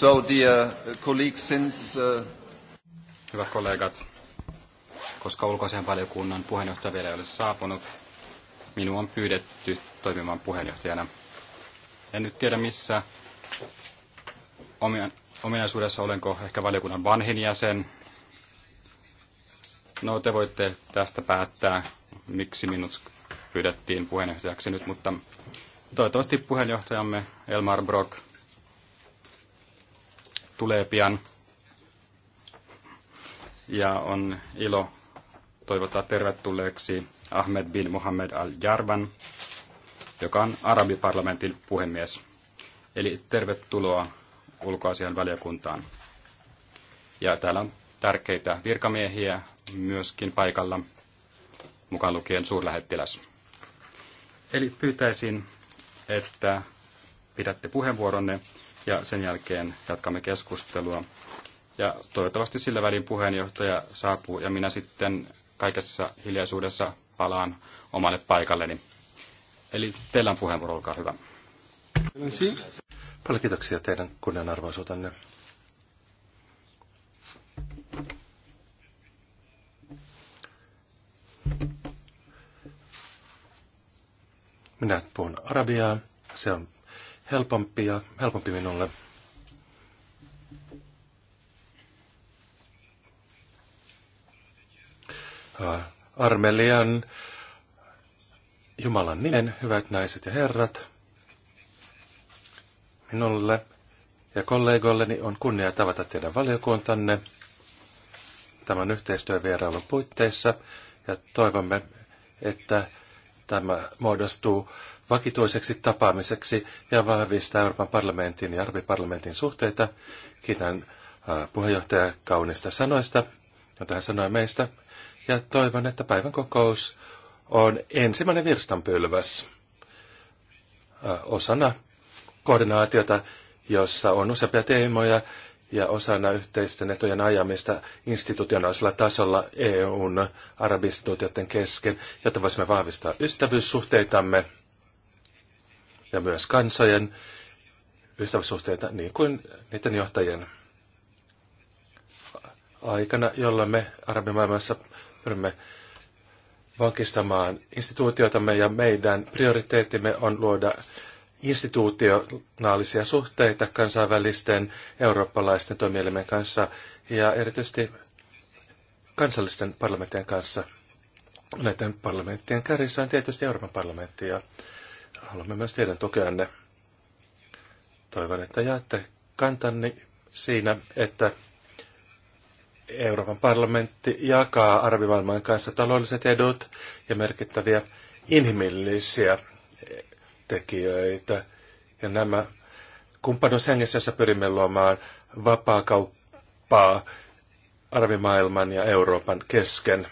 So, dear uh, colleagues, since... Uh... Hyvät kollegat, koska ulkoisen valiokunnan puheenjohtaja vielä ei ole saapunut, minua on pyydetty toimimaan puheenjohtajana. En nyt tiedä missä Omien, ominaisuudessa olenko ehkä valiokunnan vanhin jäsen. No te voitte tästä päättää, miksi minut pyydettiin puheenjohtajaksi nyt, mutta toivottavasti puheenjohtajamme Elmar Brock tulee pian. Ja on ilo toivottaa tervetulleeksi Ahmed bin Mohammed al-Jarvan, joka on Arabiparlamentin puhemies. Eli tervetuloa ulkoasian valiokuntaan. Ja täällä on tärkeitä virkamiehiä myöskin paikalla, mukaan lukien suurlähettiläs. Eli pyytäisin, että pidätte puheenvuoronne ja sen jälkeen jatkamme keskustelua. Ja toivottavasti sillä välin puheenjohtaja saapuu ja minä sitten kaikessa hiljaisuudessa palaan omalle paikalleni. Eli teillä on puheenvuoro, olkaa hyvä. Paljon kiitoksia teidän kunnianarvoisuutanne. Minä puhun arabiaa, se on helpompi ja helpompi minulle. Äh, armelian Jumalan nimen, hyvät naiset ja herrat, minulle ja kollegoilleni on kunnia tavata teidän valiokuntanne tämän yhteistyövierailun puitteissa ja toivomme, että tämä muodostuu vakituiseksi tapaamiseksi ja vahvistaa Euroopan parlamentin ja Arabin parlamentin suhteita. Kiitän puheenjohtaja kaunista sanoista, jota hän sanoi meistä, ja toivon, että päivän kokous on ensimmäinen virstanpylväs osana koordinaatiota, jossa on useampia teemoja ja osana yhteisten etujen ajamista institutionaalisella tasolla EUn arabiinstituutioiden kesken, jotta voisimme vahvistaa ystävyyssuhteitamme – ja myös kansojen ystävyyssuhteita niin kuin niiden johtajien aikana, jolla me arabimaailmassa pyrimme vankistamaan instituutioitamme ja meidän prioriteettimme on luoda instituutionaalisia suhteita kansainvälisten eurooppalaisten toimielimen kanssa ja erityisesti kansallisten parlamenttien kanssa. Näiden parlamenttien kärjissä on tietysti Euroopan parlamentti ja Haluamme myös teidän tukeanne. Toivon, että jaatte kantanne siinä, että Euroopan parlamentti jakaa arvimaailman kanssa taloudelliset edut ja merkittäviä inhimillisiä tekijöitä. Ja nämä kumppanuushengessä, jossa pyrimme luomaan vapaa kauppaa arvimaailman ja Euroopan kesken –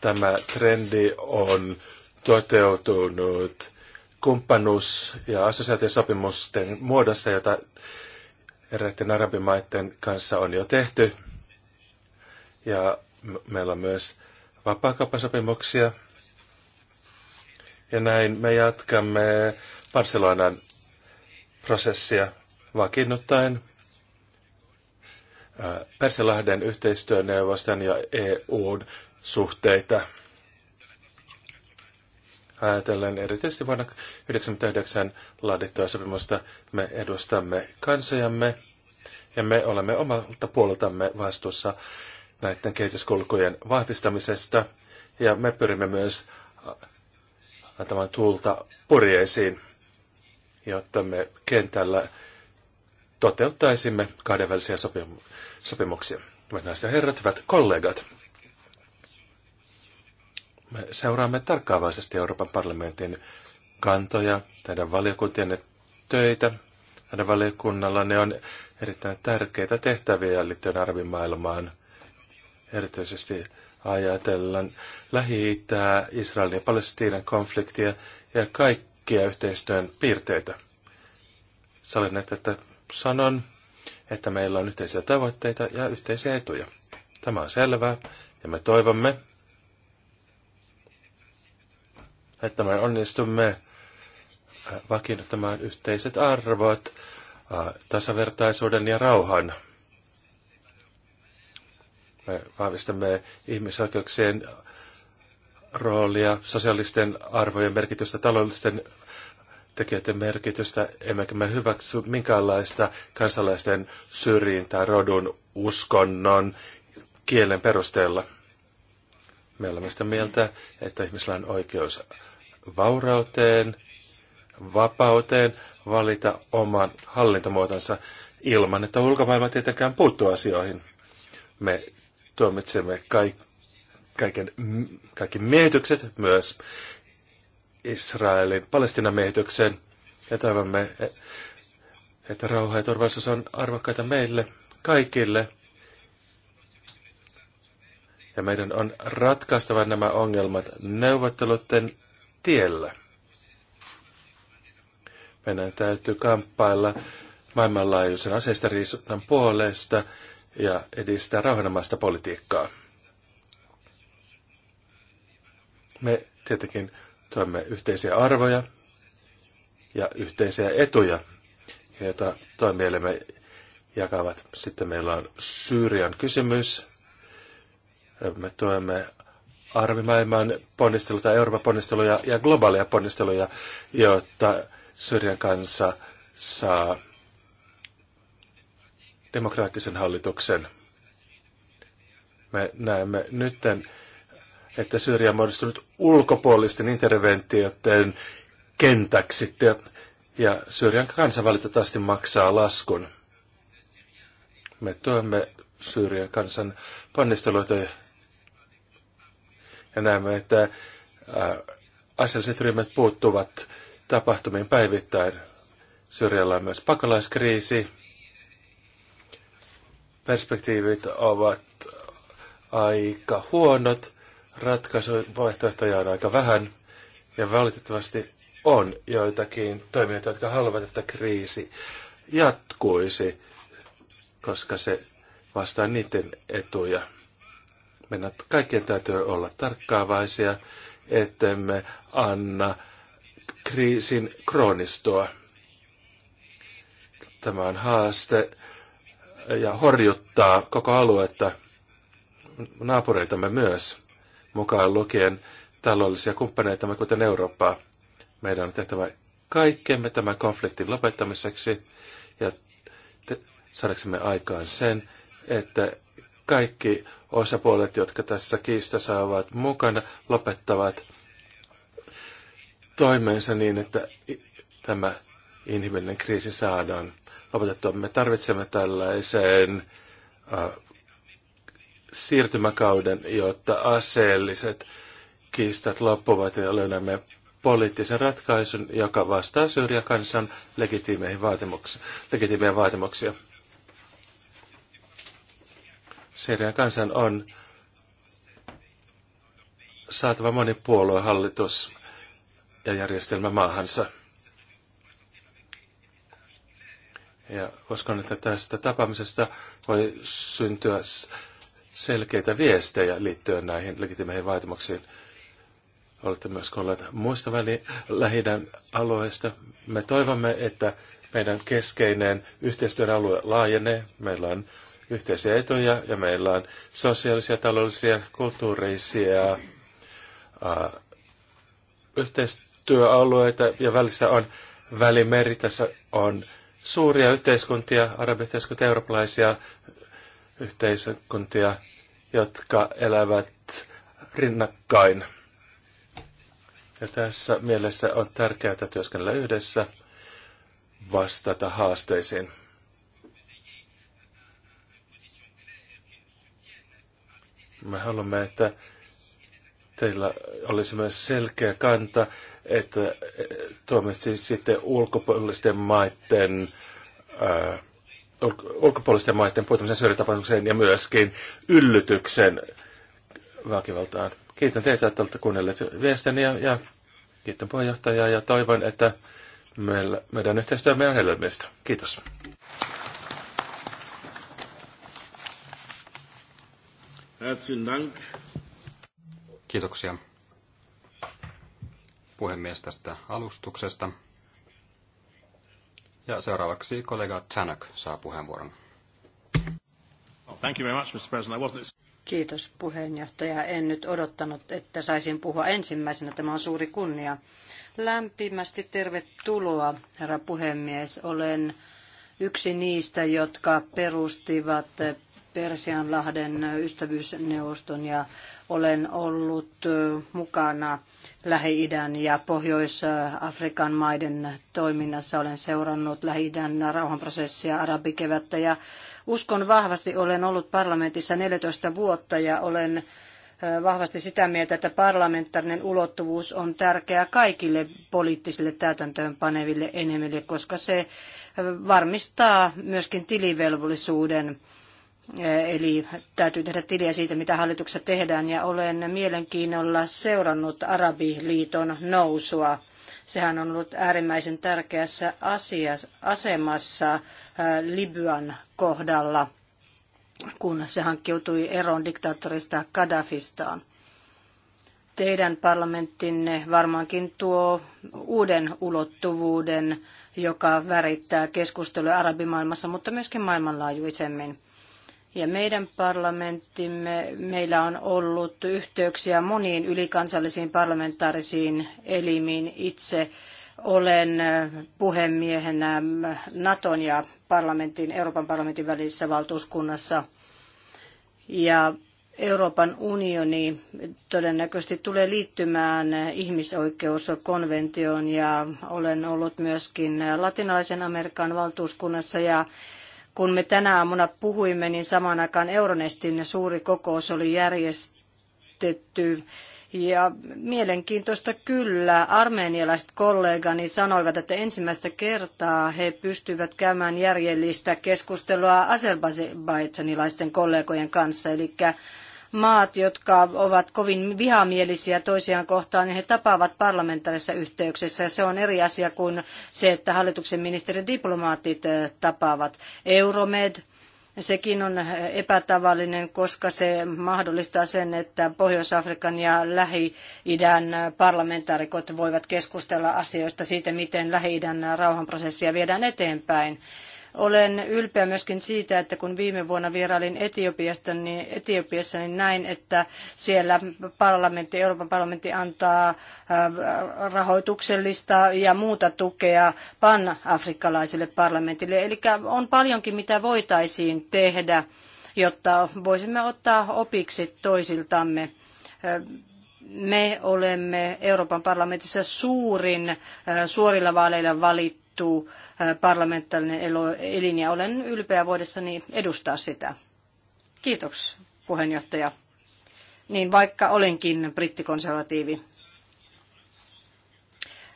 tämä trendi on toteutunut kumppanuus- ja assosiaatiosopimusten muodossa, jota eräiden arabimaiden kanssa on jo tehty. Ja meillä on myös vapaakauppasopimuksia. Ja näin me jatkamme Barcelonan prosessia vakiinnuttaen äh, Persilahden yhteistyöneuvoston ja EUn suhteita. Ajatellen erityisesti vuonna 1999 laadittua sopimusta me edustamme kansojamme ja me olemme omalta puoleltamme vastuussa näiden kehityskulkujen vahvistamisesta ja me pyrimme myös antamaan tuulta purjeisiin, jotta me kentällä toteuttaisimme kahdenvälisiä sopimuksia. Hyvät naiset ja herrat, hyvät kollegat, me seuraamme tarkkaavaisesti Euroopan parlamentin kantoja, teidän valiokuntien töitä. Teidän valiokunnalla ne on erittäin tärkeitä tehtäviä liittyen arvimaailmaan, erityisesti ajatellaan Lähi-Itää, Israelin ja Palestiinan konfliktia ja kaikkia yhteistyön piirteitä. Sallin, että sanon, että meillä on yhteisiä tavoitteita ja yhteisiä etuja. Tämä on selvää ja me toivomme, että me onnistumme äh, vakiinnuttamaan yhteiset arvot, äh, tasavertaisuuden ja rauhan. Me vahvistamme ihmisoikeuksien roolia, sosiaalisten arvojen merkitystä, taloudellisten tekijöiden merkitystä, emmekä me hyväksy minkäänlaista kansalaisten syrjintää rodun, uskonnon, kielen perusteella. Me olemme sitä mieltä, että ihmisellä on oikeus vaurauteen, vapauteen valita oman hallintamuotonsa ilman, että ulkomaailma tietenkään puuttuu asioihin. Me tuomitsemme kaik, kaiken, kaikki miehitykset, myös Israelin Palestinan miehityksen, ja toivomme, että rauha ja turvallisuus on arvokkaita meille kaikille, ja meidän on ratkaistava nämä ongelmat neuvotteluiden tiellä. Meidän täytyy kamppailla maailmanlaajuisen aseistariisunnan puolesta ja edistää rauhanomaista politiikkaa. Me tietenkin tuemme yhteisiä arvoja ja yhteisiä etuja, joita toimielemme jakavat. Sitten meillä on Syyrian kysymys, me tuemme arvimaailman ponnisteluja, Euroopan ponnisteluja ja globaaleja ponnisteluja, jotta Syyrian kanssa saa demokraattisen hallituksen. Me näemme nyt, että Syyria on muodostunut ulkopuolisten interventioiden kentäksi ja Syyrian kansa valitettavasti maksaa laskun. Me tuemme Syyrian kansan ponnisteluita ja näemme, että asialliset ryhmät puuttuvat tapahtumiin päivittäin. Syrjällä on myös pakolaiskriisi. Perspektiivit ovat aika huonot, ratkaisuvaihtoehtoja on aika vähän ja valitettavasti on joitakin toimijoita, jotka haluavat, että kriisi jatkuisi, koska se vastaa niiden etuja. Meidän kaikkien täytyy olla tarkkaavaisia, ettemme anna kriisin kroonistua. Tämä on haaste ja horjuttaa koko aluetta, naapureitamme myös, mukaan lukien taloudellisia kumppaneitamme, kuten Eurooppaa. Meidän on tehtävä kaikkemme tämän konfliktin lopettamiseksi ja saadaksemme aikaan sen, että kaikki osapuolet, jotka tässä kiistassa ovat mukana, lopettavat toimeensa niin, että tämä inhimillinen kriisi saadaan lopetettua. Me tarvitsemme tällaisen äh, siirtymäkauden, jotta aseelliset kiistat loppuvat ja löydämme poliittisen ratkaisun, joka vastaa Syyrian kansan legitiimejä vaatimuksia. Syyrian kansan on saatava monipuoluehallitus ja järjestelmä maahansa. Ja uskon, että tästä tapaamisesta voi syntyä selkeitä viestejä liittyen näihin legitimeihin vaatimuksiin. Olette myös olleet muista väli lähidän alueista. Me toivomme, että meidän keskeinen yhteistyön alue laajenee. Meillä on yhteisiä etuja ja meillä on sosiaalisia, taloudellisia, kulttuurisia ää, yhteistyöalueita ja välissä on välimeri. Tässä on suuria yhteiskuntia, arabiyhteiskuntia, eurooppalaisia yhteiskuntia, jotka elävät rinnakkain. Ja tässä mielessä on tärkeää työskennellä yhdessä, vastata haasteisiin. Me haluamme, että teillä olisi myös selkeä kanta, että eh, tuomitsi sitten ulkopuolisten maiden ää, eh, ulkopuolisten maiden puuttumisen syrjintätapaukseen ja myöskin yllytyksen väkivaltaan. Kiitän teitä, että olette kuunnelleet viestini ja, ja kiitän puheenjohtajaa ja toivon, että meillä, meidän yhteistyömme on hedelmistä. Kiitos. Herzlichen Dank. Kiitoksia puhemies tästä alustuksesta. Ja seuraavaksi kollega Tanak saa puheenvuoron. Thank you very much, Mr. President. I wasn't... Kiitos puheenjohtaja. En nyt odottanut, että saisin puhua ensimmäisenä. Tämä on suuri kunnia. Lämpimästi tervetuloa, herra puhemies. Olen yksi niistä, jotka perustivat Persianlahden ystävyysneuvoston ja olen ollut mukana Lähi-idän ja Pohjois-Afrikan maiden toiminnassa. Olen seurannut Lähi-idän rauhanprosessia, arabikevättä ja uskon vahvasti. Olen ollut parlamentissa 14 vuotta ja olen vahvasti sitä mieltä, että parlamentaarinen ulottuvuus on tärkeää kaikille poliittisille täytäntöönpaneville enemmille, koska se varmistaa myöskin tilivelvollisuuden Eh, eli täytyy tehdä tiliä siitä, mitä hallituksessa tehdään, ja olen mielenkiinnolla seurannut Arabiliiton nousua. Sehän on ollut äärimmäisen tärkeässä asiassa, asemassa eh, Libyan kohdalla, kun se hankkiutui eroon diktaattorista Kadhafistaan. Teidän parlamenttinne varmaankin tuo uuden ulottuvuuden, joka värittää keskustelua arabimaailmassa, mutta myöskin maailmanlaajuisemmin ja meidän parlamenttimme, meillä on ollut yhteyksiä moniin ylikansallisiin parlamentaarisiin elimiin. Itse olen puhemiehenä Naton ja parlamentin, Euroopan parlamentin välisessä valtuuskunnassa. Ja Euroopan unioni todennäköisesti tulee liittymään ihmisoikeuskonventioon ja olen ollut myöskin latinalaisen Amerikan valtuuskunnassa ja kun me tänä aamuna puhuimme, niin samaan aikaan Euronestin suuri kokous oli järjestetty. Ja mielenkiintoista kyllä, armeenialaiset kollegani sanoivat, että ensimmäistä kertaa he pystyivät käymään järjellistä keskustelua azerbaidsanilaisten kollegojen kanssa. Eli maat, jotka ovat kovin vihamielisiä toisiaan kohtaan, niin he tapaavat parlamentaarisessa yhteyksessä. se on eri asia kuin se, että hallituksen ministerin diplomaatit tapaavat. Euromed, Sekin on epätavallinen, koska se mahdollistaa sen, että Pohjois-Afrikan ja Lähi-idän parlamentaarikot voivat keskustella asioista siitä, miten Lähi-idän rauhanprosessia viedään eteenpäin. Olen ylpeä myöskin siitä, että kun viime vuonna vierailin Etiopiasta, niin Etiopiassa niin näin, että siellä parlamentti, Euroopan parlamentti antaa äh, rahoituksellista ja muuta tukea pan-afrikkalaiselle parlamentille. Eli on paljonkin, mitä voitaisiin tehdä, jotta voisimme ottaa opiksi toisiltamme äh, me olemme Euroopan parlamentissa suurin äh, suorilla vaaleilla valittu valittu parlamentaarinen elin ja olen ylpeä voidessani edustaa sitä. Kiitos puheenjohtaja. Niin vaikka olenkin brittikonservatiivi.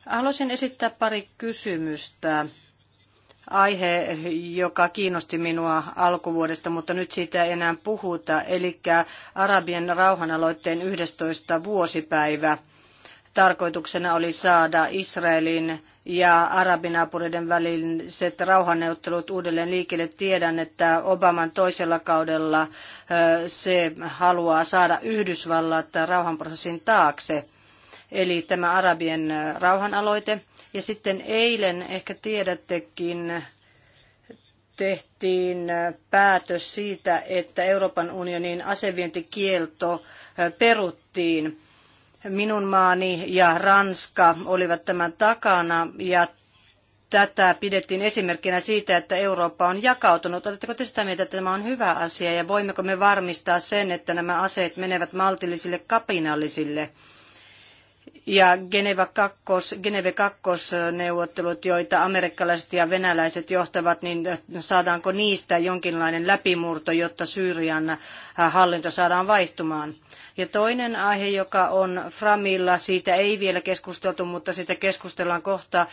Haluaisin esittää pari kysymystä aihe, joka kiinnosti minua alkuvuodesta, mutta nyt siitä ei enää puhuta, eli Arabien rauhanaloitteen 11. vuosipäivä. Tarkoituksena oli saada Israelin ja arabinaapureiden väliset rauhanneuvottelut uudelleen liikkeelle. Tiedän, että Obaman toisella kaudella se haluaa saada Yhdysvallat rauhanprosessin taakse, eli tämä Arabien rauhanaloite. Ja sitten eilen, ehkä tiedättekin, tehtiin päätös siitä, että Euroopan unionin asevientikielto peruttiin Minun maani ja Ranska olivat tämän takana ja tätä pidettiin esimerkkinä siitä, että Eurooppa on jakautunut. Oletteko te sitä mieltä, että tämä on hyvä asia ja voimmeko me varmistaa sen, että nämä aseet menevät maltillisille kapinallisille? ja Geneva 2, Geneve 2 neuvottelut, joita amerikkalaiset ja venäläiset johtavat, niin saadaanko niistä jonkinlainen läpimurto, jotta Syyrian äh, hallinto saadaan vaihtumaan? Ja toinen aihe, joka on Framilla, siitä ei vielä keskusteltu, mutta siitä keskustellaan kohta, äh,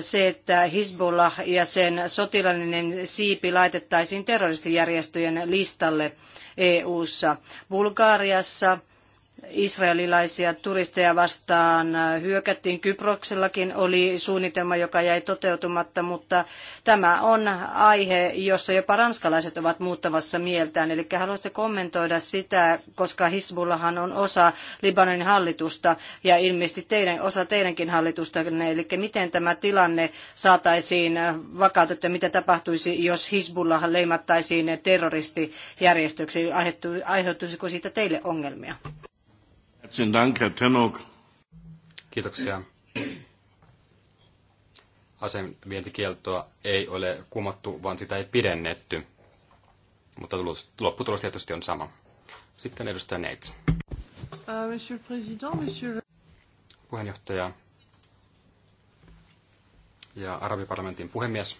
se, että Hezbollah ja sen sotilallinen siipi laitettaisiin terroristijärjestöjen listalle EU-ssa. Bulgariassa israelilaisia turisteja vastaan hyökättiin. Kyproksellakin oli suunnitelma, joka jäi toteutumatta, mutta tämä on aihe, jossa jopa ranskalaiset ovat muuttavassa mieltään. Eli haluaisitte kommentoida sitä, koska Hisbullahan on osa Libanonin hallitusta ja ilmeisesti teidän, osa teidänkin hallitusta. Eli miten tämä tilanne saataisiin vakautettua, mitä tapahtuisi, jos Hisbullahan leimattaisiin terroristijärjestöksi, aiheutuisiko siitä teille ongelmia? Herzlichen Dank, Herr Tenok. Kiitoksia. Asevientikieltoa ei ole kumottu, vaan sitä ei pidennetty. Mutta lopputulos tietysti on sama. Sitten edustaja Neitz. Euh, monsieur le Président, monsieur... Puheenjohtaja ja Arabiparlamentin puhemies.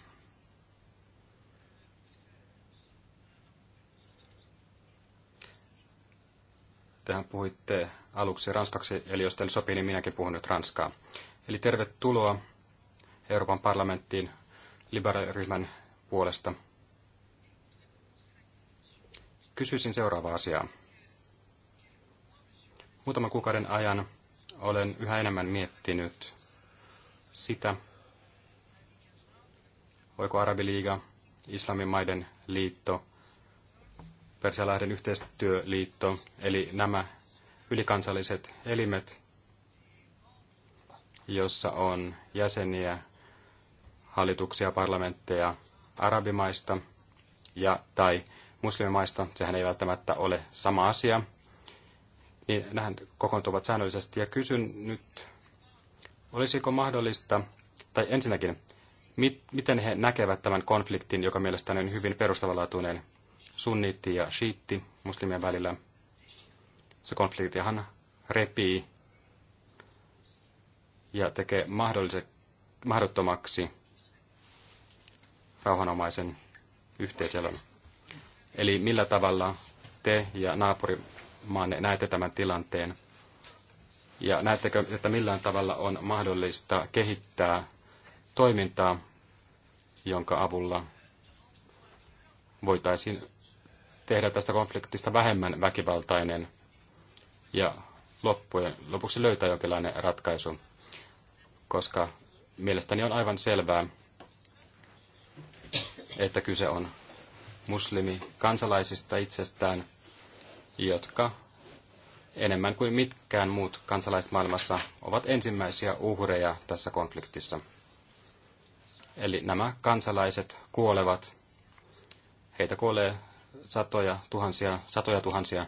Tehän puhuitte aluksi ranskaksi, eli jos teille sopii, niin minäkin puhun nyt ranskaa. Eli tervetuloa Euroopan parlamenttiin liberaaliryhmän puolesta. Kysyisin seuraavaa asiaa. Muutaman kuukauden ajan olen yhä enemmän miettinyt sitä, voiko Arabiliiga, Islamin maiden liitto, Persialahden yhteistyöliitto, eli nämä ylikansalliset elimet, jossa on jäseniä, hallituksia, parlamentteja arabimaista ja tai muslimimaista, sehän ei välttämättä ole sama asia, niin nähän kokoontuvat säännöllisesti. Ja kysyn nyt, olisiko mahdollista, tai ensinnäkin, mit, miten he näkevät tämän konfliktin, joka mielestäni on hyvin perustavanlaatuinen sunniitti ja shiitti muslimien välillä – se konfliktihan repii ja tekee mahdottomaksi rauhanomaisen yhteiselon. Eli millä tavalla te ja naapurimaanne näette tämän tilanteen? Ja näettekö, että millään tavalla on mahdollista kehittää toimintaa, jonka avulla voitaisiin tehdä tästä konfliktista vähemmän väkivaltainen – ja loppujen, lopuksi löytää jonkinlainen ratkaisu, koska mielestäni on aivan selvää, että kyse on muslimi kansalaisista itsestään, jotka enemmän kuin mitkään muut kansalaiset maailmassa ovat ensimmäisiä uhreja tässä konfliktissa. Eli nämä kansalaiset kuolevat. Heitä kuolee satoja tuhansia, satoja tuhansia.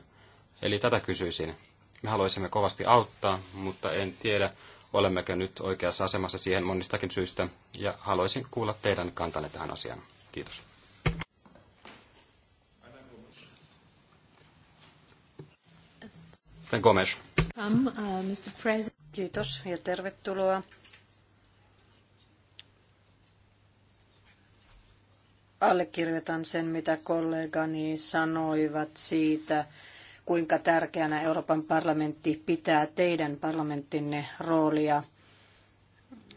Eli tätä kysyisin. Me haluaisimme kovasti auttaa, mutta en tiedä, olemmekö nyt oikeassa asemassa siihen monistakin syistä, ja haluaisin kuulla teidän kantanne tähän asiaan. Kiitos. Sitten Gomes. Uh, Kiitos ja tervetuloa. Allekirjoitan sen, mitä kollegani sanoivat siitä, kuinka tärkeänä Euroopan parlamentti pitää teidän parlamenttinne roolia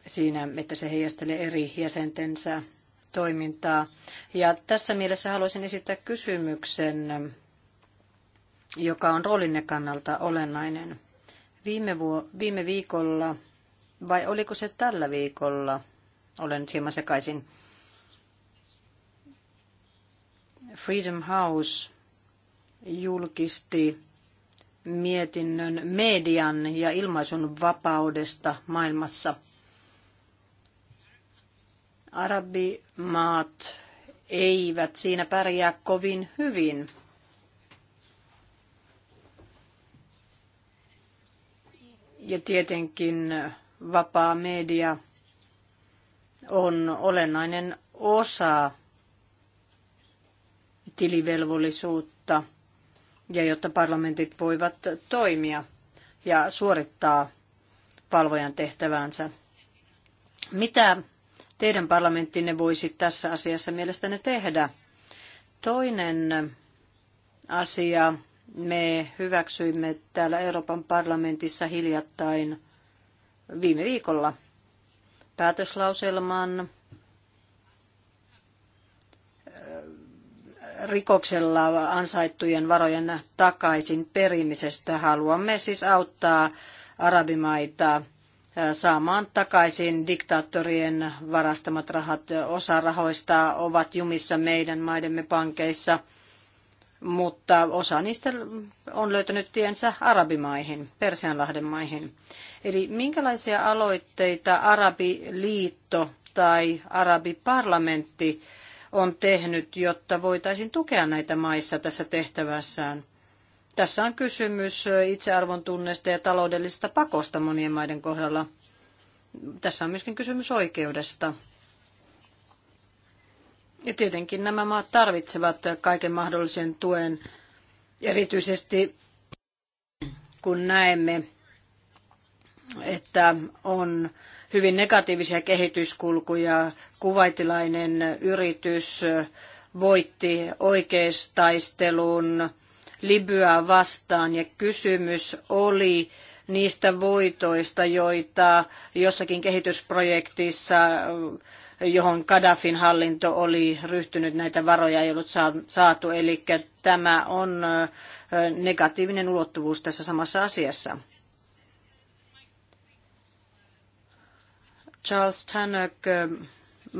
siinä, että se heijastelee eri jäsentensä toimintaa. Ja tässä mielessä haluaisin esittää kysymyksen, joka on roolinne kannalta olennainen. Viime, viime viikolla, vai oliko se tällä viikolla, olen nyt hieman sekaisin, Freedom House julkisti mietinnön median ja ilmaisun vapaudesta maailmassa. Arabimaat eivät siinä pärjää kovin hyvin. Ja tietenkin vapaa media on olennainen osa tilivelvollisuutta – ja jotta parlamentit voivat toimia ja suorittaa valvojan tehtävänsä. Mitä teidän parlamenttinne voisi tässä asiassa mielestäni tehdä? Toinen asia. Me hyväksyimme täällä Euroopan parlamentissa hiljattain viime viikolla päätöslauselman rikoksella ansaittujen varojen takaisin perimisestä. Haluamme siis auttaa arabimaita saamaan takaisin diktaattorien varastamat rahat. Osa rahoista ovat jumissa meidän maidemme pankeissa, mutta osa niistä on löytänyt tiensä arabimaihin, Persianlahden maihin. Eli minkälaisia aloitteita Arabiliitto tai Arabiparlamentti parlamentti on tehnyt, jotta voitaisiin tukea näitä maissa tässä tehtävässään. Tässä on kysymys itsearvon tunnesta ja taloudellisesta pakosta monien maiden kohdalla. Tässä on myöskin kysymys oikeudesta. Ja tietenkin nämä maat tarvitsevat kaiken mahdollisen tuen, erityisesti kun näemme, että on hyvin negatiivisia kehityskulkuja. Kuvaitilainen yritys voitti oikeistaistelun Libyaa vastaan ja kysymys oli niistä voitoista, joita jossakin kehitysprojektissa johon Gaddafin hallinto oli ryhtynyt, näitä varoja ei ollut saatu. Eli tämä on negatiivinen ulottuvuus tässä samassa asiassa. Charles Tannock ähm,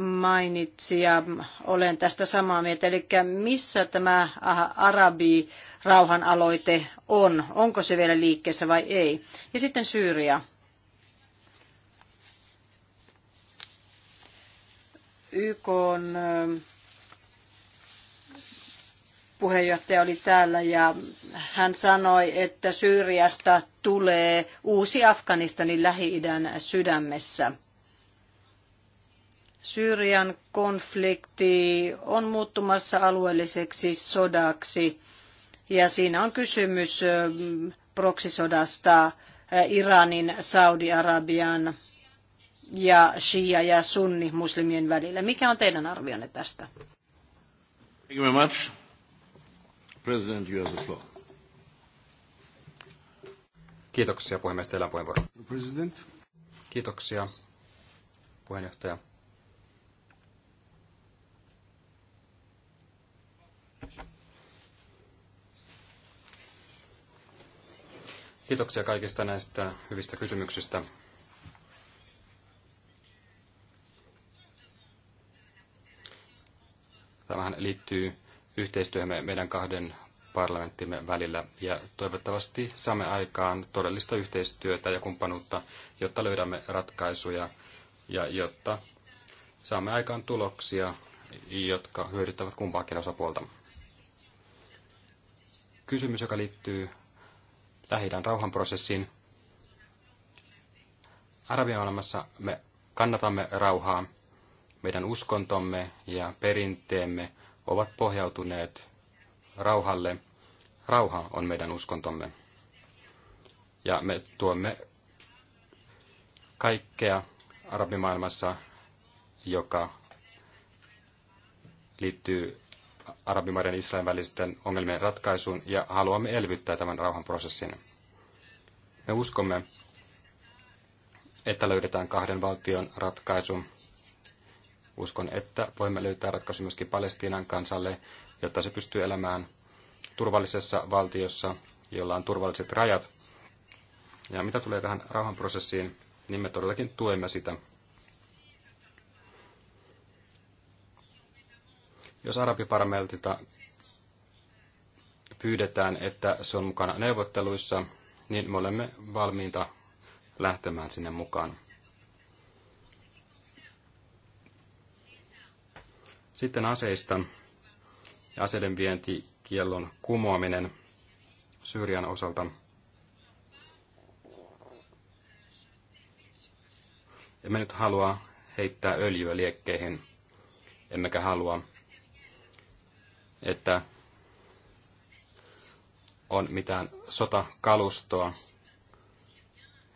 mainitsi ja olen tästä samaa mieltä. Eli missä tämä ah, arabi rauhan aloite on? Onko se vielä liikkeessä vai ei? Ja sitten Syyria. YK on, ähm, puheenjohtaja oli täällä ja hän sanoi, että Syyriasta tulee uusi Afganistanin lähi-idän sydämessä – Syyrian konflikti on muuttumassa alueelliseksi sodaksi ja siinä on kysymys proksisodasta Iranin, Saudi-Arabian ja Shia- ja Sunni-muslimien välillä. Mikä on teidän arvionne tästä? Thank you very much. President, you have the floor. Kiitoksia puhemies, teillä on puheenvuoro. President. Kiitoksia puheenjohtaja. Kiitoksia kaikista näistä hyvistä kysymyksistä. Tämähän liittyy yhteistyöhön meidän kahden parlamenttimme välillä ja toivottavasti saamme aikaan todellista yhteistyötä ja kumppanuutta, jotta löydämme ratkaisuja ja jotta saamme aikaan tuloksia, jotka hyödyttävät kumpaakin osapuolta. Kysymys, joka liittyy lähi rauhanprosessiin. Arabimaailmassa me kannatamme rauhaa. Meidän uskontomme ja perinteemme ovat pohjautuneet rauhalle. Rauha on meidän uskontomme. Ja me tuomme kaikkea arabimaailmassa, joka liittyy arabimaiden ja Israelin välisten ongelmien ratkaisuun ja haluamme elvyttää tämän rauhanprosessin. Me uskomme, että löydetään kahden valtion ratkaisu. Uskon, että voimme löytää ratkaisu myöskin Palestiinan kansalle, jotta se pystyy elämään turvallisessa valtiossa, jolla on turvalliset rajat. Ja mitä tulee tähän rauhanprosessiin, niin me todellakin tuemme sitä Jos Arabiparmeltilta pyydetään, että se on mukana neuvotteluissa, niin me olemme valmiita lähtemään sinne mukaan. Sitten aseista ja aseiden vientikiellon kumoaminen Syyrian osalta. Emme nyt halua heittää öljyä liekkeihin, emmekä halua, että on mitään sotakalustoa,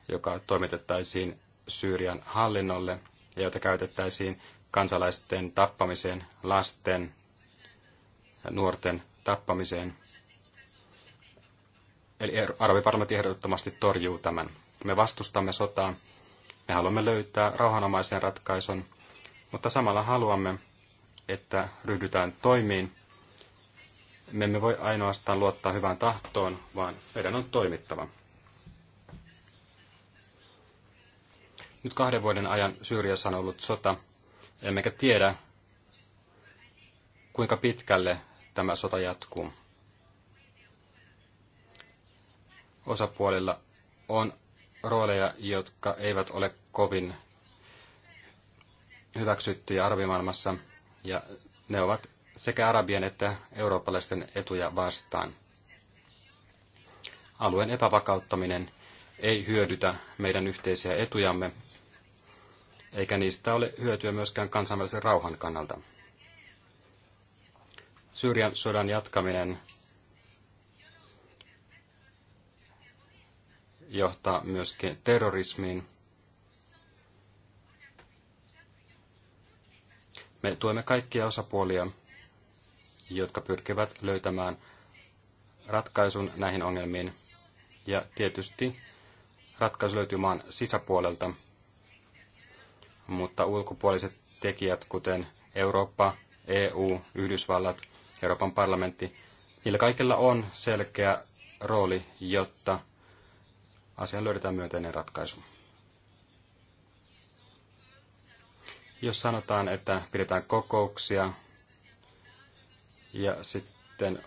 joka toimitettaisiin Syyrian hallinnolle ja jota käytettäisiin kansalaisten tappamiseen, lasten ja nuorten tappamiseen. Eli Arabiparlamentti ehdottomasti torjuu tämän. Me vastustamme sotaa, me haluamme löytää rauhanomaisen ratkaisun, mutta samalla haluamme, että ryhdytään toimiin, me emme voi ainoastaan luottaa hyvään tahtoon, vaan meidän on toimittava. Nyt kahden vuoden ajan Syyriassa on ollut sota, emmekä tiedä, kuinka pitkälle tämä sota jatkuu. Osapuolilla on rooleja, jotka eivät ole kovin hyväksyttyjä arvimaailmassa, ja ne ovat sekä arabien että eurooppalaisten etuja vastaan. Alueen epävakauttaminen ei hyödytä meidän yhteisiä etujamme, eikä niistä ole hyötyä myöskään kansainvälisen rauhan kannalta. Syyrian sodan jatkaminen johtaa myöskin terrorismiin. Me tuemme kaikkia osapuolia jotka pyrkivät löytämään ratkaisun näihin ongelmiin. Ja tietysti ratkaisu löytyy maan sisäpuolelta, mutta ulkopuoliset tekijät, kuten Eurooppa, EU, Yhdysvallat, Euroopan parlamentti, niillä kaikilla on selkeä rooli, jotta asiaan löydetään myönteinen ratkaisu. Jos sanotaan, että pidetään kokouksia ja sitten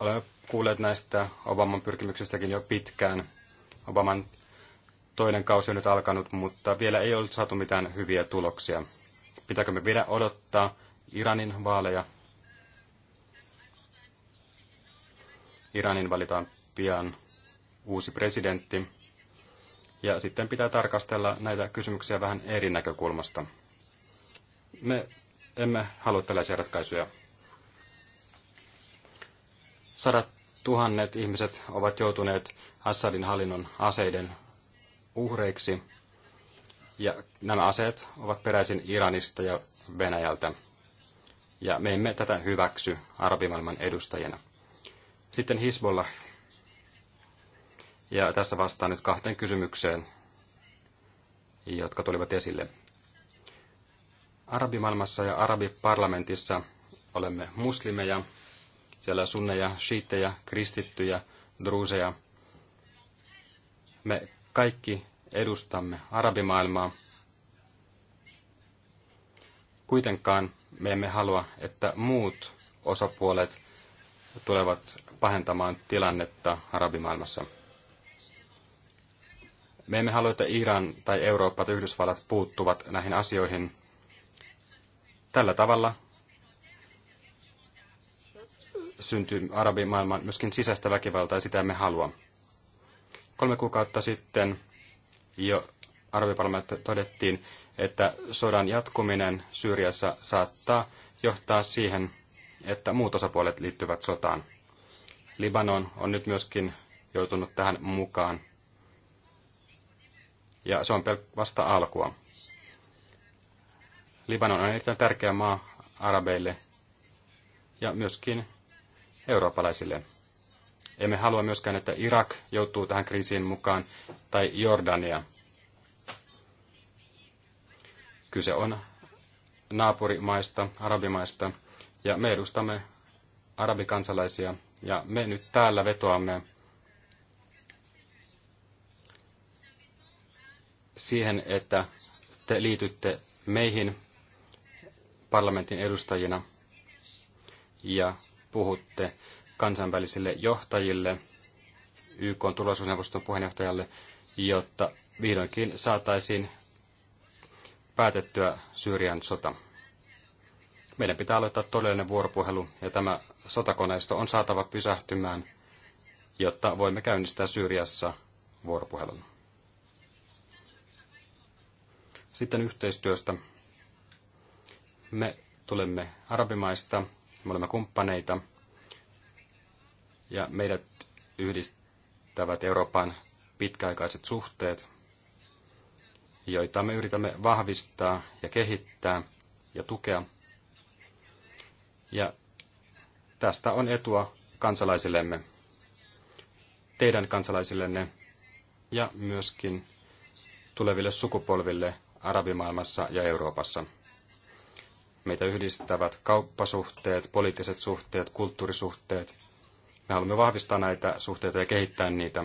olemme kuulleet näistä Obaman pyrkimyksistäkin jo pitkään. Obaman toinen kausi on nyt alkanut, mutta vielä ei ole saatu mitään hyviä tuloksia. Pitääkö me vielä odottaa Iranin vaaleja? Iranin valitaan pian uusi presidentti. Ja sitten pitää tarkastella näitä kysymyksiä vähän eri näkökulmasta. Me emme halua tällaisia ratkaisuja. Sadat tuhannet ihmiset ovat joutuneet Assadin hallinnon aseiden uhreiksi, ja nämä aseet ovat peräisin Iranista ja Venäjältä. Ja me emme tätä hyväksy arabimaailman edustajina. Sitten Hisbollah. Ja tässä vastaan nyt kahteen kysymykseen, jotka tulivat esille. Arabimaailmassa ja arabiparlamentissa olemme muslimeja, siellä sunneja, shiittejä, kristittyjä, druuseja. Me kaikki edustamme arabimaailmaa. Kuitenkaan me emme halua, että muut osapuolet tulevat pahentamaan tilannetta arabimaailmassa. Me emme halua, että Iran tai Eurooppa tai Yhdysvallat puuttuvat näihin asioihin. Tällä tavalla syntyy arabimaailman myöskin sisäistä väkivaltaa, ja sitä me halua. Kolme kuukautta sitten jo arabiparlamentti todettiin, että sodan jatkuminen Syyriassa saattaa johtaa siihen, että muut osapuolet liittyvät sotaan. Libanon on nyt myöskin joutunut tähän mukaan. Ja se on vasta alkua. Libanon on erittäin tärkeä maa arabeille ja myöskin eurooppalaisille. Emme halua myöskään, että Irak joutuu tähän kriisiin mukaan tai Jordania. Kyse on naapurimaista, arabimaista, ja me edustamme arabikansalaisia, ja me nyt täällä vetoamme siihen, että te liitytte meihin parlamentin edustajina, ja puhutte kansainvälisille johtajille, YK turvallisuusneuvoston puheenjohtajalle, jotta vihdoinkin saataisiin päätettyä Syyrian sota. Meidän pitää aloittaa todellinen vuoropuhelu ja tämä sotakoneisto on saatava pysähtymään, jotta voimme käynnistää Syyriassa vuoropuhelun. Sitten yhteistyöstä. Me tulemme arabimaista me olemme kumppaneita ja meidät yhdistävät Euroopan pitkäaikaiset suhteet, joita me yritämme vahvistaa ja kehittää ja tukea. Ja tästä on etua kansalaisillemme, teidän kansalaisillenne ja myöskin tuleville sukupolville arabimaailmassa ja Euroopassa. Meitä yhdistävät kauppasuhteet, poliittiset suhteet, kulttuurisuhteet. Me haluamme vahvistaa näitä suhteita ja kehittää niitä.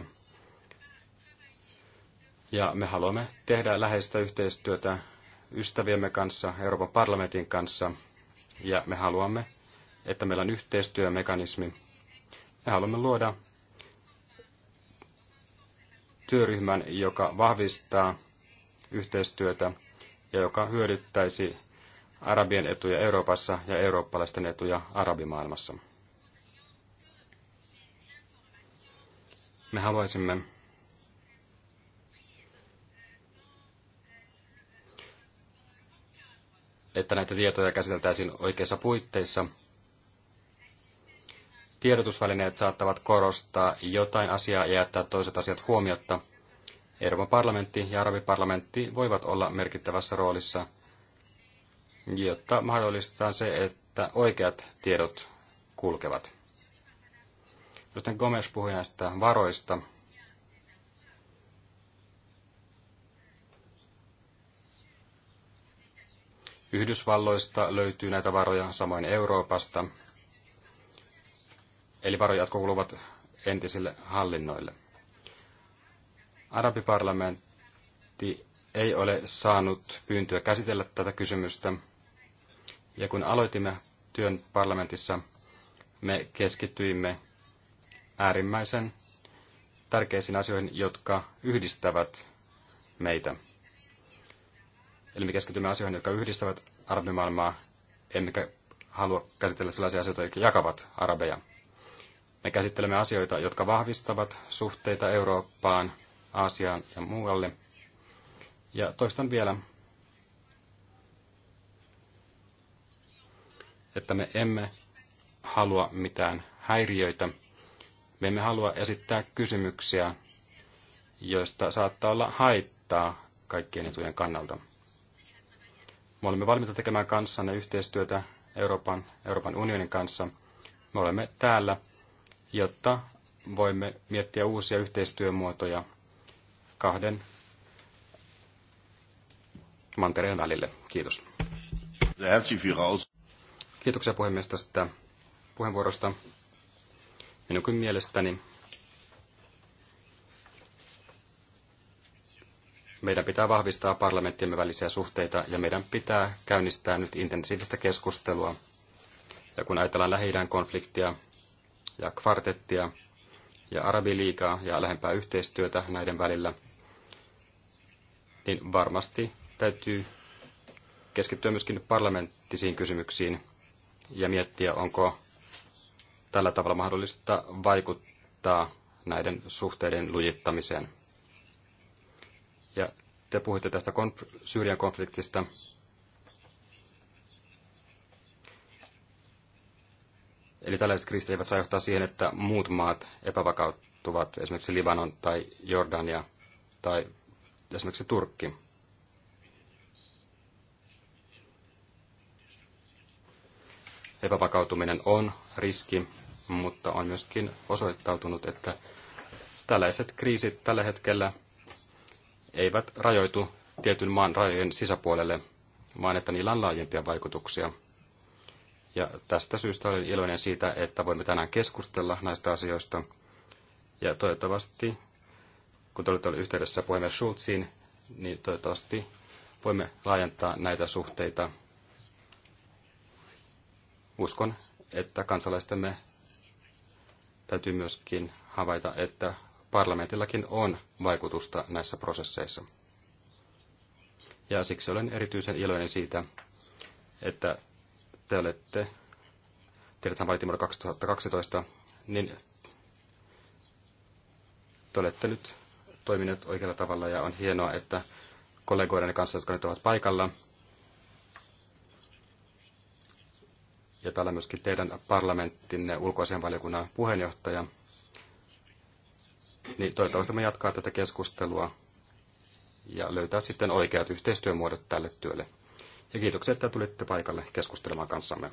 Ja me haluamme tehdä läheistä yhteistyötä ystäviemme kanssa, Euroopan parlamentin kanssa. Ja me haluamme, että meillä on yhteistyömekanismi. Me haluamme luoda työryhmän, joka vahvistaa yhteistyötä ja joka hyödyttäisi arabien etuja Euroopassa ja eurooppalaisten etuja arabimaailmassa. Me haluaisimme että näitä tietoja käsiteltäisiin oikeissa puitteissa. Tiedotusvälineet saattavat korostaa jotain asiaa ja jättää toiset asiat huomiotta. Euroopan parlamentti ja Arabiparlamentti voivat olla merkittävässä roolissa jotta mahdollistetaan se, että oikeat tiedot kulkevat. Sitten Gomes puhui näistä varoista. Yhdysvalloista löytyy näitä varoja, samoin Euroopasta. Eli varoja, jotka kuuluvat entisille hallinnoille. Arabiparlamentti ei ole saanut pyyntöä käsitellä tätä kysymystä. Ja kun aloitimme työn parlamentissa, me keskittyimme äärimmäisen tärkeisiin asioihin, jotka yhdistävät meitä. Eli me keskitymme asioihin, jotka yhdistävät arabimaailmaa, emmekä halua käsitellä sellaisia asioita, jotka jakavat arabeja. Me käsittelemme asioita, jotka vahvistavat suhteita Eurooppaan, Aasiaan ja muualle. Ja toistan vielä, että me emme halua mitään häiriöitä. Me emme halua esittää kysymyksiä, joista saattaa olla haittaa kaikkien etujen kannalta. Me olemme valmiita tekemään kanssanne yhteistyötä Euroopan, Euroopan unionin kanssa. Me olemme täällä, jotta voimme miettiä uusia yhteistyömuotoja kahden mantereen välille. Kiitos. Kiitoksia puhemies tästä puheenvuorosta. Minunkin mielestäni meidän pitää vahvistaa parlamenttiemme välisiä suhteita ja meidän pitää käynnistää nyt intensiivistä keskustelua. Ja kun ajatellaan lähi konfliktia ja kvartettia ja arabiliikaa ja lähempää yhteistyötä näiden välillä, niin varmasti täytyy keskittyä myöskin parlamenttisiin kysymyksiin – ja miettiä, onko tällä tavalla mahdollista vaikuttaa näiden suhteiden lujittamiseen. Ja te puhuitte tästä konf- Syyrian konfliktista. Eli tällaiset kriisit eivät saa johtaa siihen, että muut maat epävakauttuvat, esimerkiksi Libanon tai Jordania tai esimerkiksi Turkki. epävakautuminen on riski, mutta on myöskin osoittautunut, että tällaiset kriisit tällä hetkellä eivät rajoitu tietyn maan rajojen sisäpuolelle, vaan että niillä on laajempia vaikutuksia. Ja tästä syystä olen iloinen siitä, että voimme tänään keskustella näistä asioista. Ja toivottavasti, kun te olette olleet yhteydessä puhemies Schulziin, niin toivottavasti voimme laajentaa näitä suhteita uskon, että kansalaistemme täytyy myöskin havaita, että parlamentillakin on vaikutusta näissä prosesseissa. Ja siksi olen erityisen iloinen siitä, että te olette, teidät valittiin vuonna 2012, niin te olette nyt toimineet oikealla tavalla ja on hienoa, että kollegoiden kanssa, jotka nyt ovat paikalla, ja täällä myöskin teidän parlamenttinne ulkoasianvaliokunnan puheenjohtaja, niin toivottavasti me jatkaa tätä keskustelua ja löytää sitten oikeat yhteistyömuodot tälle työlle. Ja kiitoksia, että tulitte paikalle keskustelemaan kanssamme.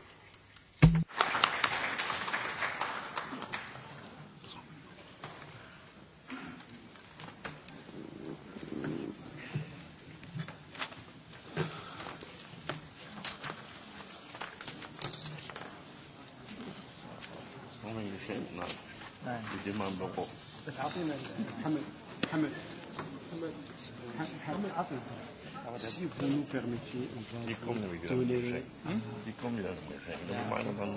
Okay, die kommen nämlich wieder Donate, hm? Die kommen wieder aus dem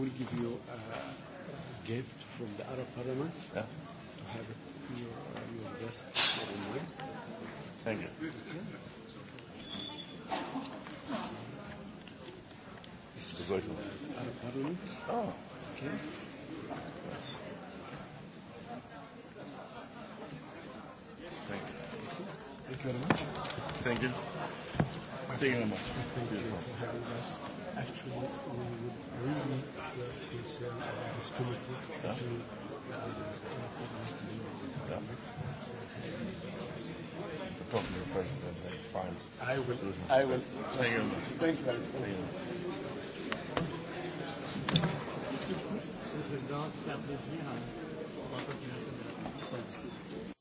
we'll give you a gift from the Arab Parliament yeah. to have it in your, uh, your guest online. Thank you. Okay. This is a good one. Arab Parliament. Oh. Okay. Nice. Thank you. Thank you very much. Thank you. Antingen eller match. Precis så. Actually, to The president finds. I will. I will. Thank you. Thank you very much. Thank you. Monsieur le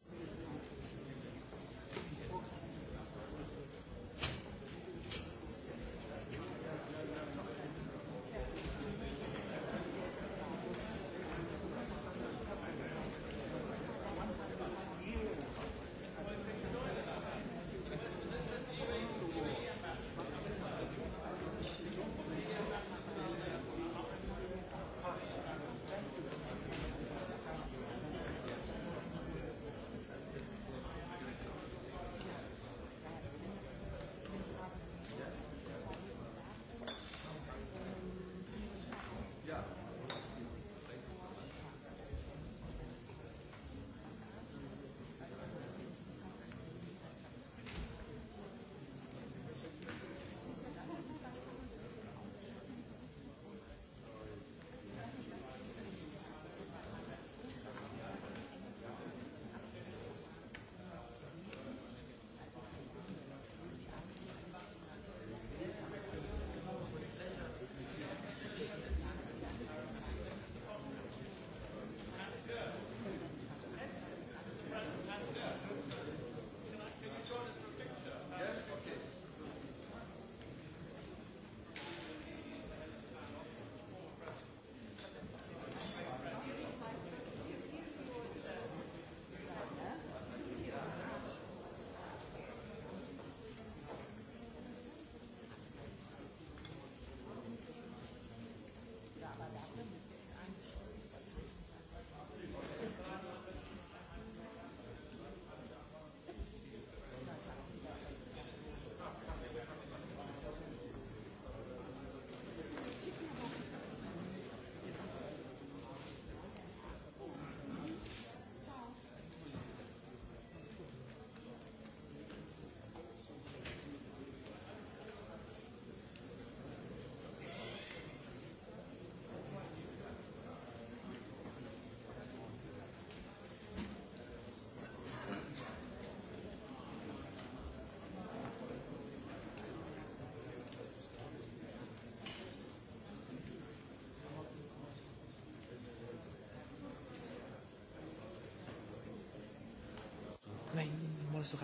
Arvoisa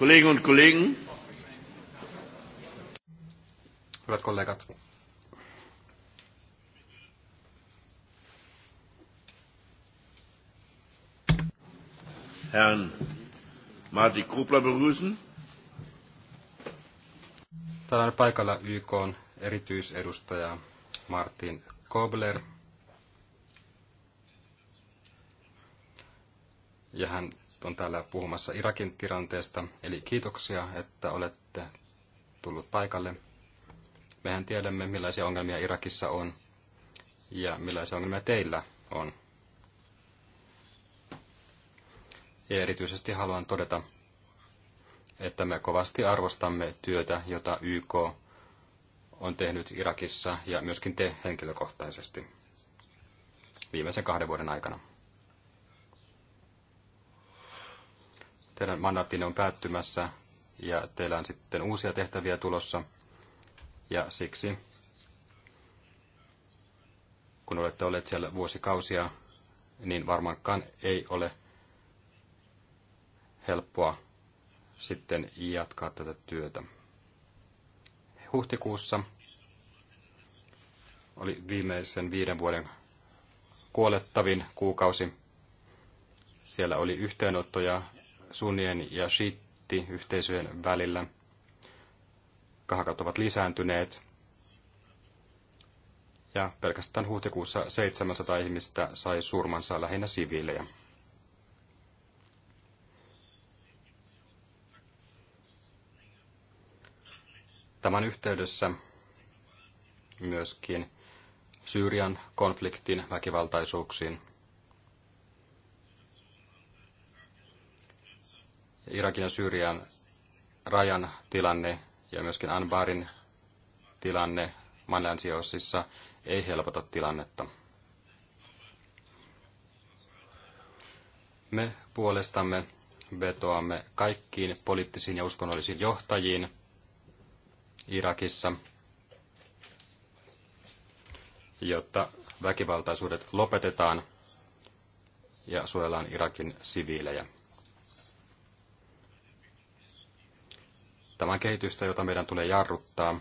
Kolleginnen und Kollegen. Hyvät kollegat. Herrn Martin Krupla begrüßen. Täällä on paikalla YK erityisedustaja Martin Kobler. on täällä puhumassa Irakin tilanteesta. Eli kiitoksia, että olette tullut paikalle. Mehän tiedämme, millaisia ongelmia Irakissa on ja millaisia ongelmia teillä on. Ja erityisesti haluan todeta, että me kovasti arvostamme työtä, jota YK on tehnyt Irakissa ja myöskin te henkilökohtaisesti viimeisen kahden vuoden aikana. Teidän mandaattinne on päättymässä ja teillä on sitten uusia tehtäviä tulossa. Ja siksi, kun olette olleet siellä vuosikausia, niin varmaankaan ei ole helppoa sitten jatkaa tätä työtä. Huhtikuussa oli viimeisen viiden vuoden kuolettavin kuukausi. Siellä oli yhteenottoja sunnien ja yhteisöjen välillä. Kahakat ovat lisääntyneet. Ja pelkästään huhtikuussa 700 ihmistä sai surmansa lähinnä siviilejä. Tämän yhteydessä myöskin Syyrian konfliktin väkivaltaisuuksiin Irakin ja Syyrian rajan tilanne ja myöskin Anbarin tilanne maan ei helpota tilannetta. Me puolestamme vetoamme kaikkiin poliittisiin ja uskonnollisiin johtajiin Irakissa, jotta väkivaltaisuudet lopetetaan ja suojellaan Irakin siviilejä. Tämä on kehitystä, jota meidän tulee jarruttaa,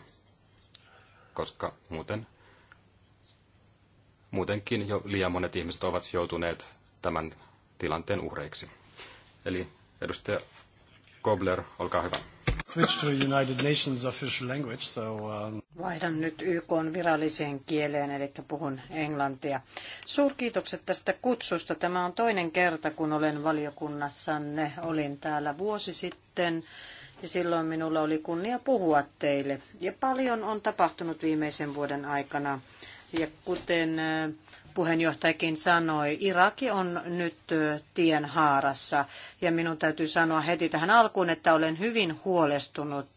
koska muuten, muutenkin jo liian monet ihmiset ovat joutuneet tämän tilanteen uhreiksi. Eli edustaja Kobler, olkaa hyvä. Switch to United Nations official language, so, um... Vaihdan nyt YK viralliseen kieleen, eli puhun englantia. Suurkiitokset tästä kutsusta. Tämä on toinen kerta, kun olen valiokunnassanne. Olin täällä vuosi sitten ja silloin minulla oli kunnia puhua teille. Ja paljon on tapahtunut viimeisen vuoden aikana. Ja kuten puheenjohtajakin sanoi, Iraki on nyt tien haarassa. Ja minun täytyy sanoa heti tähän alkuun, että olen hyvin huolestunut.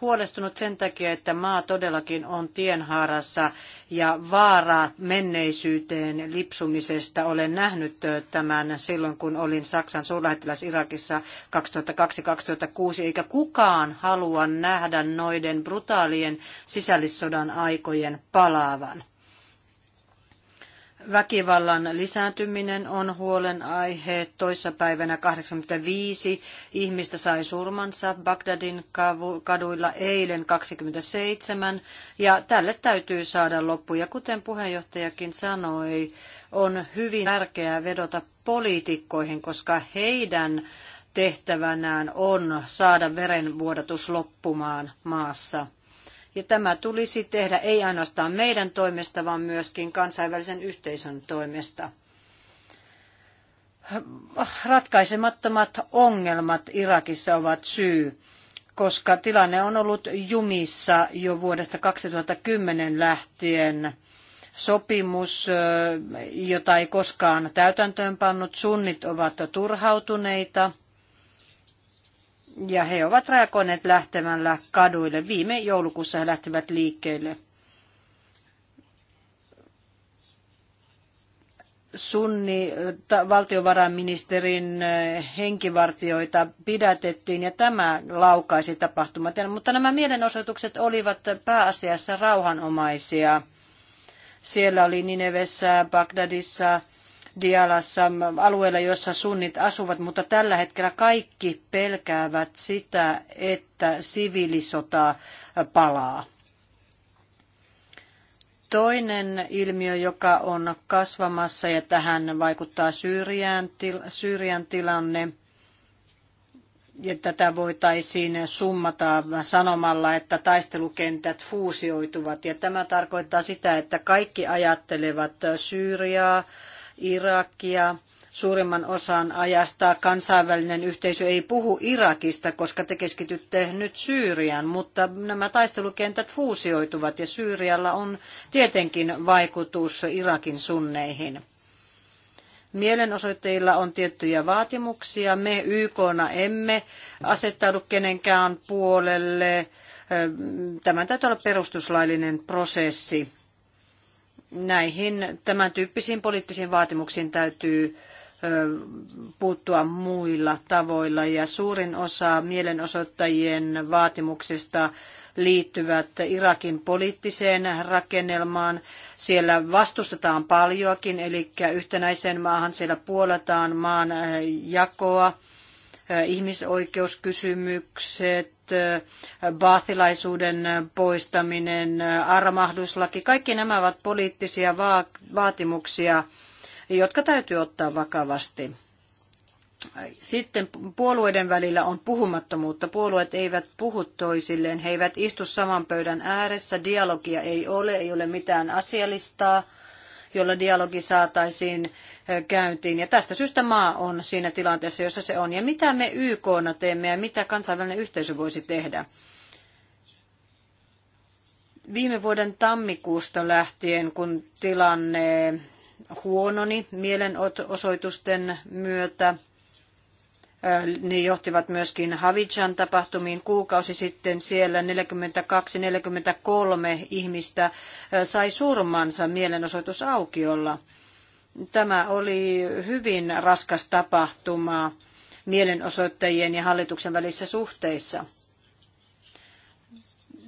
Huolestunut sen takia, että maa todellakin on tien haarassa ja vaara menneisyyteen lipsumisesta. Olen nähnyt tämän silloin, kun olin Saksan suurlähettiläs Irakissa 2002-2006, eikä kukaan halua nähdä noiden brutaalien sisällissodan aikojen palaavan. Väkivallan lisääntyminen on huolenaihe. Toissapäivänä 85 ihmistä sai surmansa Bagdadin kaduilla eilen 27 ja tälle täytyy saada loppu. Ja kuten puheenjohtajakin sanoi, on hyvin tärkeää vedota poliitikkoihin, koska heidän tehtävänään on saada verenvuodatus loppumaan maassa. Ja tämä tulisi tehdä ei ainoastaan meidän toimesta, vaan myöskin kansainvälisen yhteisön toimesta. Ratkaisemattomat ongelmat Irakissa ovat syy, koska tilanne on ollut jumissa jo vuodesta 2010 lähtien sopimus, jota ei koskaan täytäntöönpannut. Sunnit ovat turhautuneita ja he ovat reagoineet lähtemällä kaduille. Viime joulukuussa he lähtivät liikkeelle. sunni valtiovarainministerin henkivartioita pidätettiin ja tämä laukaisi tapahtumat. Mutta nämä mielenosoitukset olivat pääasiassa rauhanomaisia. Siellä oli Ninevessä, Bagdadissa, Dialassa alueella, jossa sunnit asuvat, mutta tällä hetkellä kaikki pelkäävät sitä, että siviilisota palaa. Toinen ilmiö, joka on kasvamassa ja tähän vaikuttaa Syyrian, til- Syyrian tilanne, ja tätä voitaisiin summata sanomalla, että taistelukentät fuusioituvat. Ja tämä tarkoittaa sitä, että kaikki ajattelevat Syyriaa, Irakia suurimman osan ajasta kansainvälinen yhteisö ei puhu Irakista, koska te keskitytte nyt Syyriaan, mutta nämä taistelukentät fuusioituvat ja Syyrialla on tietenkin vaikutus Irakin sunneihin. Mielenosoittajilla on tiettyjä vaatimuksia. Me YKna emme asettaudu kenenkään puolelle. Tämän täytyy olla perustuslaillinen prosessi näihin tämän tyyppisiin poliittisiin vaatimuksiin täytyy puuttua muilla tavoilla ja suurin osa mielenosoittajien vaatimuksista liittyvät Irakin poliittiseen rakennelmaan. Siellä vastustetaan paljoakin, eli yhtenäiseen maahan siellä puoletaan maan jakoa ihmisoikeuskysymykset, baathilaisuuden poistaminen, armahduslaki, kaikki nämä ovat poliittisia vaatimuksia, jotka täytyy ottaa vakavasti. Sitten puolueiden välillä on puhumattomuutta. Puolueet eivät puhu toisilleen, he eivät istu saman pöydän ääressä, dialogia ei ole, ei ole mitään asialistaa jolla dialogi saataisiin käyntiin. Ja tästä syystä maa on siinä tilanteessa, jossa se on. Ja mitä me YK teemme ja mitä kansainvälinen yhteisö voisi tehdä? Viime vuoden tammikuusta lähtien, kun tilanne huononi mielenosoitusten myötä, ne johtivat myöskin Havitsan tapahtumiin kuukausi sitten. Siellä 42-43 ihmistä sai surmansa mielenosoitusaukiolla. Tämä oli hyvin raskas tapahtuma mielenosoittajien ja hallituksen välissä suhteissa.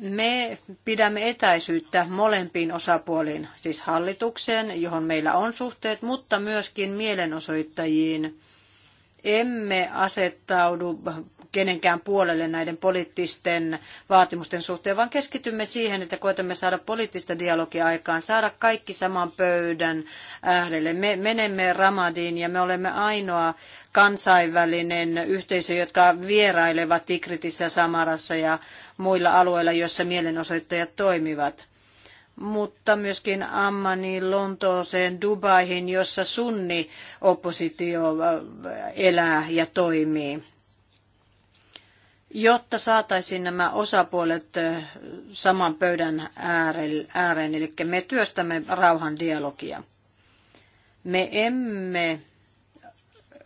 Me pidämme etäisyyttä molempiin osapuoliin, siis hallitukseen, johon meillä on suhteet, mutta myöskin mielenosoittajiin – emme asettaudu kenenkään puolelle näiden poliittisten vaatimusten suhteen, vaan keskitymme siihen, että koetamme saada poliittista dialogia aikaan, saada kaikki saman pöydän äärelle. Me menemme Ramadiin ja me olemme ainoa kansainvälinen yhteisö, jotka vierailevat Tikritissä, Samarassa ja muilla alueilla, joissa mielenosoittajat toimivat mutta myöskin Ammaniin, Lontooseen, Dubaihin, jossa sunni oppositio äh, elää ja toimii. Jotta saataisiin nämä osapuolet äh, saman pöydän ääreen, eli me työstämme rauhan dialogia. Me emme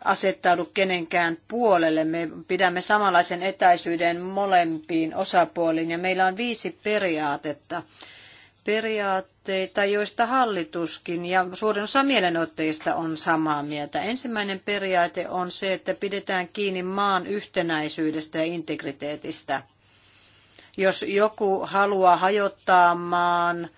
asettaudu kenenkään puolelle. Me pidämme samanlaisen etäisyyden molempiin osapuoliin ja meillä on viisi periaatetta periaatteita, joista hallituskin ja suurin osa mielenotteista on samaa mieltä. Ensimmäinen periaate on se, että pidetään kiinni maan yhtenäisyydestä ja integriteetistä. Jos joku haluaa hajottaa maan,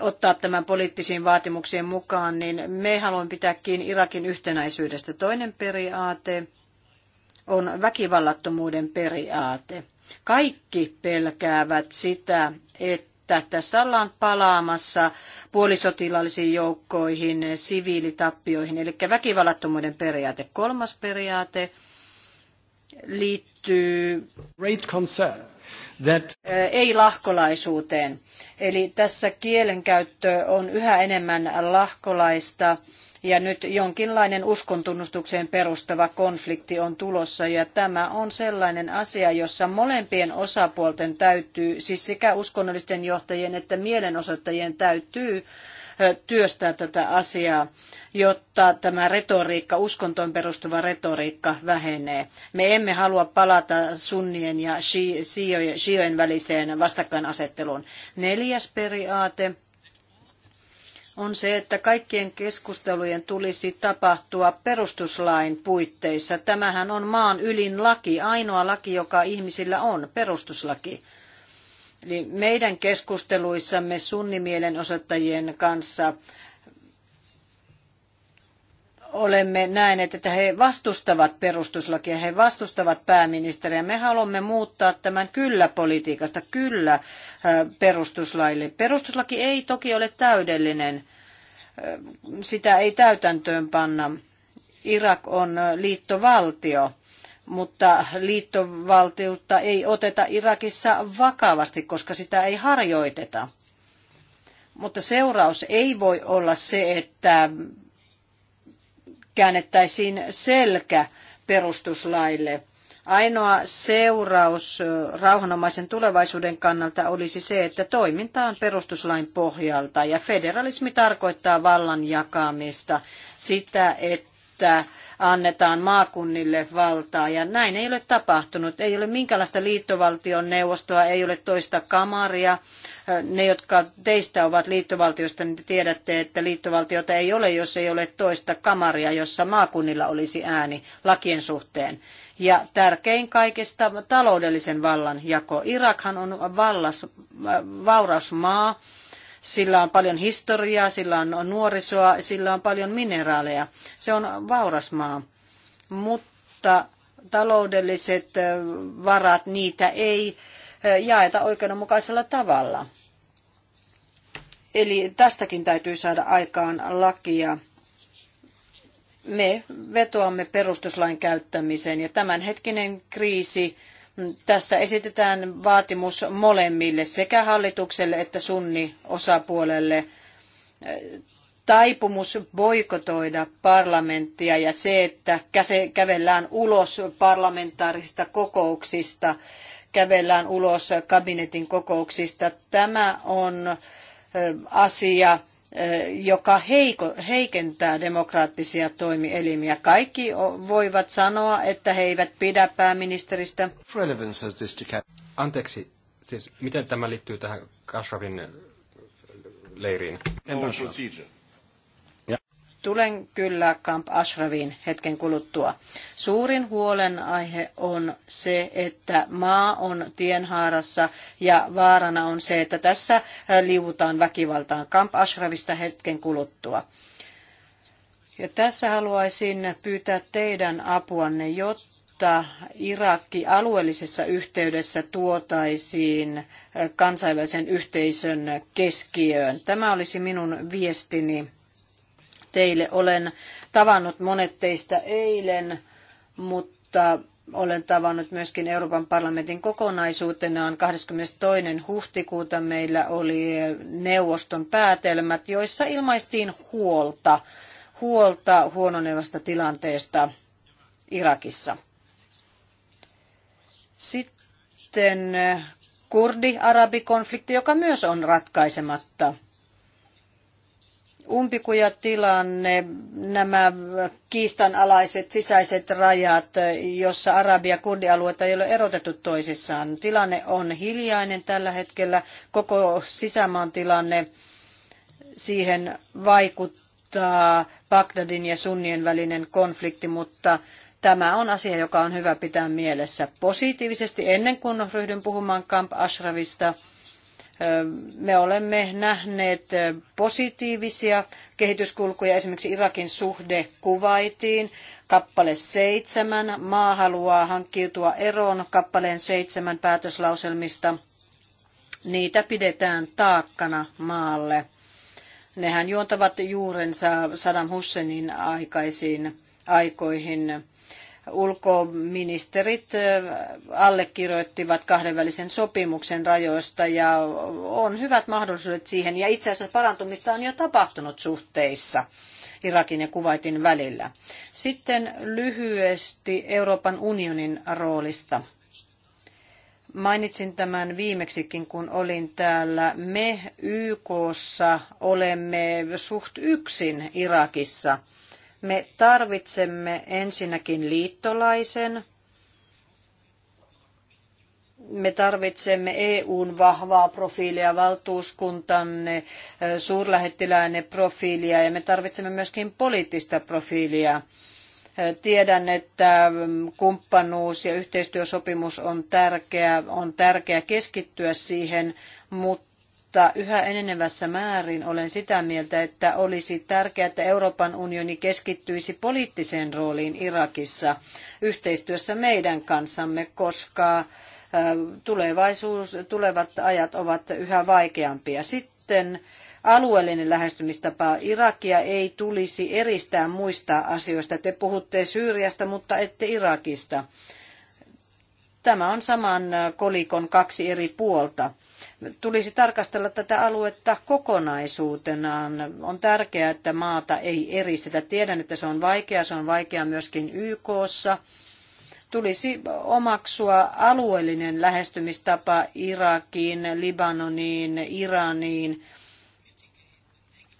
ottaa tämän poliittisiin vaatimuksiin mukaan, niin me haluamme pitää kiinni Irakin yhtenäisyydestä. Toinen periaate on väkivallattomuuden periaate. Kaikki pelkäävät sitä, että tässä ollaan palaamassa puolisotilaallisiin joukkoihin, siviilitappioihin, eli väkivallattomuuden periaate. Kolmas periaate liittyy Great concern that... ei-lahkolaisuuteen. Eli tässä kielenkäyttö on yhä enemmän lahkolaista ja nyt jonkinlainen uskontunnustukseen perustava konflikti on tulossa ja tämä on sellainen asia, jossa molempien osapuolten täytyy, siis sekä uskonnollisten johtajien että mielenosoittajien täytyy työstää tätä asiaa, jotta tämä retoriikka, uskontoon perustuva retoriikka vähenee. Me emme halua palata sunnien ja shiojen väliseen vastakkainasetteluun. Neljäs periaate on se, että kaikkien keskustelujen tulisi tapahtua perustuslain puitteissa. Tämähän on maan ylin laki, ainoa laki, joka ihmisillä on, perustuslaki. Eli meidän keskusteluissamme sunnimielenosoittajien kanssa olemme nähneet, että he vastustavat perustuslakia, he vastustavat pääministeriä. Me haluamme muuttaa tämän kyllä-politiikasta, kyllä äh, perustuslaille. Perustuslaki ei toki ole täydellinen, äh, sitä ei täytäntöön panna. Irak on äh, liittovaltio mutta liittovaltiutta ei oteta Irakissa vakavasti, koska sitä ei harjoiteta. Mutta seuraus ei voi olla se, että käännettäisiin selkä perustuslaille. Ainoa seuraus rauhanomaisen tulevaisuuden kannalta olisi se, että toiminta on perustuslain pohjalta ja federalismi tarkoittaa vallan jakamista, sitä, että annetaan maakunnille valtaa. Ja näin ei ole tapahtunut. Ei ole minkäänlaista liittovaltion neuvostoa, ei ole toista kamaria. Ne, jotka teistä ovat liittovaltiosta, niin te tiedätte, että liittovaltiota ei ole, jos ei ole toista kamaria, jossa maakunnilla olisi ääni lakien suhteen. Ja tärkein kaikista taloudellisen vallan jako. Irakhan on vallas, vaurasmaa sillä on paljon historiaa, sillä on nuorisoa, sillä on paljon mineraaleja. Se on vauras maa. Mutta taloudelliset varat, niitä ei jaeta oikeudenmukaisella tavalla. Eli tästäkin täytyy saada aikaan lakia. Me vetoamme perustuslain käyttämiseen ja tämänhetkinen kriisi tässä esitetään vaatimus molemmille, sekä hallitukselle että sunni osapuolelle taipumus boikotoida parlamenttia ja se, että kävellään ulos parlamentaarisista kokouksista, kävellään ulos kabinetin kokouksista. Tämä on asia, joka heiko, heikentää demokraattisia toimielimiä. Kaikki voivat sanoa, että he eivät pidä pääministeristä. Anteeksi, siis miten tämä liittyy tähän Kasravin leiriin? Tulen kyllä Camp Ashraviin hetken kuluttua. Suurin huolenaihe on se, että maa on tienhaarassa ja vaarana on se, että tässä äh, liuutaan väkivaltaan Camp Ashravista hetken kuluttua. Ja tässä haluaisin pyytää teidän apuanne, jotta Irakki alueellisessa yhteydessä tuotaisiin äh, kansainvälisen yhteisön keskiöön. Tämä olisi minun viestini teille. Olen tavannut monet teistä eilen, mutta olen tavannut myöskin Euroopan parlamentin kokonaisuutenaan. 22. huhtikuuta meillä oli neuvoston päätelmät, joissa ilmaistiin huolta, huolta huononevasta tilanteesta Irakissa. Sitten kurdi-arabikonflikti, joka myös on ratkaisematta – umpikujatilanne, nämä kiistanalaiset sisäiset rajat, jossa Arabia ja kurdialueita ei ole erotettu toisissaan. Tilanne on hiljainen tällä hetkellä. Koko sisämaan tilanne siihen vaikuttaa Bagdadin ja sunnien välinen konflikti, mutta tämä on asia, joka on hyvä pitää mielessä positiivisesti ennen kuin ryhdyn puhumaan Camp Ashrafista – me olemme nähneet positiivisia kehityskulkuja, esimerkiksi Irakin suhde Kuvaitiin. Kappale seitsemän, maa haluaa hankkiutua eroon kappaleen seitsemän päätöslauselmista. Niitä pidetään taakkana maalle. Nehän juontavat juurensa Saddam Husseinin aikaisiin aikoihin ulkoministerit allekirjoittivat kahdenvälisen sopimuksen rajoista ja on hyvät mahdollisuudet siihen. Ja itse asiassa parantumista on jo tapahtunut suhteissa Irakin ja Kuwaitin välillä. Sitten lyhyesti Euroopan unionin roolista. Mainitsin tämän viimeksikin, kun olin täällä. Me YKssa olemme suht yksin Irakissa – me tarvitsemme ensinnäkin liittolaisen. Me tarvitsemme EUn vahvaa profiilia, valtuuskuntanne, suurlähettiläinen profiilia ja me tarvitsemme myöskin poliittista profiilia. Tiedän, että kumppanuus ja yhteistyösopimus on tärkeä, on tärkeä keskittyä siihen, mutta mutta yhä enenevässä määrin olen sitä mieltä, että olisi tärkeää, että Euroopan unioni keskittyisi poliittiseen rooliin Irakissa yhteistyössä meidän kanssamme, koska äh, tulevaisuus, tulevat ajat ovat yhä vaikeampia. Sitten alueellinen lähestymistapa. Irakia ei tulisi eristää muista asioista. Te puhutte Syyriasta, mutta ette Irakista. Tämä on saman kolikon kaksi eri puolta tulisi tarkastella tätä aluetta kokonaisuutenaan. On tärkeää, että maata ei eristetä. Tiedän, että se on vaikeaa, se on vaikeaa myöskin YKssa. Tulisi omaksua alueellinen lähestymistapa Irakiin, Libanoniin, Iraniin,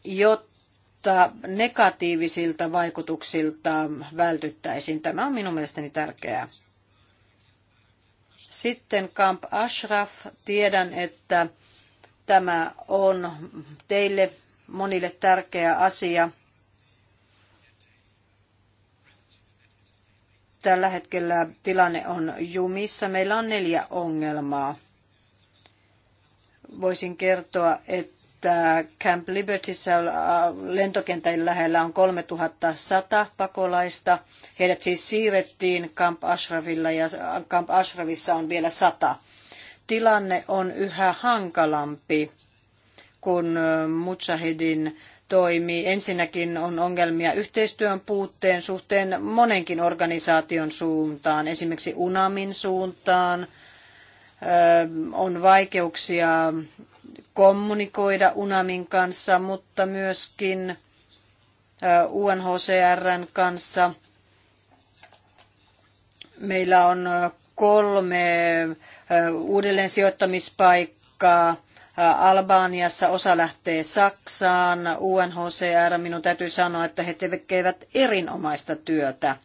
jotta negatiivisilta vaikutuksilta vältyttäisiin. Tämä on minun mielestäni tärkeää. Sitten Camp Ashraf, tiedän, että tämä on teille monille tärkeä asia. Tällä hetkellä tilanne on jumissa. Meillä on neljä ongelmaa. Voisin kertoa, että että Camp Libertyssä lentokentän lähellä on 3100 pakolaista. Heidät siis siirrettiin Camp Ashrafilla ja Camp Ashrafissa on vielä 100. Tilanne on yhä hankalampi, kun Mujahidin toimii. Ensinnäkin on ongelmia yhteistyön puutteen suhteen monenkin organisaation suuntaan, esimerkiksi UNAMin suuntaan. On vaikeuksia kommunikoida UNAMin kanssa, mutta myöskin UNHCRn kanssa. Meillä on kolme uudelleen sijoittamispaikkaa. Albaaniassa osa lähtee Saksaan, UNHCR, minun täytyy sanoa, että he tekevät erinomaista työtä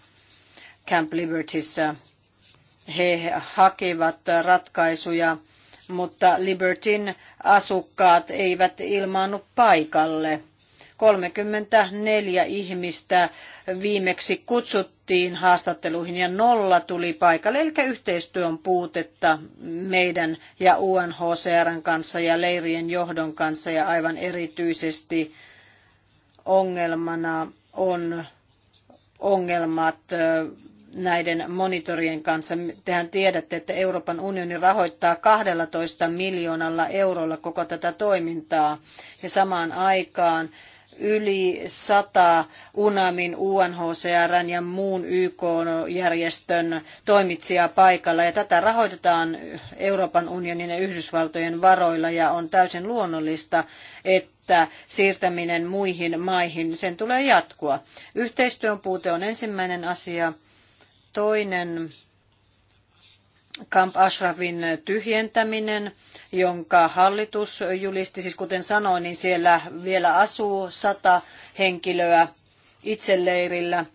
Camp Libertyssä. He hakevat ratkaisuja mutta Libertin asukkaat eivät ilmaannut paikalle. 34 ihmistä viimeksi kutsuttiin haastatteluihin ja nolla tuli paikalle, eli yhteistyön puutetta meidän ja UNHCRn kanssa ja leirien johdon kanssa ja aivan erityisesti ongelmana on ongelmat näiden monitorien kanssa. Tehän tiedätte, että Euroopan unioni rahoittaa 12 miljoonalla eurolla koko tätä toimintaa ja samaan aikaan yli sata UNAMin, UNHCRn ja muun YK-järjestön toimitsijaa paikalla. Ja tätä rahoitetaan Euroopan unionin ja Yhdysvaltojen varoilla ja on täysin luonnollista, että siirtäminen muihin maihin, sen tulee jatkua. Yhteistyön puute on ensimmäinen asia Toinen Camp Ashrafin tyhjentäminen, jonka hallitus julisti, siis kuten sanoin, niin siellä vielä asuu sata henkilöä itseleirillä.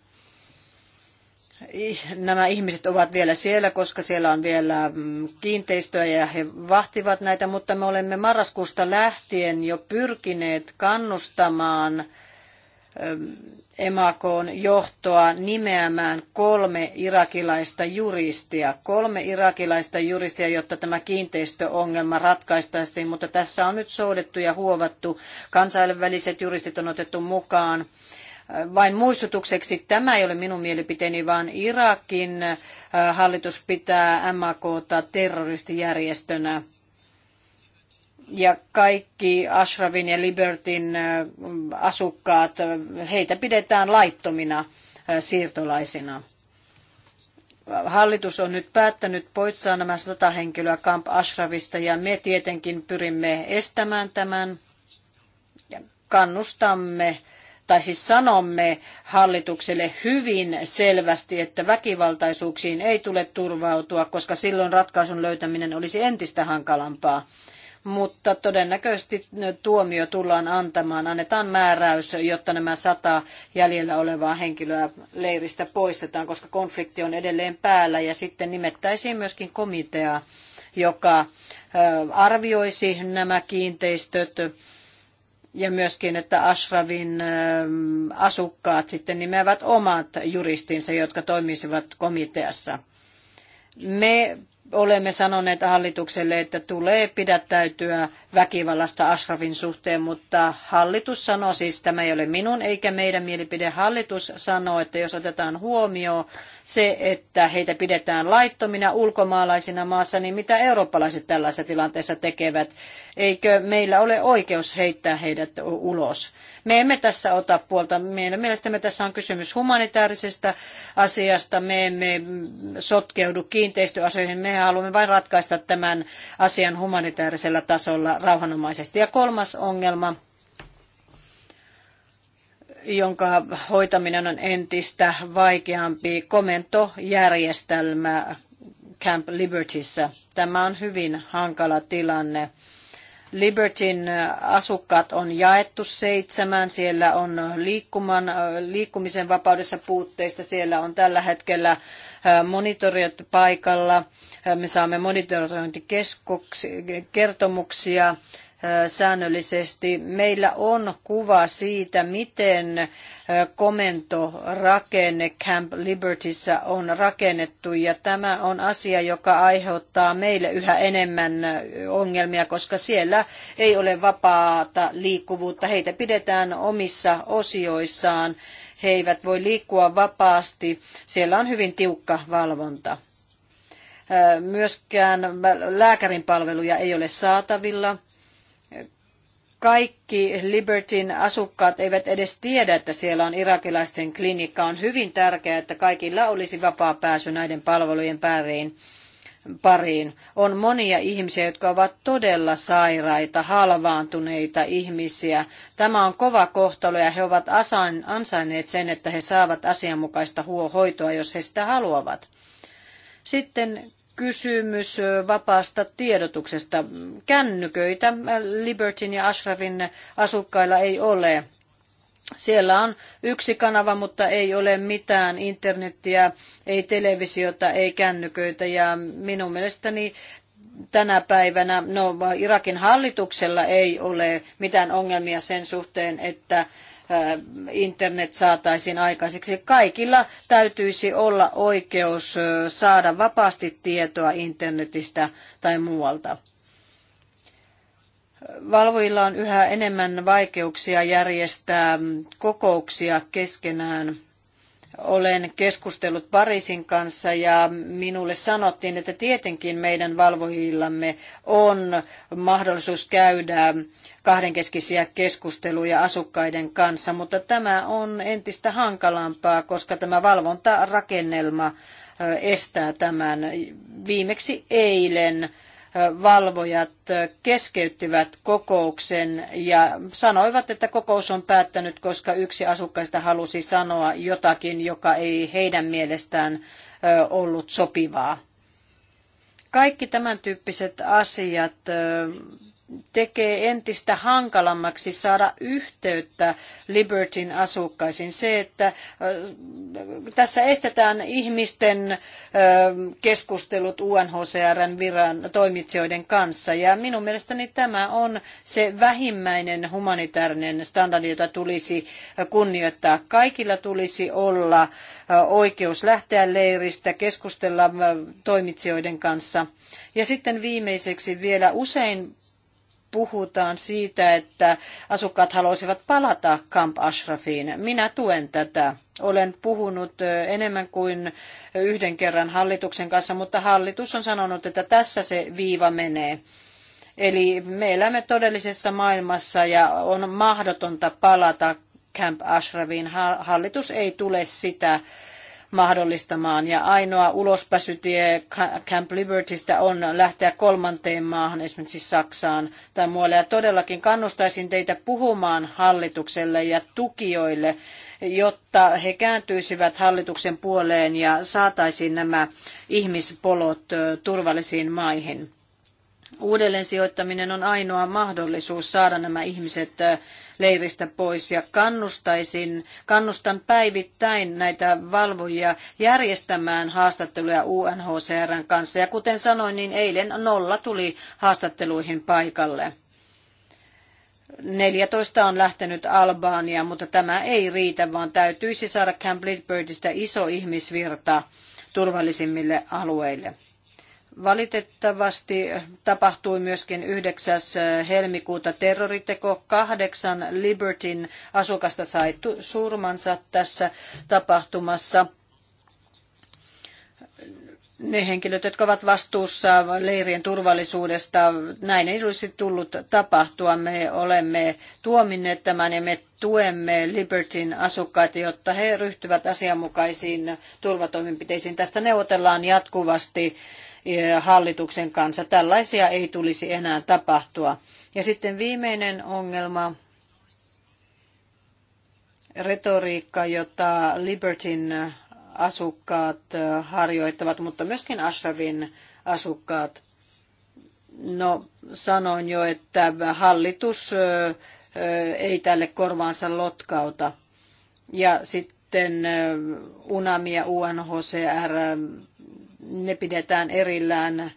Nämä ihmiset ovat vielä siellä, koska siellä on vielä mm, kiinteistöjä. ja he vahtivat näitä, mutta me olemme marraskuusta lähtien jo pyrkineet kannustamaan mm, Emakoon johtoa nimeämään kolme irakilaista juristia. Kolme irakilaista juristia, jotta tämä kiinteistöongelma ratkaistaisiin, mutta tässä on nyt soudettu ja huovattu. Kansainväliset juristit on otettu mukaan. Vain muistutukseksi, tämä ei ole minun mielipiteeni, vaan Irakin äh, hallitus pitää MAKta terroristijärjestönä ja kaikki Ashrafin ja Libertin asukkaat, heitä pidetään laittomina siirtolaisina. Hallitus on nyt päättänyt poistaa nämä sata henkilöä Camp Ashrafista ja me tietenkin pyrimme estämään tämän ja kannustamme tai siis sanomme hallitukselle hyvin selvästi, että väkivaltaisuuksiin ei tule turvautua, koska silloin ratkaisun löytäminen olisi entistä hankalampaa mutta todennäköisesti tuomio tullaan antamaan. Annetaan määräys, jotta nämä sata jäljellä olevaa henkilöä leiristä poistetaan, koska konflikti on edelleen päällä ja sitten nimettäisiin myöskin komitea, joka arvioisi nämä kiinteistöt ja myöskin, että Ashravin asukkaat sitten nimeävät omat juristinsa, jotka toimisivat komiteassa. Me olemme sanoneet hallitukselle, että tulee pidättäytyä väkivallasta Ashrafin suhteen, mutta hallitus sanoo, siis tämä ei ole minun eikä meidän mielipide, hallitus sanoo, että jos otetaan huomioon se, että heitä pidetään laittomina ulkomaalaisina maassa, niin mitä eurooppalaiset tällaisessa tilanteessa tekevät? Eikö meillä ole oikeus heittää heidät ulos? Me emme tässä ota puolta. Meidän mielestämme tässä on kysymys humanitaarisesta asiasta. Me emme sotkeudu kiinteistöasioihin. Mehän haluamme vain ratkaista tämän asian humanitaarisella tasolla rauhanomaisesti. Ja kolmas ongelma, jonka hoitaminen on entistä vaikeampi, komentojärjestelmä Camp Libertyssä. Tämä on hyvin hankala tilanne Libertin asukkaat on jaettu seitsemään. Siellä on liikkuman, liikkumisen vapaudessa puutteista. Siellä on tällä hetkellä monitorit paikalla. Me saamme monitorointikertomuksia säännöllisesti. Meillä on kuva siitä, miten komentorakenne Camp Libertyssä on rakennettu ja tämä on asia, joka aiheuttaa meille yhä enemmän ongelmia, koska siellä ei ole vapaata liikkuvuutta. Heitä pidetään omissa osioissaan. He eivät voi liikkua vapaasti. Siellä on hyvin tiukka valvonta. Myöskään lääkärin palveluja ei ole saatavilla kaikki Libertin asukkaat eivät edes tiedä, että siellä on irakilaisten klinikka. On hyvin tärkeää, että kaikilla olisi vapaa pääsy näiden palvelujen pääriin pariin. On monia ihmisiä, jotka ovat todella sairaita, halvaantuneita ihmisiä. Tämä on kova kohtalo ja he ovat ansainneet sen, että he saavat asianmukaista huohoitoa, jos he sitä haluavat. Sitten kysymys vapaasta tiedotuksesta. Kännyköitä Libertin ja Ashrafin asukkailla ei ole. Siellä on yksi kanava, mutta ei ole mitään internettiä, ei televisiota, ei kännyköitä ja minun mielestäni tänä päivänä, no Irakin hallituksella ei ole mitään ongelmia sen suhteen, että internet saataisiin aikaiseksi. Kaikilla täytyisi olla oikeus saada vapaasti tietoa internetistä tai muualta. Valvojilla on yhä enemmän vaikeuksia järjestää kokouksia keskenään olen keskustellut Pariisin kanssa ja minulle sanottiin, että tietenkin meidän valvojillamme on mahdollisuus käydä kahdenkeskisiä keskusteluja asukkaiden kanssa, mutta tämä on entistä hankalampaa, koska tämä valvontarakennelma estää tämän. Viimeksi eilen valvojat keskeyttivät kokouksen ja sanoivat, että kokous on päättänyt, koska yksi asukkaista halusi sanoa jotakin, joka ei heidän mielestään ollut sopivaa. Kaikki tämän tyyppiset asiat tekee entistä hankalammaksi saada yhteyttä Libertin asukkaisiin. Se, että tässä estetään ihmisten keskustelut UNHCRn viran toimitsijoiden kanssa. Ja minun mielestäni tämä on se vähimmäinen humanitaarinen standardi, jota tulisi kunnioittaa. Kaikilla tulisi olla oikeus lähteä leiristä, keskustella toimitsijoiden kanssa. Ja sitten viimeiseksi vielä usein puhutaan siitä, että asukkaat haluaisivat palata Camp Ashrafiin. Minä tuen tätä. Olen puhunut enemmän kuin yhden kerran hallituksen kanssa, mutta hallitus on sanonut, että tässä se viiva menee. Eli me elämme todellisessa maailmassa ja on mahdotonta palata Camp Ashrafiin. Hallitus ei tule sitä mahdollistamaan. Ja ainoa ulospääsytie Camp Libertystä on lähteä kolmanteen maahan, esimerkiksi Saksaan tai muualle. Ja todellakin kannustaisin teitä puhumaan hallitukselle ja tukijoille, jotta he kääntyisivät hallituksen puoleen ja saataisiin nämä ihmispolot turvallisiin maihin. Uudelleen sijoittaminen on ainoa mahdollisuus saada nämä ihmiset leiristä pois ja kannustaisin, kannustan päivittäin näitä valvojia järjestämään haastatteluja UNHCRn kanssa. Ja kuten sanoin, niin eilen nolla tuli haastatteluihin paikalle. 14 on lähtenyt Albaania, mutta tämä ei riitä, vaan täytyisi saada Camp Lidbirdistä iso ihmisvirta turvallisimmille alueille. Valitettavasti tapahtui myöskin 9. helmikuuta terroriteko. Kahdeksan Libertin asukasta sai surmansa tässä tapahtumassa. Ne henkilöt, jotka ovat vastuussa leirien turvallisuudesta, näin ei olisi tullut tapahtua. Me olemme tuominneet tämän ja me tuemme Libertin asukkaita, jotta he ryhtyvät asianmukaisiin turvatoimenpiteisiin. Tästä neuvotellaan jatkuvasti hallituksen kanssa. Tällaisia ei tulisi enää tapahtua. Ja sitten viimeinen ongelma, retoriikka, jota Libertin asukkaat äh, harjoittavat, mutta myöskin Ashrafin asukkaat. No, sanoin jo, että hallitus äh, äh, ei tälle korvaansa lotkauta. Ja sitten UNAMI ja UNHCR ne pidetään erillään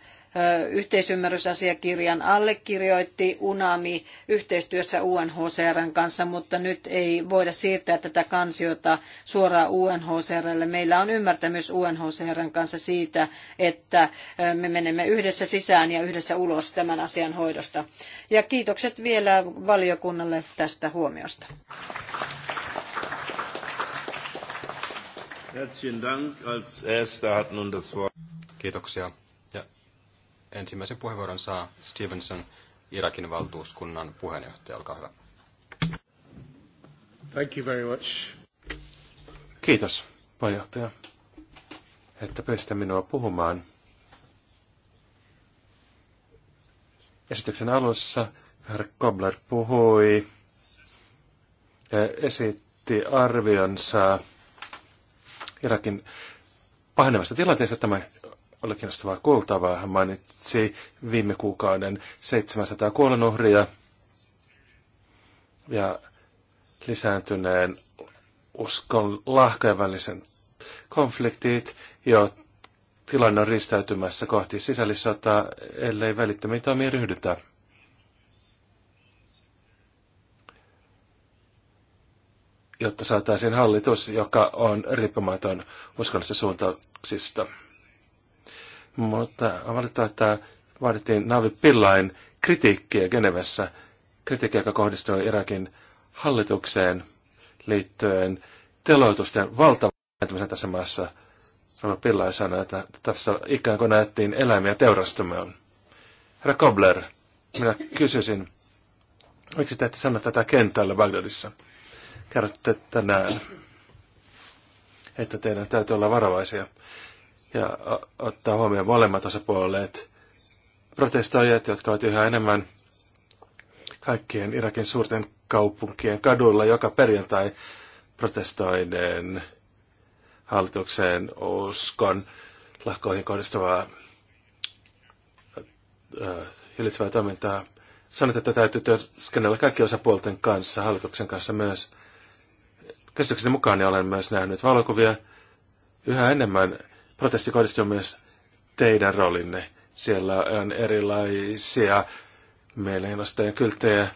yhteisymmärrysasiakirjan allekirjoitti UNAMI yhteistyössä UNHCRn kanssa, mutta nyt ei voida siirtää tätä kansiota suoraan UNHCRlle. Meillä on ymmärtämys UNHCRn kanssa siitä, että me menemme yhdessä sisään ja yhdessä ulos tämän asian hoidosta. Ja kiitokset vielä valiokunnalle tästä huomiosta. Herzlichen Dank. Als erster hat nun das Wort. Kiitoksia. Ja ensimmäisen puheenvuoron saa Stevenson, Irakin valtuuskunnan puheenjohtaja. Olkaa hyvä. Thank you very much. Kiitos, puheenjohtaja, että pystytte minua puhumaan. Esityksen alussa Herr Kobler puhui ja esitti arvionsa Irakin pahenevasta tilanteesta. Tämä oli kiinnostavaa kuultavaa. Hän mainitsi viime kuukauden 700 kuolonuhria ja lisääntyneen uskon lahkojen välisen konfliktit, jo tilanne on ristäytymässä kohti sisällissotaa, ellei välittömiin toimiin ryhdytä. jotta saataisiin hallitus, joka on riippumaton uskonnollisista suuntauksista. Mutta valitettavasti että vaadittiin Navi Pillain kritiikkiä Genevessä, kritiikkiä, joka kohdistui Irakin hallitukseen liittyen teloitusten valtavan tässä maassa. Rava Pillai sanoi, että tässä ikään kuin näettiin eläimiä teurastumaan. Herra Kobler, minä kysyisin, miksi te ette sano tätä kentällä Bagdadissa? kerrotte tänään, että teidän täytyy olla varovaisia ja ottaa huomioon molemmat osapuolet, protestoijat, jotka ovat yhä enemmän kaikkien Irakin suurten kaupunkien kaduilla joka perjantai protestoiden hallitukseen uskon lahkoihin kohdistuvaa hillitsevää toimintaa. Sanoit, että täytyy työskennellä kaikki osapuolten kanssa, hallituksen kanssa myös. Käsitykseni mukaan niin olen myös nähnyt valokuvia. Yhä enemmän protesti kohdistuu myös teidän roolinne. Siellä on erilaisia mielenostojen kylttejä,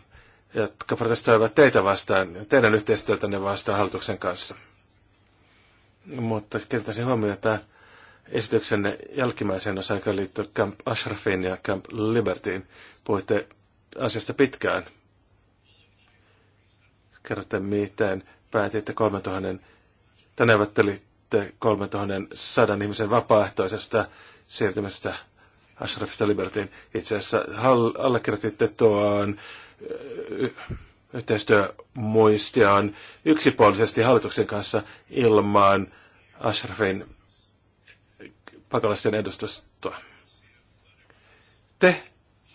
jotka protestoivat teitä vastaan, teidän yhteistyötänne vastaan hallituksen kanssa. Mutta kiinnittäisin että esityksen jälkimmäisen osaan, joka liittyy Camp Ashrafin ja Camp Libertyin. Puhuitte asiasta pitkään. Kerrotte, miten päätitte 3000, tai neuvottelitte 3100 ihmisen vapaaehtoisesta siirtymästä Ashrafista Libertiin. Itse asiassa allekirjoititte tuon yhteistyömuistiaan yksipuolisesti hallituksen kanssa ilman Ashrafin pakolaisten edustusta. Te,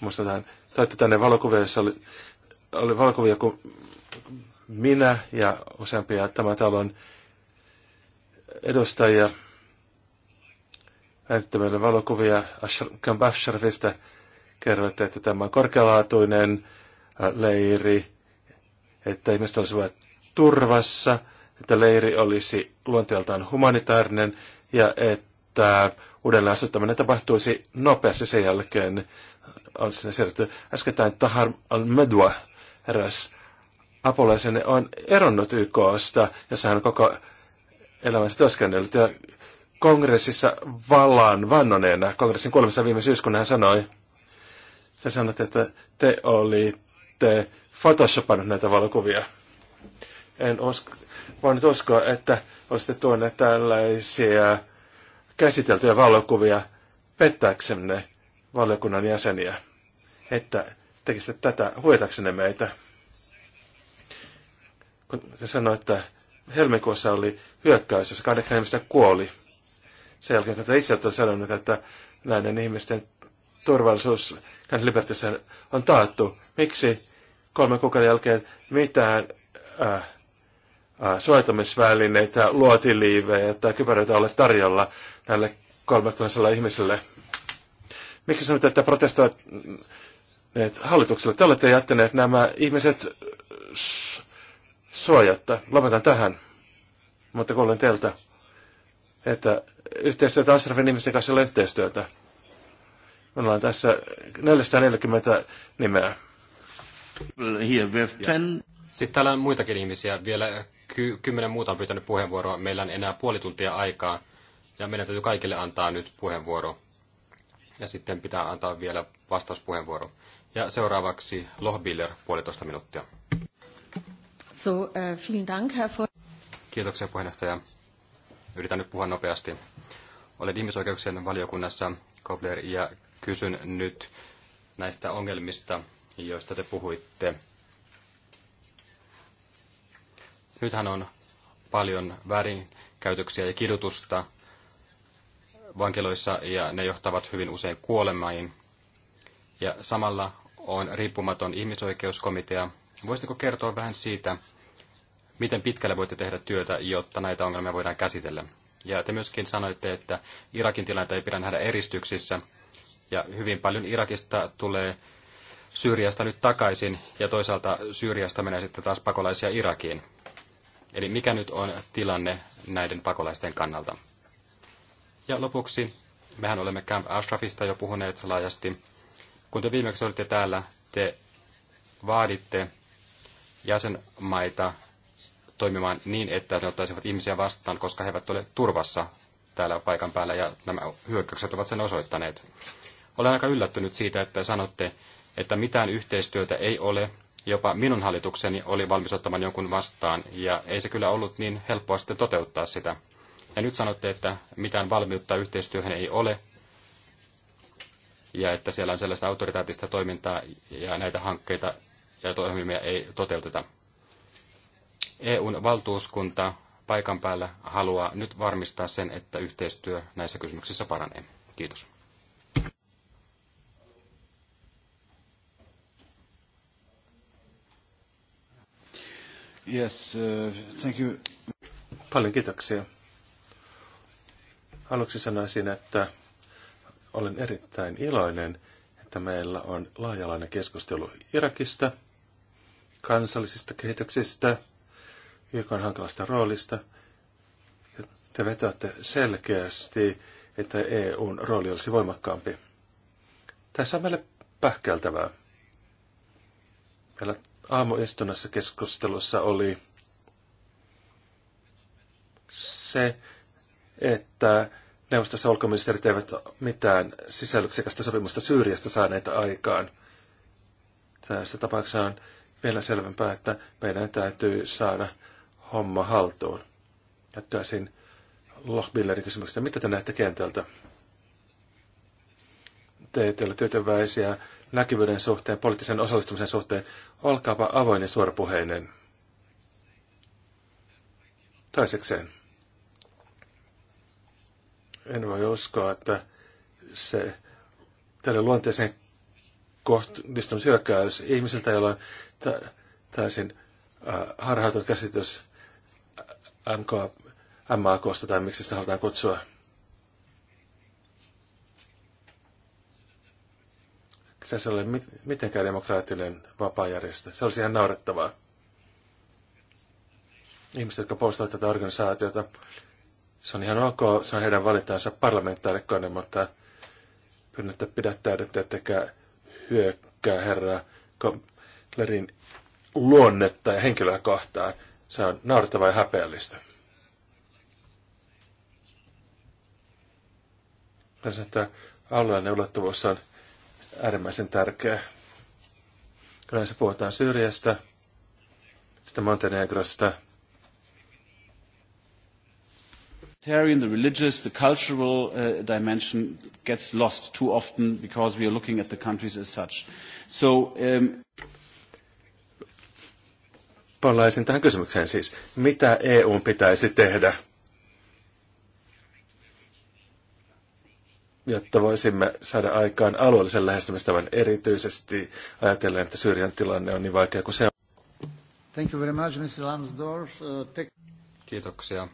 muistetaan, toitte tänne valokuvia, jossa oli, oli valokuvia, kun minä ja useampia tämän talon edustajia näytitte meille valokuvia Camp Ashrafista. Kerroitte, että tämä on korkealaatuinen äh, leiri, että ihmiset olisivat turvassa, että leiri olisi luonteeltaan humanitaarinen ja että uudelleen asuttaminen tapahtuisi nopeasti sen jälkeen. On sinne siirrytty äskettäin Tahar al-Medwa, eräs apulaisenne on eronnut YKsta, jossa hän koko elämänsä työskennellyt. Ja kongressissa vallan vannoneena, kongressin kuulemassa viime syyskuun hän sanoi, te sanotte, että te olitte photoshopannut näitä valokuvia. En usko, voinut uskoa, että olisitte tuoneet tällaisia käsiteltyjä valokuvia pettääksenne valiokunnan jäseniä, että tekisitte tätä huetaksenne meitä kun se sanoi, että helmikuussa oli hyökkäys, jossa kahdeksan ihmistä kuoli. Sen jälkeen, että itse olen sanonut, että näiden ihmisten turvallisuus Libertyssä on taattu. Miksi kolme kuukauden jälkeen mitään äh, äh suojatumisvälineitä, luotiliivejä tai kypäröitä ole tarjolla näille 3000 ihmiselle. Miksi sanotaan, että protestoit hallitukselle? Te olette jättäneet nämä ihmiset suojatta. Lopetan tähän, mutta kuulen teiltä, että yhteistyötä Asrafin ihmisten kanssa on yhteistyötä. Minulla on tässä 440 nimeä. Siis täällä on muitakin ihmisiä. Vielä ky- kymmenen muuta on pyytänyt puheenvuoroa. Meillä on enää puoli tuntia aikaa. Ja meidän täytyy kaikille antaa nyt puheenvuoro. Ja sitten pitää antaa vielä vastauspuheenvuoro. Ja seuraavaksi Lohbiller puolitoista minuuttia. So, äh, vielen Dank, Herr Kiitoksia puheenjohtaja. Yritän nyt puhua nopeasti. Olen ihmisoikeuksien valiokunnassa, Kobler, ja kysyn nyt näistä ongelmista, joista te puhuitte. Nythän on paljon väärinkäytöksiä ja kidutusta vankiloissa ja ne johtavat hyvin usein kuolemaan. Ja samalla on riippumaton ihmisoikeuskomitea, Voisitko kertoa vähän siitä, miten pitkälle voitte tehdä työtä, jotta näitä ongelmia voidaan käsitellä? Ja te myöskin sanoitte, että Irakin tilannetta ei pidä nähdä eristyksissä, ja hyvin paljon Irakista tulee Syyriasta nyt takaisin, ja toisaalta Syyriasta menee sitten taas pakolaisia Irakiin. Eli mikä nyt on tilanne näiden pakolaisten kannalta? Ja lopuksi, mehän olemme Camp Ashrafista jo puhuneet laajasti. Kun te viimeksi olitte täällä, te vaaditte jäsenmaita toimimaan niin, että ne ottaisivat ihmisiä vastaan, koska he eivät ole turvassa täällä paikan päällä, ja nämä hyökkäykset ovat sen osoittaneet. Olen aika yllättynyt siitä, että sanotte, että mitään yhteistyötä ei ole. Jopa minun hallitukseni oli valmis ottamaan jonkun vastaan, ja ei se kyllä ollut niin helppoa sitten toteuttaa sitä. Ja nyt sanotte, että mitään valmiutta yhteistyöhön ei ole, ja että siellä on sellaista autoritaatista toimintaa, ja näitä hankkeita ja ohjelmia ei toteuteta. EUn valtuuskunta paikan päällä haluaa nyt varmistaa sen, että yhteistyö näissä kysymyksissä paranee. Kiitos. Yes, uh, thank you. Paljon kiitoksia. Aluksi sanoisin, että olen erittäin iloinen, että meillä on laajalainen keskustelu Irakista – kansallisista kehityksistä, YK hankalasta roolista. Ja te vetätte selkeästi, että EUn rooli olisi voimakkaampi. Tässä on meille pähkältävää. Meillä aamuistunnassa keskustelussa oli se, että neuvostossa ulkoministerit eivät mitään sisällyksekästä sopimusta Syyriasta saaneita aikaan. Tässä tapauksessa on vielä selvempää, että meidän täytyy saada homma haltuun. Jättäisin Lochbillerin kysymyksestä, mitä te näette kentältä? Teitä tyytyväisiä näkyvyyden suhteen, poliittisen osallistumisen suhteen. Olkaapa avoin ja suorapuheinen. Toisekseen. En voi uskoa, että se tälle luonteeseen hyökkäys ihmisiltä, joilla on täysin äh, harhautunut käsitys äh, MK, MAKsta tai miksi sitä halutaan kutsua. Se ei ole mitenkään demokraattinen vapaajärjestö. Se olisi ihan naurettavaa. Ihmiset, jotka puolustavat tätä organisaatiota, se on ihan ok, se on heidän valintansa parlamentaarikkoinen, mutta pyydän, että pidättäydytte, ettekä hyökkää herra Lerin luonnetta ja henkilöä kohtaan. Se on naurettavaa ja häpeällistä. Hän että alueellinen ulottuvuus on äärimmäisen tärkeä. Yleensä puhutaan Syyriästä, sitä Montenegrosta, the religious, the cultural uh, dimension gets lost too often because we are looking at the countries as such. So um, palaisin tähän kysymykseen siis. Mitä EU pitäisi tehdä, jotta voisimme saada aikaan alueellisen lähestymistavan erityisesti ajatellen, että Syyrian tilanne on niin vaikea kuin se on? Thank you very much, Mr. Lansdorf. Uh, te- Kiitoksia.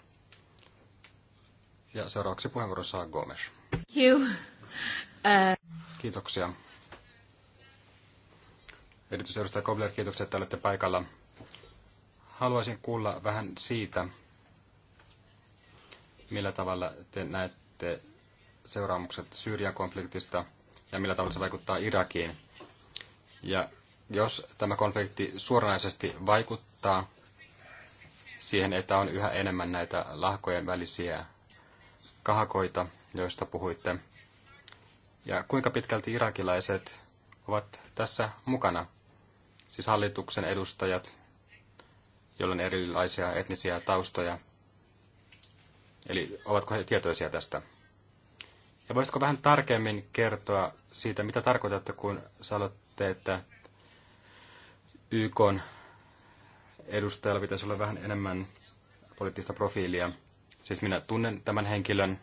Ja seuraavaksi puheenvuoron saa Gomes. Thank you. Uh... Kiitoksia. Erityisedustaja Kobler, kiitoksia, että olette paikalla haluaisin kuulla vähän siitä, millä tavalla te näette seuraamukset Syyrian konfliktista ja millä tavalla se vaikuttaa Irakiin. Ja jos tämä konflikti suoranaisesti vaikuttaa siihen, että on yhä enemmän näitä lahkojen välisiä kahakoita, joista puhuitte, ja kuinka pitkälti irakilaiset ovat tässä mukana, siis hallituksen edustajat joilla on erilaisia etnisiä taustoja. Eli ovatko he tietoisia tästä? Ja voisitko vähän tarkemmin kertoa siitä, mitä tarkoitatte, kun sanotte, että YK edustajalla pitäisi olla vähän enemmän poliittista profiilia. Siis minä tunnen tämän henkilön,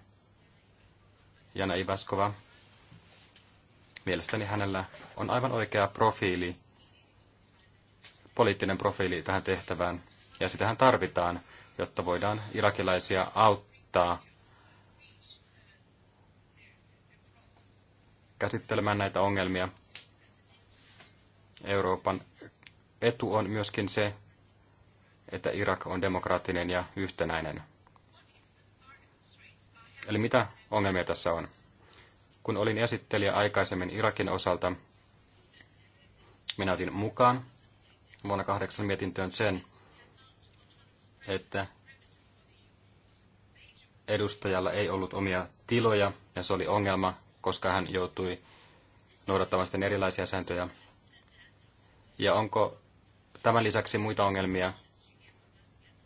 Jana Ivaskova. Mielestäni hänellä on aivan oikea profiili, poliittinen profiili tähän tehtävään. Ja sitähän tarvitaan, jotta voidaan irakilaisia auttaa käsittelemään näitä ongelmia. Euroopan etu on myöskin se, että Irak on demokraattinen ja yhtenäinen. Eli mitä ongelmia tässä on? Kun olin esittelijä aikaisemmin Irakin osalta, minä otin mukaan vuonna kahdeksan mietintöön sen, että edustajalla ei ollut omia tiloja, ja se oli ongelma, koska hän joutui noudattamaan sitten erilaisia sääntöjä. Ja onko tämän lisäksi muita ongelmia,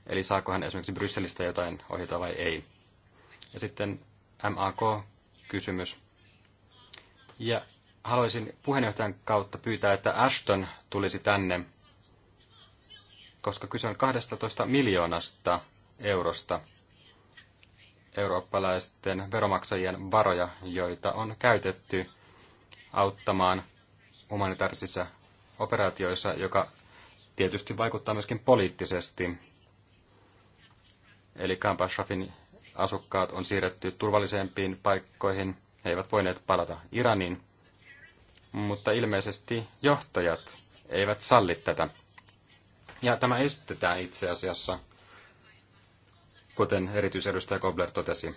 eli saako hän esimerkiksi Brysselistä jotain ohjata vai ei. Ja sitten MAK-kysymys. Ja haluaisin puheenjohtajan kautta pyytää, että Ashton tulisi tänne koska kyse on 12 miljoonasta eurosta eurooppalaisten veromaksajien varoja, joita on käytetty auttamaan humanitaarisissa operaatioissa, joka tietysti vaikuttaa myöskin poliittisesti. Eli Camp Ashrafin asukkaat on siirretty turvallisempiin paikkoihin. He eivät voineet palata Iraniin, mutta ilmeisesti johtajat eivät salli tätä. Ja tämä estetään itse asiassa, kuten erityisedustaja Kobler totesi.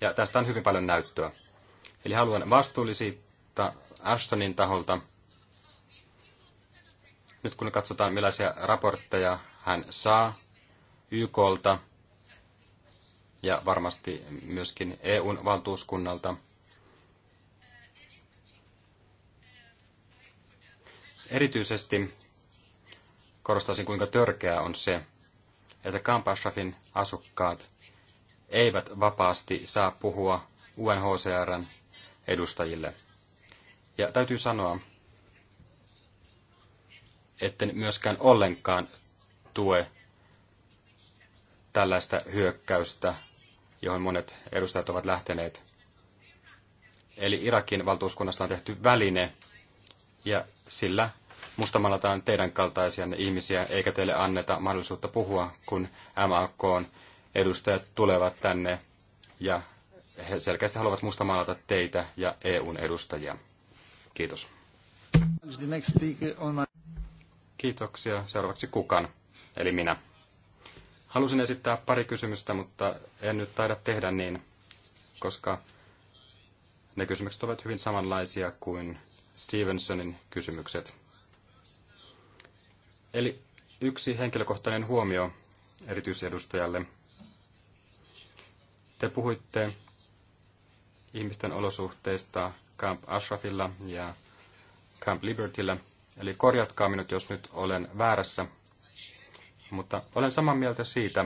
Ja tästä on hyvin paljon näyttöä. Eli haluan vastuullisista Ashtonin taholta, nyt kun katsotaan millaisia raportteja hän saa YKlta ja varmasti myöskin EUn valtuuskunnalta, erityisesti korostaisin, kuinka törkeää on se, että Camp asukkaat eivät vapaasti saa puhua UNHCRn edustajille. Ja täytyy sanoa, etten myöskään ollenkaan tue tällaista hyökkäystä, johon monet edustajat ovat lähteneet. Eli Irakin valtuuskunnasta on tehty väline, ja sillä mustamalataan teidän kaltaisianne ihmisiä, eikä teille anneta mahdollisuutta puhua, kun MAK edustajat tulevat tänne ja he selkeästi haluavat mustamalata teitä ja EUn edustajia. Kiitos. Kiitoksia. Seuraavaksi kukan, eli minä. Halusin esittää pari kysymystä, mutta en nyt taida tehdä niin, koska ne kysymykset ovat hyvin samanlaisia kuin Stevensonin kysymykset. Eli yksi henkilökohtainen huomio erityisedustajalle. Te puhuitte ihmisten olosuhteista Camp Ashrafilla ja Camp Libertyllä. Eli korjatkaa minut, jos nyt olen väärässä. Mutta olen samaa mieltä siitä,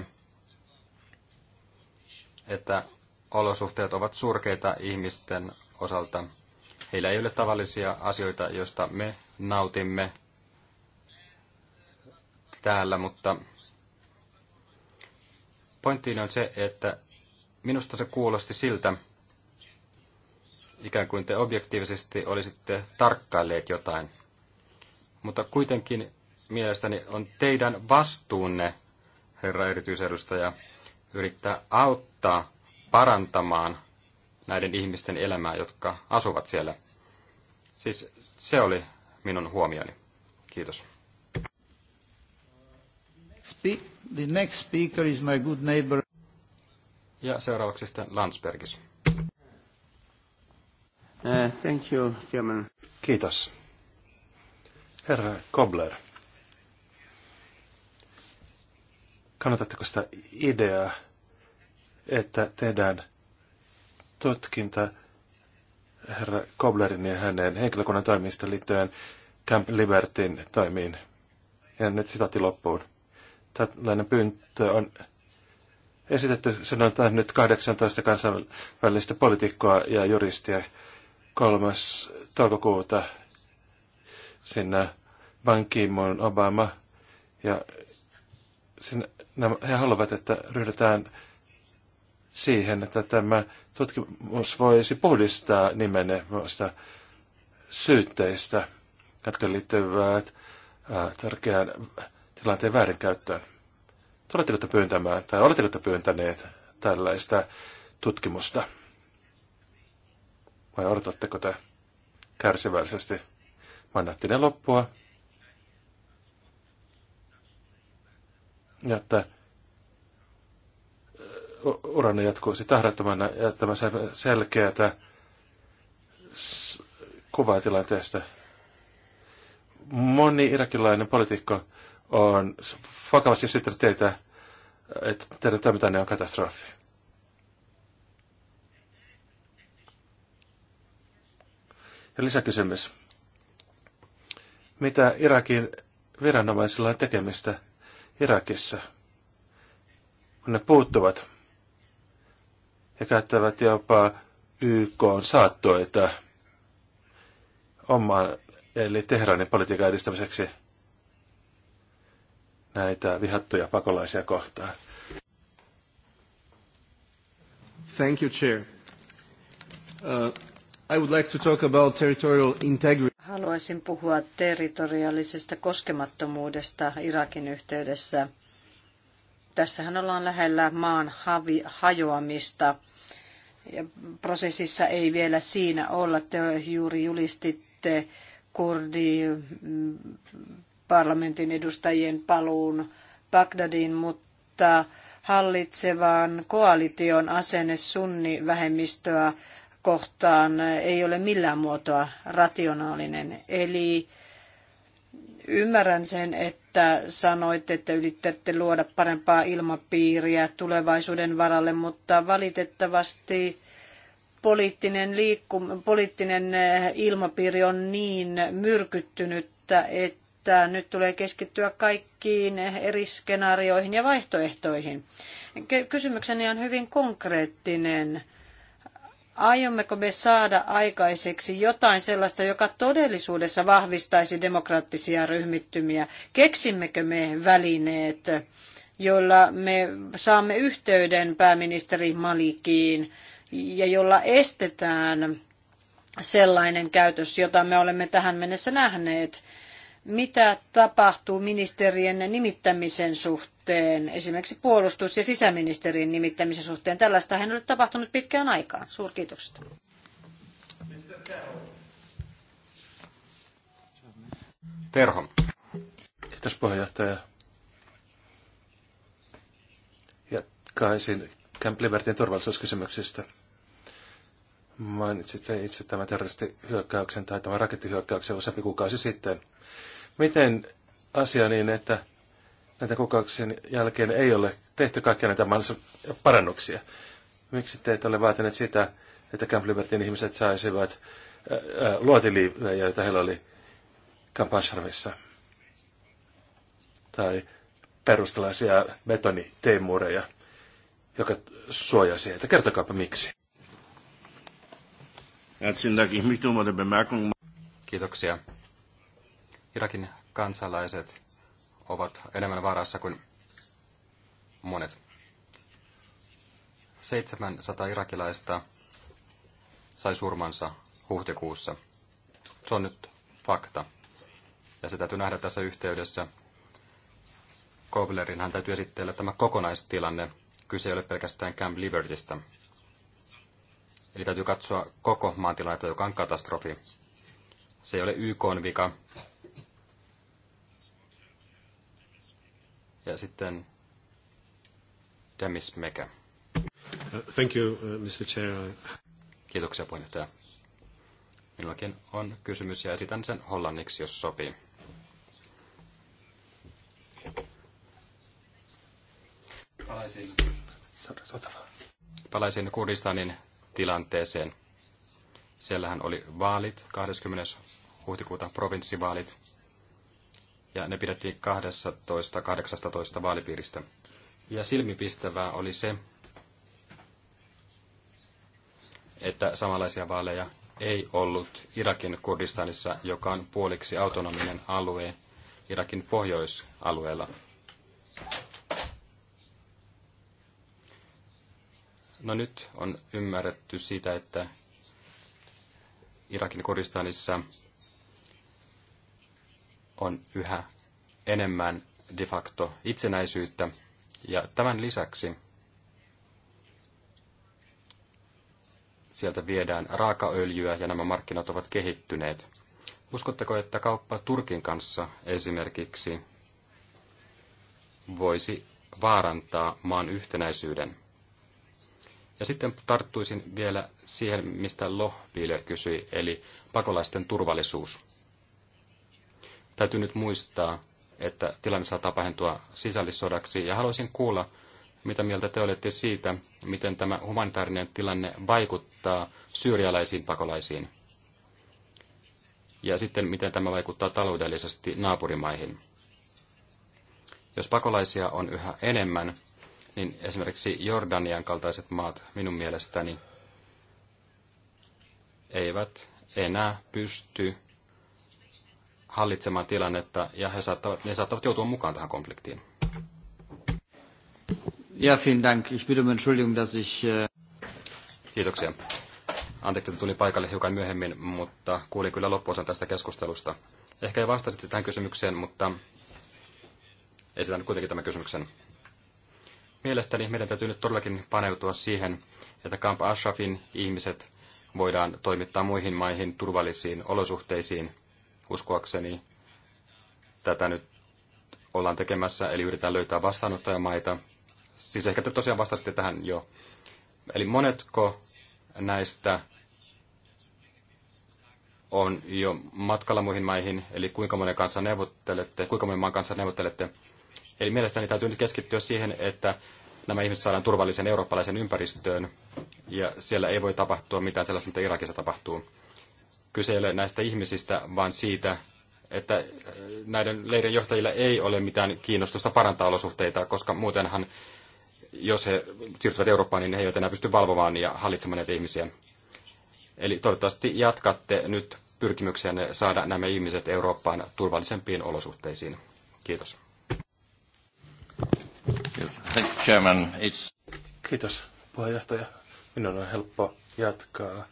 että olosuhteet ovat surkeita ihmisten osalta. Heillä ei ole tavallisia asioita, joista me nautimme täällä, mutta pointti on se, että minusta se kuulosti siltä, ikään kuin te objektiivisesti olisitte tarkkailleet jotain. Mutta kuitenkin mielestäni on teidän vastuunne, herra erityisedustaja, yrittää auttaa parantamaan näiden ihmisten elämää, jotka asuvat siellä. Siis se oli minun huomioni. Kiitos the next speaker is my good neighbor. Ja seuraavaksi sitten Landsbergis. Uh, thank you, Chairman. Kiitos. Herra Kobler, kannatatteko sitä ideaa, että tehdään tutkinta herra Koblerin ja hänen henkilökunnan toimista liittyen Camp Libertin toimiin? Ja nyt sitaatti loppuun. Tällainen pyyntö on esitetty, sanotaan nyt 18 kansainvälistä politiikkoa ja juristia 3. toukokuuta sinne Ban Ki-moon Obama. Ja sinne, nämä, he haluavat, että ryhdytään siihen, että tämä tutkimus voisi puhdistaa nimenne syytteistä, jotka liittyvät äh, tärkeään tilanteen väärinkäyttöön. oletteko te pyyntämään, tai oletteko te pyyntäneet tällaista tutkimusta? Vai odotatteko te kärsivällisesti mandaattinen loppua? Jotta uranne jatkuisi tahdattomana ja tämä selkeätä kuvaa tilanteesta. Moni irakilainen poliitikko on vakavasti syyttänyt teitä, että teidän toimintanne on katastrofi. Ja lisäkysymys. Mitä Irakin viranomaisilla on tekemistä Irakissa, kun ne puuttuvat ja käyttävät jopa YK saattoita omaan eli Tehranin politiikan edistämiseksi – näitä vihattuja pakolaisia kohtaan. Thank you, Chair. Uh, I would like to talk about territorial integrity. Haluaisin puhua territoriaalisesta koskemattomuudesta Irakin yhteydessä. Tässähän ollaan lähellä maan havi, hajoamista. Ja prosessissa ei vielä siinä olla. Te juuri julistitte kurdi mm, parlamentin edustajien paluun Bagdadiin, mutta hallitsevan koalition asenne sunnivähemmistöä kohtaan ei ole millään muotoa rationaalinen. Eli ymmärrän sen, että sanoitte, että yritätte luoda parempaa ilmapiiriä tulevaisuuden varalle, mutta valitettavasti poliittinen, liikku, poliittinen eh, ilmapiiri on niin myrkyttynyttä, että että nyt tulee keskittyä kaikkiin eri skenaarioihin ja vaihtoehtoihin. Kysymykseni on hyvin konkreettinen. Aiommeko me saada aikaiseksi jotain sellaista, joka todellisuudessa vahvistaisi demokraattisia ryhmittymiä? Keksimmekö me välineet, joilla me saamme yhteyden pääministeri Malikiin ja jolla estetään sellainen käytös, jota me olemme tähän mennessä nähneet mitä tapahtuu ministerien nimittämisen suhteen, esimerkiksi puolustus- ja sisäministerin nimittämisen suhteen. Tällaista ei ole tapahtunut pitkään aikaan. Suurkiitokset. Terho. Kiitos puheenjohtaja. Jatkaisin Camp Libertin turvallisuuskysymyksistä. Mainitsitte itse tämän terroristihyökkäyksen tai tämän rakettihyökkäyksen useampi kuukausi sitten miten asia niin, että näitä kokouksien jälkeen ei ole tehty kaikkia näitä mahdollisia parannuksia? Miksi te ette ole vaatineet sitä, että Camp Libertyn ihmiset saisivat luotiliivejä, joita heillä oli Kampasharvissa? Tai perustalaisia betoniteimureja, joka suojasi heitä. Kertokaapa miksi. Kiitoksia. Irakin kansalaiset ovat enemmän vaarassa kuin monet. 700 irakilaista sai surmansa huhtikuussa. Se on nyt fakta. Ja se täytyy nähdä tässä yhteydessä. Koblerin hän täytyy esitellä tämä kokonaistilanne. Kyse ei ole pelkästään Camp Libertystä. Eli täytyy katsoa koko maantilannetta, joka on katastrofi. Se ei ole YK vika, Ja sitten Demis Mekä. Thank you, uh, Mr. Chair. Kiitoksia puheenjohtaja. Minullakin on kysymys ja esitän sen hollanniksi, jos sopii. Palaisin, Palaisin Kurdistanin tilanteeseen. Siellähän oli vaalit, 20. huhtikuuta provinssivaalit ja ne pidettiin 12-18 vaalipiiristä. Ja silmipistävää oli se, että samanlaisia vaaleja ei ollut Irakin Kurdistanissa, joka on puoliksi autonominen alue Irakin pohjoisalueella. No nyt on ymmärretty sitä, että Irakin Kurdistanissa on yhä enemmän de facto itsenäisyyttä. Ja tämän lisäksi sieltä viedään raakaöljyä ja nämä markkinat ovat kehittyneet. Uskotteko, että kauppa Turkin kanssa esimerkiksi voisi vaarantaa maan yhtenäisyyden? Ja sitten tarttuisin vielä siihen, mistä Lohbiler kysyi, eli pakolaisten turvallisuus. Täytyy nyt muistaa, että tilanne saattaa pahentua sisällissodaksi, ja haluaisin kuulla, mitä mieltä te olette siitä, miten tämä humanitaarinen tilanne vaikuttaa syyrialaisiin pakolaisiin, ja sitten miten tämä vaikuttaa taloudellisesti naapurimaihin. Jos pakolaisia on yhä enemmän, niin esimerkiksi Jordanian kaltaiset maat minun mielestäni eivät enää pysty hallitsemaan tilannetta ja he saattavat, ne saattavat joutua mukaan tähän konfliktiin. Ja, vielen Dank. Ich bitte um Entschuldigung, dass ich... Äh, Kiitoksia. Anteeksi, että tulin paikalle hiukan myöhemmin, mutta kuulin kyllä loppuosan tästä keskustelusta. Ehkä ei vastasit tähän kysymykseen, mutta esitän kuitenkin tämän kysymyksen. Mielestäni meidän täytyy nyt todellakin paneutua siihen, että Camp Ashrafin ihmiset voidaan toimittaa muihin maihin turvallisiin olosuhteisiin – uskoakseni tätä nyt ollaan tekemässä, eli yritetään löytää vastaanottajamaita. Siis ehkä te tosiaan vastasitte tähän jo. Eli monetko näistä on jo matkalla muihin maihin, eli kuinka monen kanssa neuvottelette, kuinka monen maan kanssa neuvottelette. Eli mielestäni täytyy nyt keskittyä siihen, että nämä ihmiset saadaan turvalliseen eurooppalaisen ympäristöön, ja siellä ei voi tapahtua mitään sellaista, mitä Irakissa tapahtuu kyse ei ole näistä ihmisistä, vaan siitä, että äh, näiden leirin johtajilla ei ole mitään kiinnostusta parantaa olosuhteita, koska muutenhan, jos he siirtyvät Eurooppaan, niin he eivät enää pysty valvomaan ja hallitsemaan näitä ihmisiä. Eli toivottavasti jatkatte nyt pyrkimyksiänne saada nämä ihmiset Eurooppaan turvallisempiin olosuhteisiin. Kiitos. Chairman, Kiitos puheenjohtaja. Minun on helppo jatkaa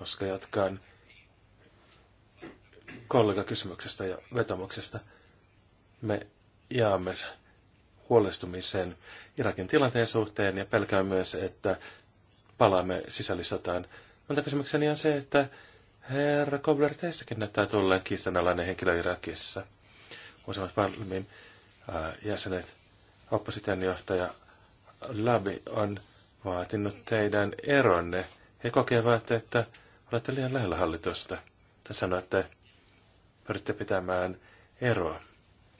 koska jatkan kollegakysymyksestä ja vetomuksesta. Me jaamme huolestumisen Irakin tilanteen suhteen ja pelkään myös, että palaamme sisällissotaan. Mutta kysymykseni on se, että herra Kobler, teistäkin näyttää tulleen kiistanalainen henkilö Irakissa. Useimmat parlamentin äh, jäsenet, opposition johtaja Labi on vaatinut teidän eronne. He kokevat, että Olette liian lähellä hallitusta. Te sanoitte, pyritte pitämään eroa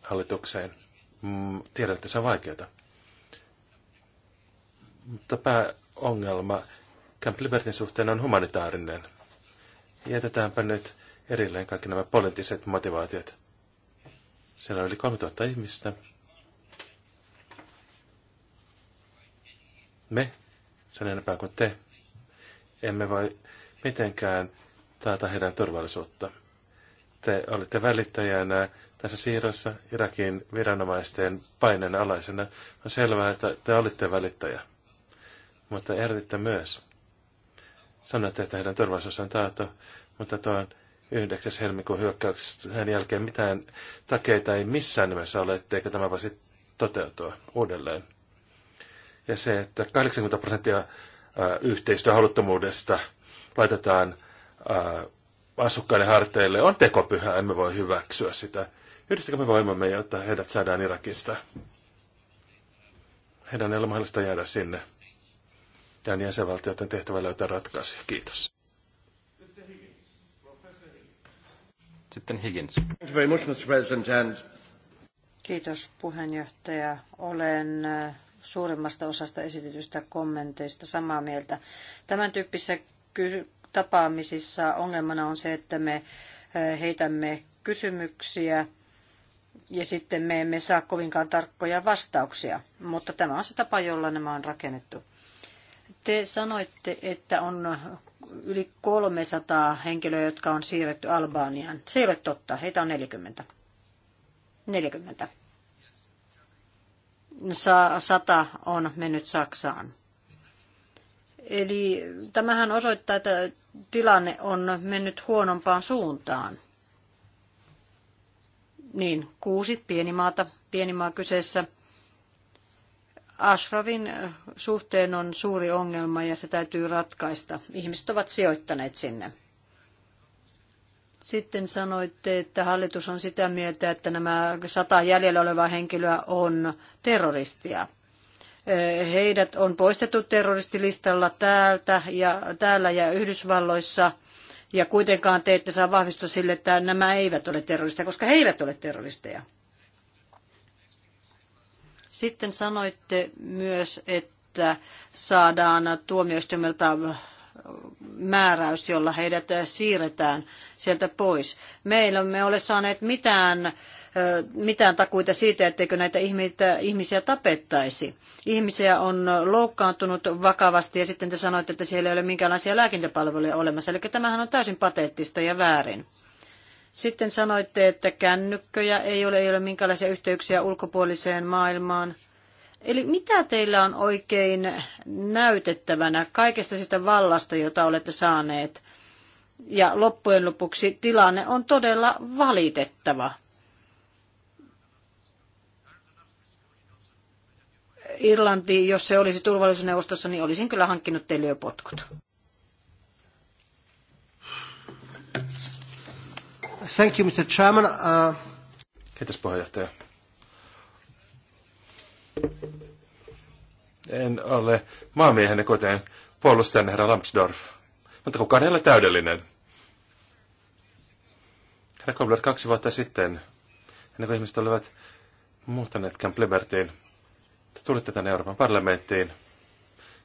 hallitukseen. Mm, tiedän, että se on vaikeaa. Mutta pääongelma Camp Libertin suhteen on humanitaarinen. Jätetäänpä nyt erilleen kaikki nämä poliittiset motivaatiot. Siellä on yli 3000 ihmistä. Me, sen enempää kuin te, emme voi mitenkään taata heidän turvallisuutta. Te olitte välittäjänä tässä siirrossa Irakin viranomaisten paineen alaisena. On selvää, että te olitte välittäjä. Mutta ehdotitte myös. Sanoitte, että heidän turvallisuus on taato, mutta tuon 9. helmikuun hyökkäyksen jälkeen mitään takeita ei missään nimessä ole, etteikö tämä voisi toteutua uudelleen. Ja se, että 80 prosenttia yhteistyöhaluttomuudesta laitetaan ää, asukkaiden harteille, on tekopyhä, emme voi hyväksyä sitä. Yhdistäkö me voimamme, jotta heidät saadaan Irakista? Heidän ei ole mahdollista jäädä sinne. Ja on jäsenvaltioiden tehtävä löytää ratkaisuja. Kiitos. Sitten Higgins. Kiitos puheenjohtaja. Olen suurimmasta osasta esitetystä kommenteista samaa mieltä. Tämän tyyppisessä tapaamisissa ongelmana on se, että me heitämme kysymyksiä ja sitten me emme saa kovinkaan tarkkoja vastauksia. Mutta tämä on se tapa, jolla nämä on rakennettu. Te sanoitte, että on yli 300 henkilöä, jotka on siirretty Albaniaan. Se ei ole totta. Heitä on 40. 40. Sa- sata on mennyt Saksaan. Eli tämähän osoittaa, että tilanne on mennyt huonompaan suuntaan. Niin, kuusi pienimaata, pienimaa kyseessä. Ashrafin suhteen on suuri ongelma ja se täytyy ratkaista. Ihmiset ovat sijoittaneet sinne. Sitten sanoitte, että hallitus on sitä mieltä, että nämä sata jäljellä olevaa henkilöä on terroristia. Heidät on poistettu terroristilistalla täältä ja, täällä ja Yhdysvalloissa. Ja kuitenkaan te ette saa vahvistua sille, että nämä eivät ole terroristeja, koska he eivät ole terroristeja. Sitten sanoitte myös, että saadaan tuomioistuimelta määräys, jolla heidät siirretään sieltä pois. Meillä me ole saaneet mitään, mitään takuita siitä, etteikö näitä ihmisiä tapettaisi. Ihmisiä on loukkaantunut vakavasti ja sitten te sanoitte, että siellä ei ole minkäänlaisia lääkintäpalveluja olemassa. Eli tämähän on täysin pateettista ja väärin. Sitten sanoitte, että kännykköjä ei ole, ei ole minkäänlaisia yhteyksiä ulkopuoliseen maailmaan – Eli mitä teillä on oikein näytettävänä kaikesta sitä vallasta, jota olette saaneet? Ja loppujen lopuksi tilanne on todella valitettava. Irlanti, jos se olisi turvallisuusneuvostossa, niin olisin kyllä hankkinut teille jo potkut. Thank you, Mr. Chairman. Uh... Kiitos puheenjohtaja. En ole maamiehenne kuten puolustajan herra Lambsdorff, mutta kukaan ei ole täydellinen. Herra Kobler kaksi vuotta sitten, ennen kuin ihmiset olivat muuttaneet Camp Libertiin, te tulitte tänne Euroopan parlamenttiin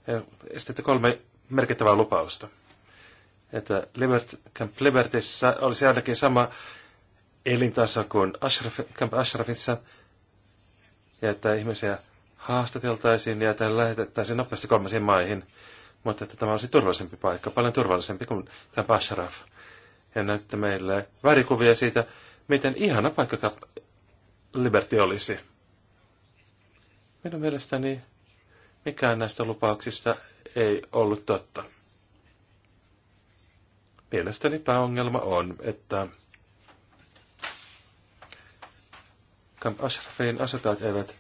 ja esititte kolme merkittävää lupausta. Että Libert, Camp Libertissä olisi ainakin sama elintaso kuin Ashraf, Camp Ashrafissa – ja että ihmisiä haastateltaisiin ja tähän lähetettäisiin nopeasti kolmasiin maihin, mutta että tämä olisi turvallisempi paikka, paljon turvallisempi kuin tämä Basharaf. Ja näytti meille värikuvia siitä, miten ihana paikka Liberty olisi. Minun mielestäni mikään näistä lupauksista ei ollut totta. Mielestäni pääongelma on, että Camp Ashrafin asetaat eivät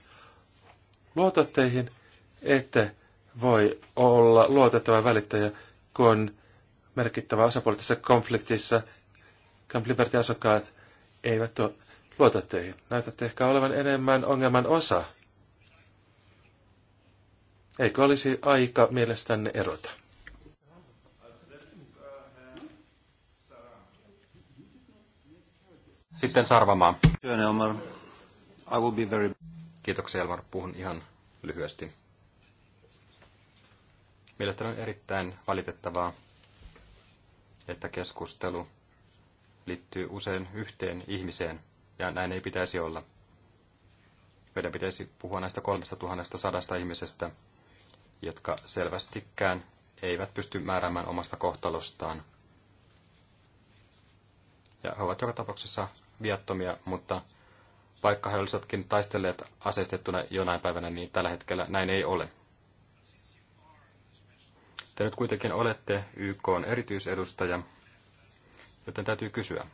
luota teihin, ette voi olla luotettava välittäjä, kun merkittävä osapuolisessa konfliktissa. Camp Liberty asukkaat eivät luota teihin. Näytätte ehkä olevan enemmän ongelman osa. Eikö olisi aika mielestänne erota? Sitten Sarvamaa. I will be very... Kiitoksia Elmar, puhun ihan lyhyesti. Mielestäni on erittäin valitettavaa, että keskustelu liittyy usein yhteen ihmiseen, ja näin ei pitäisi olla. Meidän pitäisi puhua näistä 3100 ihmisestä, jotka selvästikään eivät pysty määräämään omasta kohtalostaan. Ja he ovat joka tapauksessa viattomia, mutta vaikka he olisivatkin taistelleet aseistettuna jonain päivänä, niin tällä hetkellä näin ei ole. Te nyt kuitenkin olette YK on erityisedustaja, joten täytyy kysyä,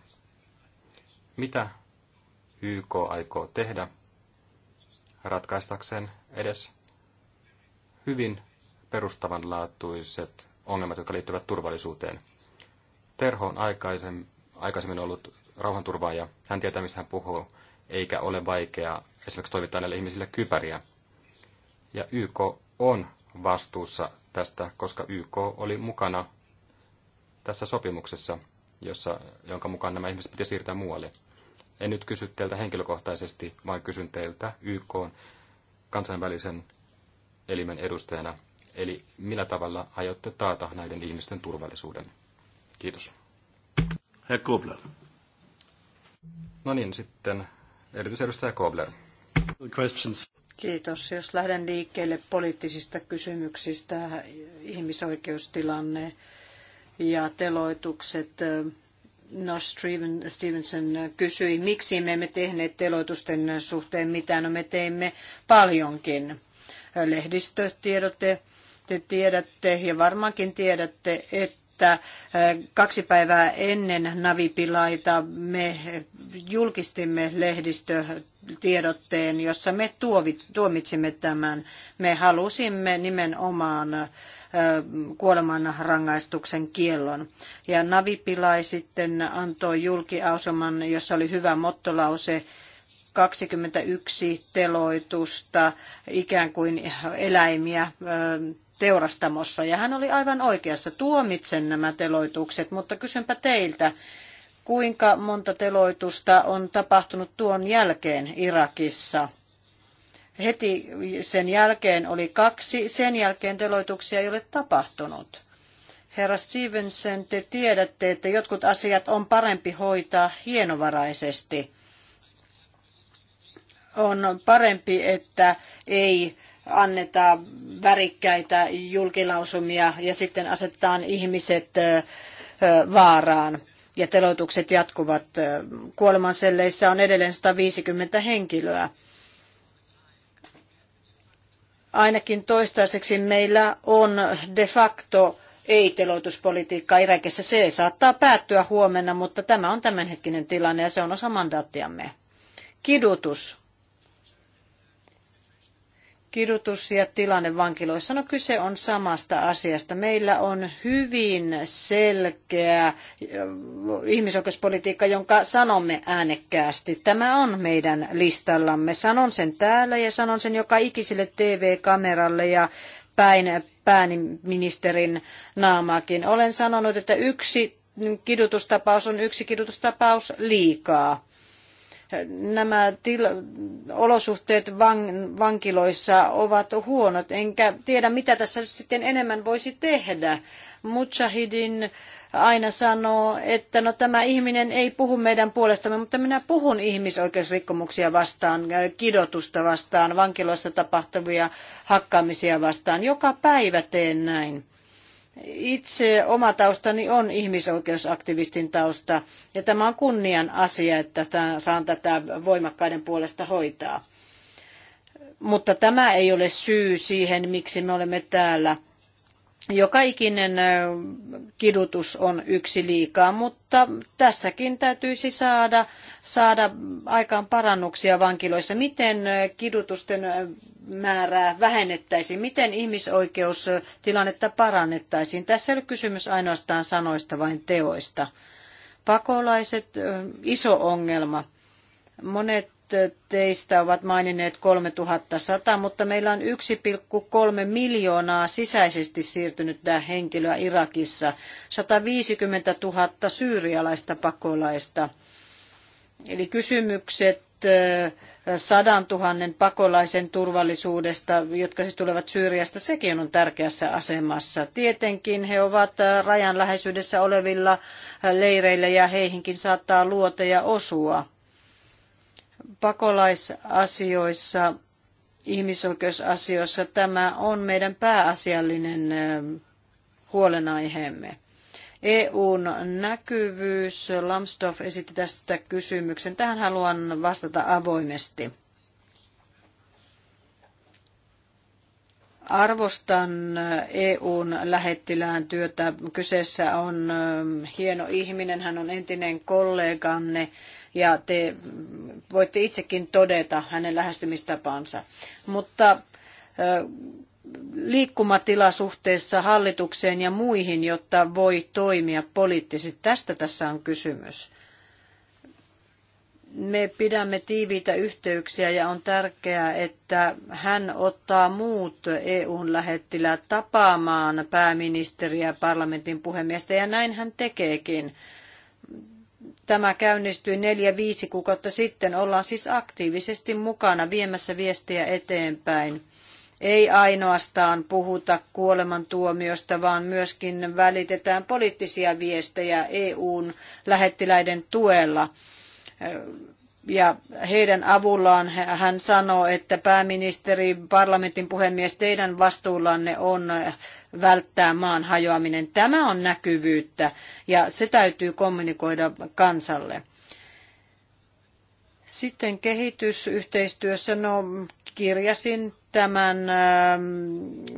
mitä YK aikoo tehdä ratkaistakseen edes hyvin perustavanlaatuiset ongelmat, jotka liittyvät turvallisuuteen. Terho on aikaisemmin ollut rauhanturvaaja. Hän tietää, mistä hän puhuu eikä ole vaikeaa esimerkiksi toimittaa näille ihmisille kypäriä. Ja YK on vastuussa tästä, koska YK oli mukana tässä sopimuksessa, jossa, jonka mukaan nämä ihmiset piti siirtää muualle. En nyt kysy teiltä henkilökohtaisesti, vaan kysyn teiltä YK kansainvälisen elimen edustajana. Eli millä tavalla aiotte taata näiden ihmisten turvallisuuden? Kiitos. Herr Kobler. No niin, sitten erityisedustaja Kobler. Kiitos. Jos lähden liikkeelle poliittisista kysymyksistä, ihmisoikeustilanne ja teloitukset, No, Stevenson kysyi, miksi me emme tehneet teloitusten suhteen mitään. No me teimme paljonkin. lehdistötiedotte. te tiedätte ja varmaankin tiedätte, että että äh, kaksi päivää ennen Navipilaita me julkistimme lehdistötiedotteen, jossa me tuomitsimme tämän. Me halusimme nimenomaan äh, kuoleman rangaistuksen kiellon. Ja Navipilai sitten antoi julkiausoman, jossa oli hyvä mottolause, 21 teloitusta, ikään kuin eläimiä äh, teurastamossa. Ja hän oli aivan oikeassa. Tuomitsen nämä teloitukset, mutta kysynpä teiltä, kuinka monta teloitusta on tapahtunut tuon jälkeen Irakissa? Heti sen jälkeen oli kaksi, sen jälkeen teloituksia ei ole tapahtunut. Herra Stevenson, te tiedätte, että jotkut asiat on parempi hoitaa hienovaraisesti. On parempi, että ei annetaan värikkäitä julkilausumia ja sitten asetetaan ihmiset vaaraan. Ja teloitukset jatkuvat. Kuolemanselleissä on edelleen 150 henkilöä. Ainakin toistaiseksi meillä on de facto ei-teloituspolitiikka Irakissa. Se saattaa päättyä huomenna, mutta tämä on tämänhetkinen tilanne ja se on osa mandaattiamme. Kidutus kidutus ja tilanne vankiloissa. No kyse on samasta asiasta. Meillä on hyvin selkeä ihmisoikeuspolitiikka, jonka sanomme äänekkäästi. Tämä on meidän listallamme. Sanon sen täällä ja sanon sen joka ikiselle TV-kameralle ja päin pääministerin naamaakin. Olen sanonut, että yksi kidutustapaus on yksi kidutustapaus liikaa nämä olosuhteet vankiloissa ovat huonot, enkä tiedä mitä tässä sitten enemmän voisi tehdä. Mujahidin aina sanoo, että no tämä ihminen ei puhu meidän puolestamme, mutta minä puhun ihmisoikeusrikkomuksia vastaan, kidotusta vastaan, vankiloissa tapahtuvia hakkaamisia vastaan. Joka päivä teen näin. Itse oma taustani on ihmisoikeusaktivistin tausta ja tämä on kunnian asia, että saan tätä voimakkaiden puolesta hoitaa. Mutta tämä ei ole syy siihen, miksi me olemme täällä joka ikinen kidutus on yksi liikaa, mutta tässäkin täytyisi saada, saada aikaan parannuksia vankiloissa. Miten kidutusten määrää vähennettäisiin, miten ihmisoikeustilannetta parannettaisiin. Tässä ei ole kysymys ainoastaan sanoista, vain teoista. Pakolaiset, iso ongelma. Monet Eh, teistä ovat maininneet 3100, mutta meillä on 1,3 miljoonaa sisäisesti siirtynyttä henkilöä Irakissa, 150 000 syyrialaista pakolaista. Eli kysymykset 100 eh, 000 pakolaisen turvallisuudesta, jotka siis tulevat Syyriasta, sekin on tärkeässä asemassa. Tietenkin he ovat eh, rajan läheisyydessä olevilla leireillä ja heihinkin saattaa luoteja osua. Pakolaisasioissa, ihmisoikeusasioissa tämä on meidän pääasiallinen huolenaiheemme. EUn näkyvyys. Lambsdorff esitti tästä kysymyksen. Tähän haluan vastata avoimesti. Arvostan EUn lähettilään työtä. Kyseessä on hieno ihminen, hän on entinen kolleganne ja te voitte itsekin todeta hänen lähestymistapansa. Mutta liikkumatila suhteessa hallitukseen ja muihin, jotta voi toimia poliittisesti. Tästä tässä on kysymys. Me pidämme tiiviitä yhteyksiä ja on tärkeää, että hän ottaa muut EUn lähettilät tapaamaan pääministeriä, parlamentin puhemiestä ja näin hän tekeekin. Tämä käynnistyi neljä viisi kuukautta sitten. Ollaan siis aktiivisesti mukana viemässä viestiä eteenpäin. Ei ainoastaan puhuta kuolemantuomiosta, vaan myöskin välitetään poliittisia viestejä EUn lähettiläiden tuella ja heidän avullaan hän sanoo, että pääministeri, parlamentin puhemies, teidän vastuullanne on välttää maan hajoaminen. Tämä on näkyvyyttä ja se täytyy kommunikoida kansalle. Sitten kehitysyhteistyössä, no kirjasin tämän ähm,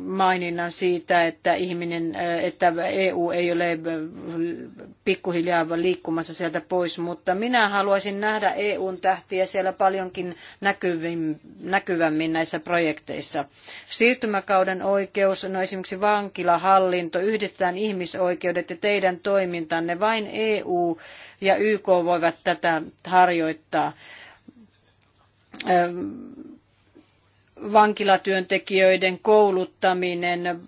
maininnan siitä, että, ihminen, äh, että EU ei ole äh, pikkuhiljaa liikkumassa sieltä pois, mutta minä haluaisin nähdä EUn tähtiä siellä paljonkin näkyvämmin näissä projekteissa. Siirtymäkauden oikeus, no esimerkiksi vankilahallinto, yhdistetään ihmisoikeudet ja teidän toimintanne, vain EU ja YK voivat tätä harjoittaa äh, vankilatyöntekijöiden kouluttaminen,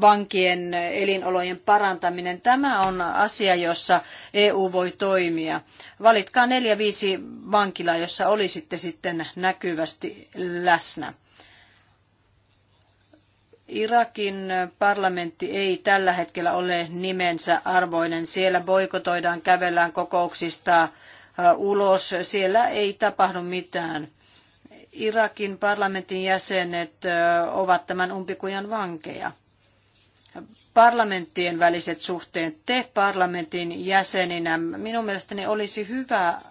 vankien elinolojen parantaminen, tämä on asia, jossa EU voi toimia. Valitkaa neljä viisi vankilaa, jossa olisitte sitten näkyvästi läsnä. Irakin parlamentti ei tällä hetkellä ole nimensä arvoinen. Siellä boikotoidaan, kävellään kokouksista ulos. Siellä ei tapahdu mitään. Irakin parlamentin jäsenet ovat tämän umpikujan vankeja. Parlamenttien väliset suhteet, te parlamentin jäseninä, minun mielestäni olisi hyvä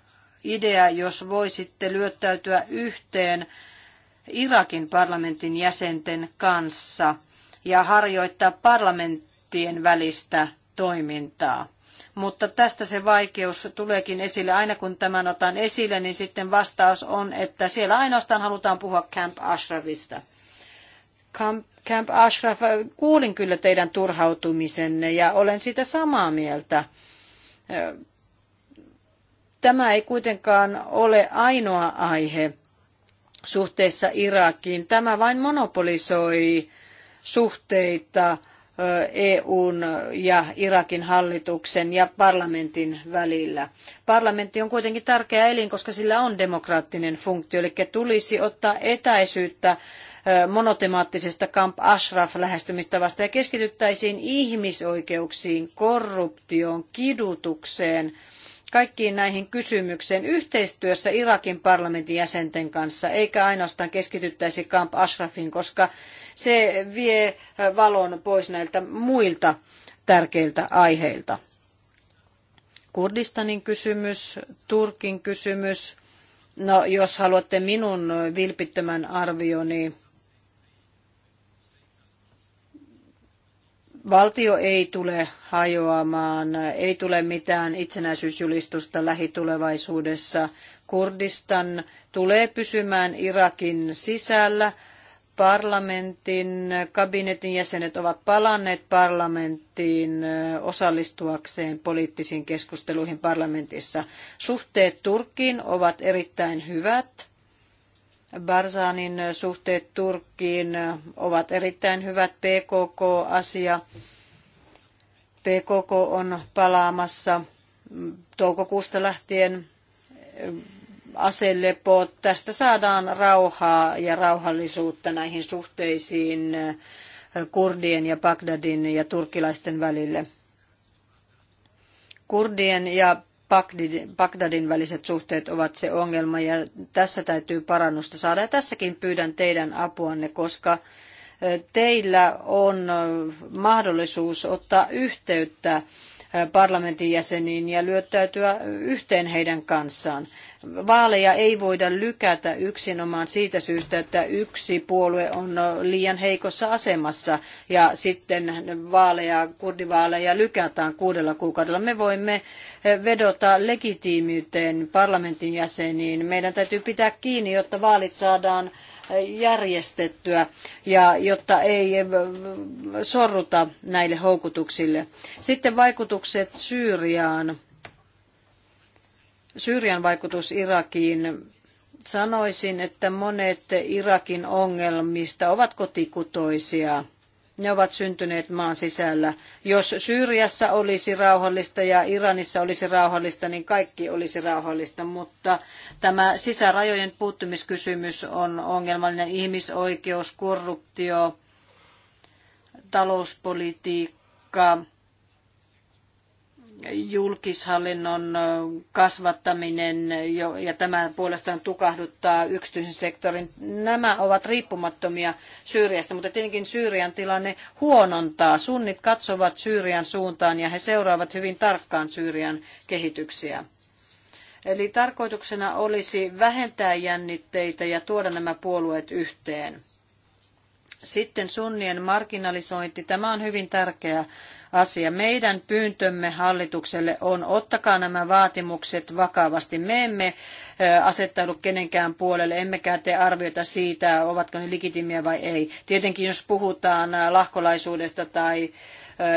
idea, jos voisitte lyöttäytyä yhteen Irakin parlamentin jäsenten kanssa ja harjoittaa parlamenttien välistä toimintaa. Mutta tästä se vaikeus tuleekin esille. Aina kun tämän otan esille, niin sitten vastaus on, että siellä ainoastaan halutaan puhua Camp Ashrafista. Camp, Camp Ashraf, kuulin kyllä teidän turhautumisenne ja olen siitä samaa mieltä. Tämä ei kuitenkaan ole ainoa aihe suhteessa Irakiin. Tämä vain monopolisoi suhteita EUn ja Irakin hallituksen ja parlamentin välillä. Parlamentti on kuitenkin tärkeä elin, koska sillä on demokraattinen funktio, eli tulisi ottaa etäisyyttä monotemaattisesta Camp Ashraf lähestymistavasta ja keskityttäisiin ihmisoikeuksiin, korruptioon, kidutukseen – kaikkiin näihin kysymykseen yhteistyössä Irakin parlamentin jäsenten kanssa, eikä ainoastaan keskityttäisi Camp Ashrafin, koska se vie valon pois näiltä muilta tärkeiltä aiheilta. Kurdistanin kysymys, Turkin kysymys. No, jos haluatte minun vilpittömän arvioni, Valtio ei tule hajoamaan, ei tule mitään itsenäisyysjulistusta lähitulevaisuudessa. Kurdistan tulee pysymään Irakin sisällä. Parlamentin, kabinetin jäsenet ovat palanneet parlamenttiin osallistuakseen poliittisiin keskusteluihin parlamentissa. Suhteet Turkkiin ovat erittäin hyvät Barzanin suhteet Turkkiin ovat erittäin hyvät. PKK-asia. PKK on palaamassa toukokuusta lähtien aselepo. Tästä saadaan rauhaa ja rauhallisuutta näihin suhteisiin kurdien ja Bagdadin ja turkilaisten välille. Kurdien ja Bagdadin väliset suhteet ovat se ongelma ja tässä täytyy parannusta saada. Ja tässäkin pyydän teidän apuanne, koska teillä on mahdollisuus ottaa yhteyttä parlamentin jäseniin ja lyöttäytyä yhteen heidän kanssaan vaaleja ei voida lykätä yksinomaan siitä syystä, että yksi puolue on liian heikossa asemassa ja sitten vaaleja, kurdivaaleja lykätään kuudella kuukaudella. Me voimme vedota legitiimiyteen parlamentin jäseniin. Meidän täytyy pitää kiinni, jotta vaalit saadaan järjestettyä ja jotta ei sorruta näille houkutuksille. Sitten vaikutukset Syyriaan Syyrian vaikutus Irakiin. Sanoisin, että monet Irakin ongelmista ovat kotikutoisia. Ne ovat syntyneet maan sisällä. Jos Syyriassa olisi rauhallista ja Iranissa olisi rauhallista, niin kaikki olisi rauhallista, mutta tämä sisärajojen puuttumiskysymys on ongelmallinen. Ihmisoikeus, korruptio, talouspolitiikka, julkishallinnon kasvattaminen ja tämä puolestaan tukahduttaa yksityisen sektorin. Nämä ovat riippumattomia Syyriasta, mutta tietenkin Syyrian tilanne huonontaa. Sunnit katsovat Syyrian suuntaan ja he seuraavat hyvin tarkkaan Syyrian kehityksiä. Eli tarkoituksena olisi vähentää jännitteitä ja tuoda nämä puolueet yhteen. Sitten sunnien marginalisointi. Tämä on hyvin tärkeä asia. Meidän pyyntömme hallitukselle on, ottakaa nämä vaatimukset vakavasti. Me emme asettaudu kenenkään puolelle, emmekä tee arviota siitä, ovatko ne legitimiä vai ei. Tietenkin jos puhutaan lahkolaisuudesta tai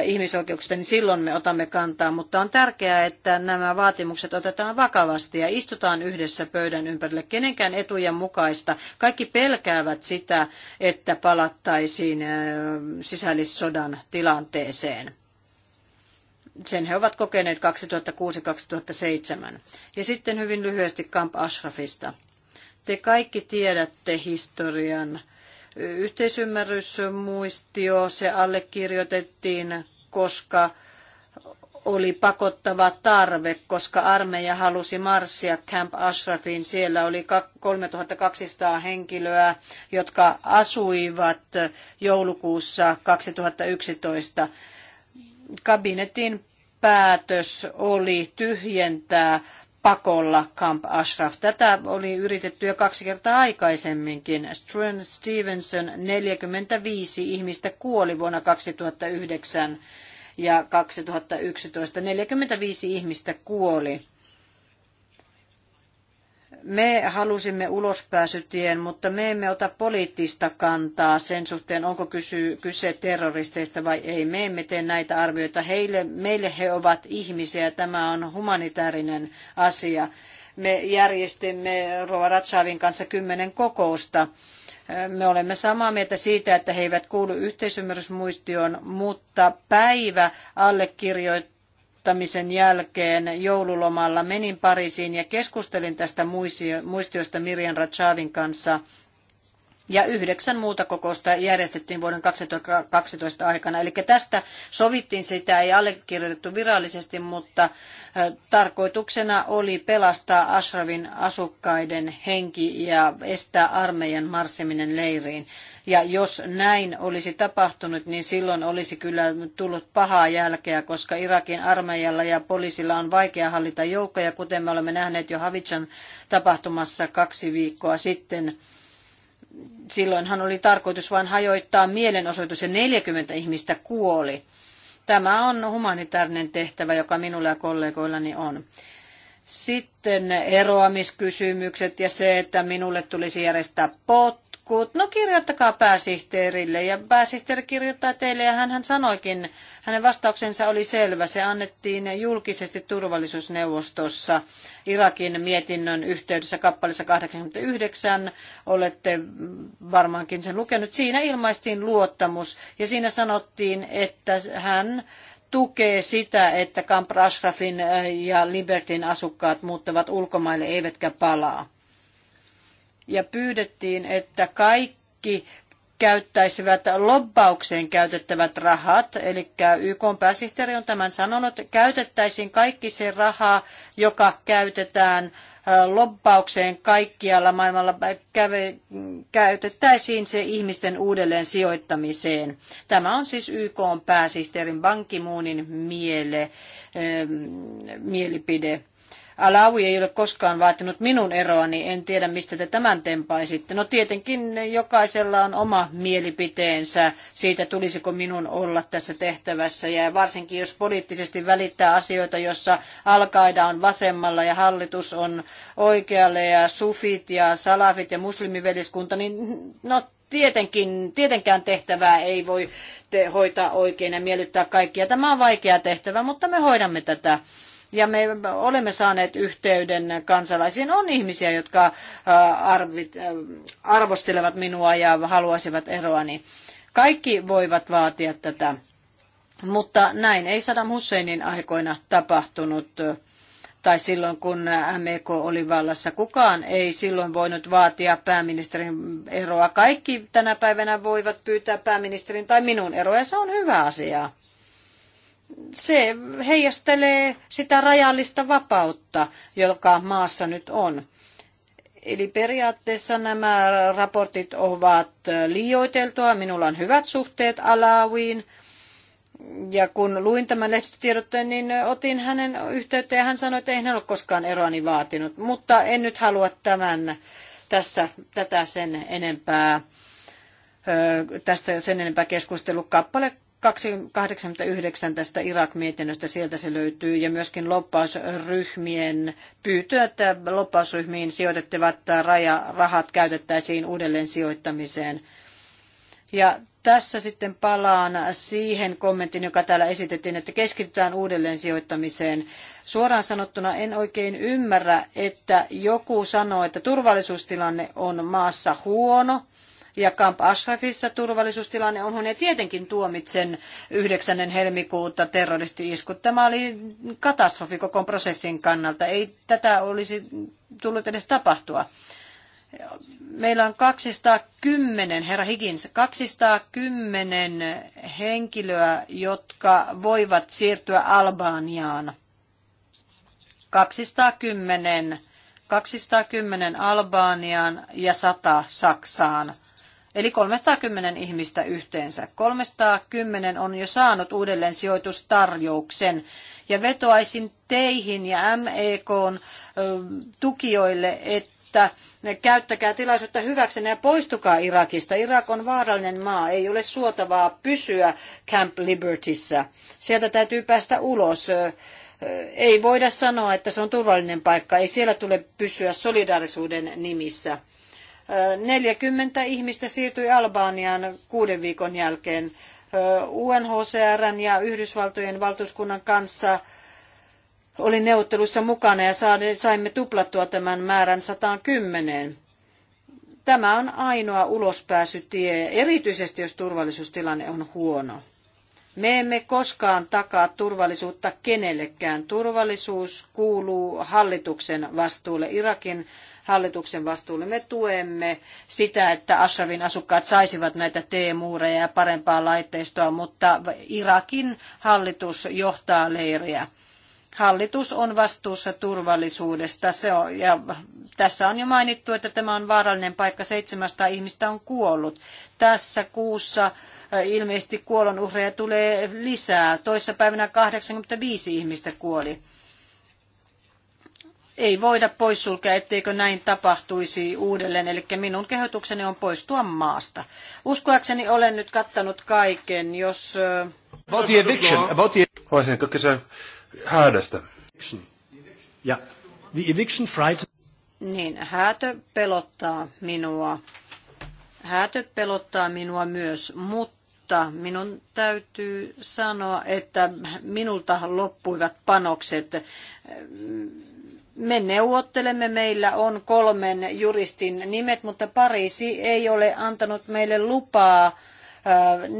ihmisoikeuksista, niin silloin me otamme kantaa. Mutta on tärkeää, että nämä vaatimukset otetaan vakavasti ja istutaan yhdessä pöydän ympärille. Kenenkään etujen mukaista. Kaikki pelkäävät sitä, että palattaisiin sisällissodan tilanteeseen sen he ovat kokeneet 2006-2007. Ja sitten hyvin lyhyesti Camp Ashrafista. Te kaikki tiedätte historian Yhteisymmärrysmuistio, se allekirjoitettiin, koska oli pakottava tarve, koska armeija halusi marssia Camp Ashrafiin. Siellä oli 3200 henkilöä, jotka asuivat joulukuussa 2011. Kabinetin päätös oli tyhjentää pakolla Camp Ashraf. Tätä oli yritetty jo kaksi kertaa aikaisemminkin. Stren Stevenson 45 ihmistä kuoli vuonna 2009 ja 2011 45 ihmistä kuoli me halusimme ulospääsytien, mutta me emme ota poliittista kantaa sen suhteen, onko kysy, kyse terroristeista vai ei. Me emme tee näitä arvioita. Heille, meille he ovat ihmisiä. Tämä on humanitaarinen asia. Me järjestimme Rova Ratsavin kanssa kymmenen kokousta. Me olemme samaa mieltä siitä, että he eivät kuulu yhteisymmärrysmuistioon, mutta päivä allekirjoittaa muuttamisen jälkeen joululomalla menin Pariisiin ja keskustelin tästä muistiosta Mirjan Rajavin kanssa – ja yhdeksän muuta kokousta järjestettiin vuoden 2012 aikana. Eli tästä sovittiin sitä, ei allekirjoitettu virallisesti, mutta tarkoituksena oli pelastaa Ashrafin asukkaiden henki ja estää armeijan marssiminen leiriin. Ja jos näin olisi tapahtunut, niin silloin olisi kyllä tullut pahaa jälkeä, koska Irakin armeijalla ja poliisilla on vaikea hallita joukkoja, kuten me olemme nähneet jo Havitsan tapahtumassa kaksi viikkoa sitten silloinhan oli tarkoitus vain hajoittaa mielenosoitus ja 40 ihmistä kuoli. Tämä on humanitaarinen tehtävä, joka minulla ja kollegoillani on. Sitten eroamiskysymykset ja se, että minulle tulisi järjestää potkut. No kirjoittakaa pääsihteerille ja pääsihteeri kirjoittaa teille ja hän, hän sanoikin, hänen vastauksensa oli selvä. Se annettiin julkisesti turvallisuusneuvostossa Irakin mietinnön yhteydessä kappaleessa 89. Olette varmaankin sen lukenut. Siinä ilmaistiin luottamus ja siinä sanottiin, että hän tukee sitä, että Camp Ashrafin äh, ja Libertin asukkaat muuttavat ulkomaille eivätkä palaa. Ja pyydettiin, että kaikki käyttäisivät lobbaukseen käytettävät rahat, eli YK pääsihteeri on tämän sanonut, käytettäisiin kaikki se raha, joka käytetään lobbaukseen kaikkialla maailmalla käve, käytettäisiin se ihmisten uudelleen sijoittamiseen. Tämä on siis YK pääsihteerin bankimuunin miele, moonin mielipide. Alawi ei ole koskaan vaatinut minun eroani, en tiedä mistä te tämän tempaisitte. No tietenkin jokaisella on oma mielipiteensä siitä, tulisiko minun olla tässä tehtävässä. Ja varsinkin jos poliittisesti välittää asioita, jossa Al-Qaida on vasemmalla ja hallitus on oikealle ja sufit ja salafit ja muslimiveliskunta, niin no tietenkin, tietenkään tehtävää ei voi te hoitaa oikein ja miellyttää kaikkia. Tämä on vaikea tehtävä, mutta me hoidamme tätä ja me olemme saaneet yhteyden kansalaisiin. On ihmisiä, jotka äh, arvit, äh, arvostelevat minua ja haluaisivat eroani. Kaikki voivat vaatia tätä, mutta näin ei Saddam Husseinin aikoina tapahtunut tai silloin kun MEK oli vallassa. Kukaan ei silloin voinut vaatia pääministerin eroa. Kaikki tänä päivänä voivat pyytää pääministerin tai minun eroa ja se on hyvä asia se heijastelee sitä rajallista vapautta, joka maassa nyt on. Eli periaatteessa nämä raportit ovat liioiteltua. Minulla on hyvät suhteet Alawiin. Ja kun luin tämän lehtitiedotteen, niin otin hänen yhteyttä ja hän sanoi, että ei hän ole koskaan eroani vaatinut. Mutta en nyt halua tämän, tässä, tätä sen enempää, tästä sen enempää keskustelua. Kappale 289 tästä Irak-mietinnöstä, sieltä se löytyy, ja myöskin loppausryhmien pyyntö, että loppausryhmiin sijoitettavat rahat käytettäisiin uudelleen sijoittamiseen. Ja tässä sitten palaan siihen kommenttiin, joka täällä esitettiin, että keskitytään uudelleen sijoittamiseen. Suoraan sanottuna en oikein ymmärrä, että joku sanoo, että turvallisuustilanne on maassa huono, ja Camp Ashrafissa turvallisuustilanne on he tietenkin tuomitsen 9. helmikuuta terroristi-iskut. Tämä oli katastrofi koko prosessin kannalta. Ei tätä olisi tullut edes tapahtua. Meillä on 210, herra Higgins, 210 henkilöä, jotka voivat siirtyä Albaniaan. 210, 210 Albaniaan ja 100 Saksaan. Eli 310 ihmistä yhteensä. 310 on jo saanut uudelleen sijoitustarjouksen. Ja vetoaisin teihin ja MEK tukijoille, että käyttäkää tilaisuutta hyväksenä ja poistukaa Irakista. Irak on vaarallinen maa, ei ole suotavaa pysyä Camp Libertyssä. Sieltä täytyy päästä ulos ei voida sanoa, että se on turvallinen paikka. Ei siellä tule pysyä solidaarisuuden nimissä. 40 ihmistä siirtyi Albaniaan kuuden viikon jälkeen. UNHCRn ja Yhdysvaltojen valtuuskunnan kanssa oli neuvotteluissa mukana ja saimme tuplattua tämän määrän 110. Tämä on ainoa ulospääsytie, erityisesti jos turvallisuustilanne on huono. Me emme koskaan takaa turvallisuutta kenellekään. Turvallisuus kuuluu hallituksen vastuulle. Irakin hallituksen vastuulle. Me tuemme sitä, että Ashrafin asukkaat saisivat näitä T-muureja ja parempaa laitteistoa, mutta Irakin hallitus johtaa leiriä hallitus on vastuussa turvallisuudesta. Se on, ja tässä on jo mainittu, että tämä on vaarallinen paikka. 700 ihmistä on kuollut. Tässä kuussa äh, ilmeisesti kuolonuhreja tulee lisää. Toissapäivänä 85 ihmistä kuoli ei voida poissulkea, etteikö näin tapahtuisi uudelleen. Eli minun kehotukseni on poistua maasta. Uskoakseni olen nyt kattanut kaiken, jos... About the eviction. About the... Voisinko kysyä häädästä? ja The eviction fright... Niin, häätö pelottaa minua. Häätö pelottaa minua myös, mutta minun täytyy sanoa, että minulta loppuivat panokset me neuvottelemme, meillä on kolmen juristin nimet, mutta Pariisi ei ole antanut meille lupaa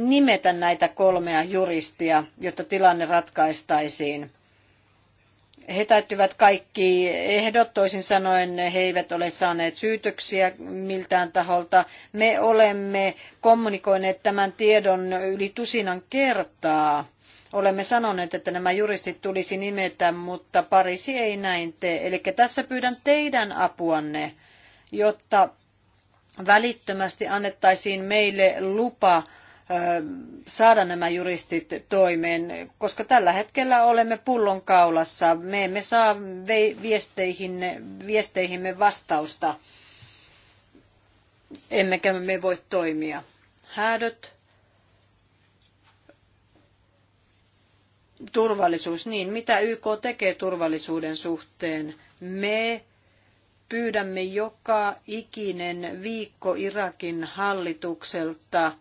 nimetä näitä kolmea juristia, jotta tilanne ratkaistaisiin. He täyttyvät kaikki ehdot, toisin sanoen he eivät ole saaneet syytöksiä miltään taholta. Me olemme kommunikoineet tämän tiedon yli tusinan kertaa Olemme sanoneet, että nämä juristit tulisi nimetä, mutta Pariisi ei näin tee. Eli tässä pyydän teidän apuanne, jotta välittömästi annettaisiin meille lupa saada nämä juristit toimeen, koska tällä hetkellä olemme pullonkaulassa. Me emme saa viesteihinne, viesteihimme vastausta, emmekä me voi toimia. Häädöt turvallisuus, niin mitä YK tekee turvallisuuden suhteen? Me pyydämme joka ikinen viikko Irakin hallitukselta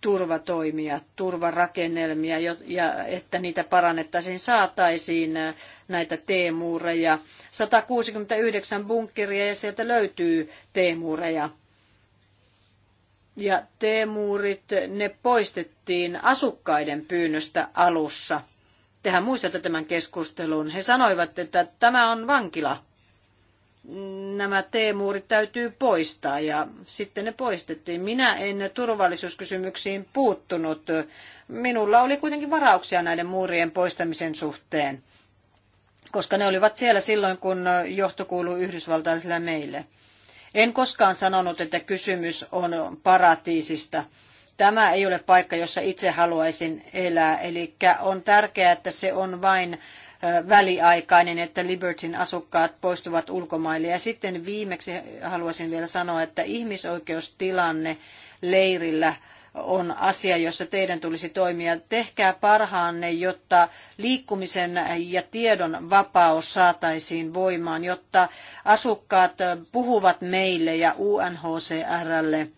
turvatoimia, turvarakennelmia, ja että niitä parannettaisiin, saataisiin näitä teemuureja. 169 bunkkeria ja sieltä löytyy teemuureja ja teemuurit ne poistettiin asukkaiden pyynnöstä alussa. Tehän muistatte tämän keskustelun. He sanoivat, että tämä on vankila. Nämä teemuurit täytyy poistaa ja sitten ne poistettiin. Minä en turvallisuuskysymyksiin puuttunut. Minulla oli kuitenkin varauksia näiden muurien poistamisen suhteen, koska ne olivat siellä silloin, kun johto kuuluu Yhdysvaltain meille. En koskaan sanonut, että kysymys on paratiisista. Tämä ei ole paikka, jossa itse haluaisin elää. Eli on tärkeää, että se on vain väliaikainen, että Libertin asukkaat poistuvat ulkomaille. Ja sitten viimeksi haluaisin vielä sanoa, että ihmisoikeustilanne leirillä on asia, jossa teidän tulisi toimia. Tehkää parhaanne, jotta liikkumisen ja tiedon vapaus saataisiin voimaan, jotta asukkaat puhuvat meille ja UNHCRlle.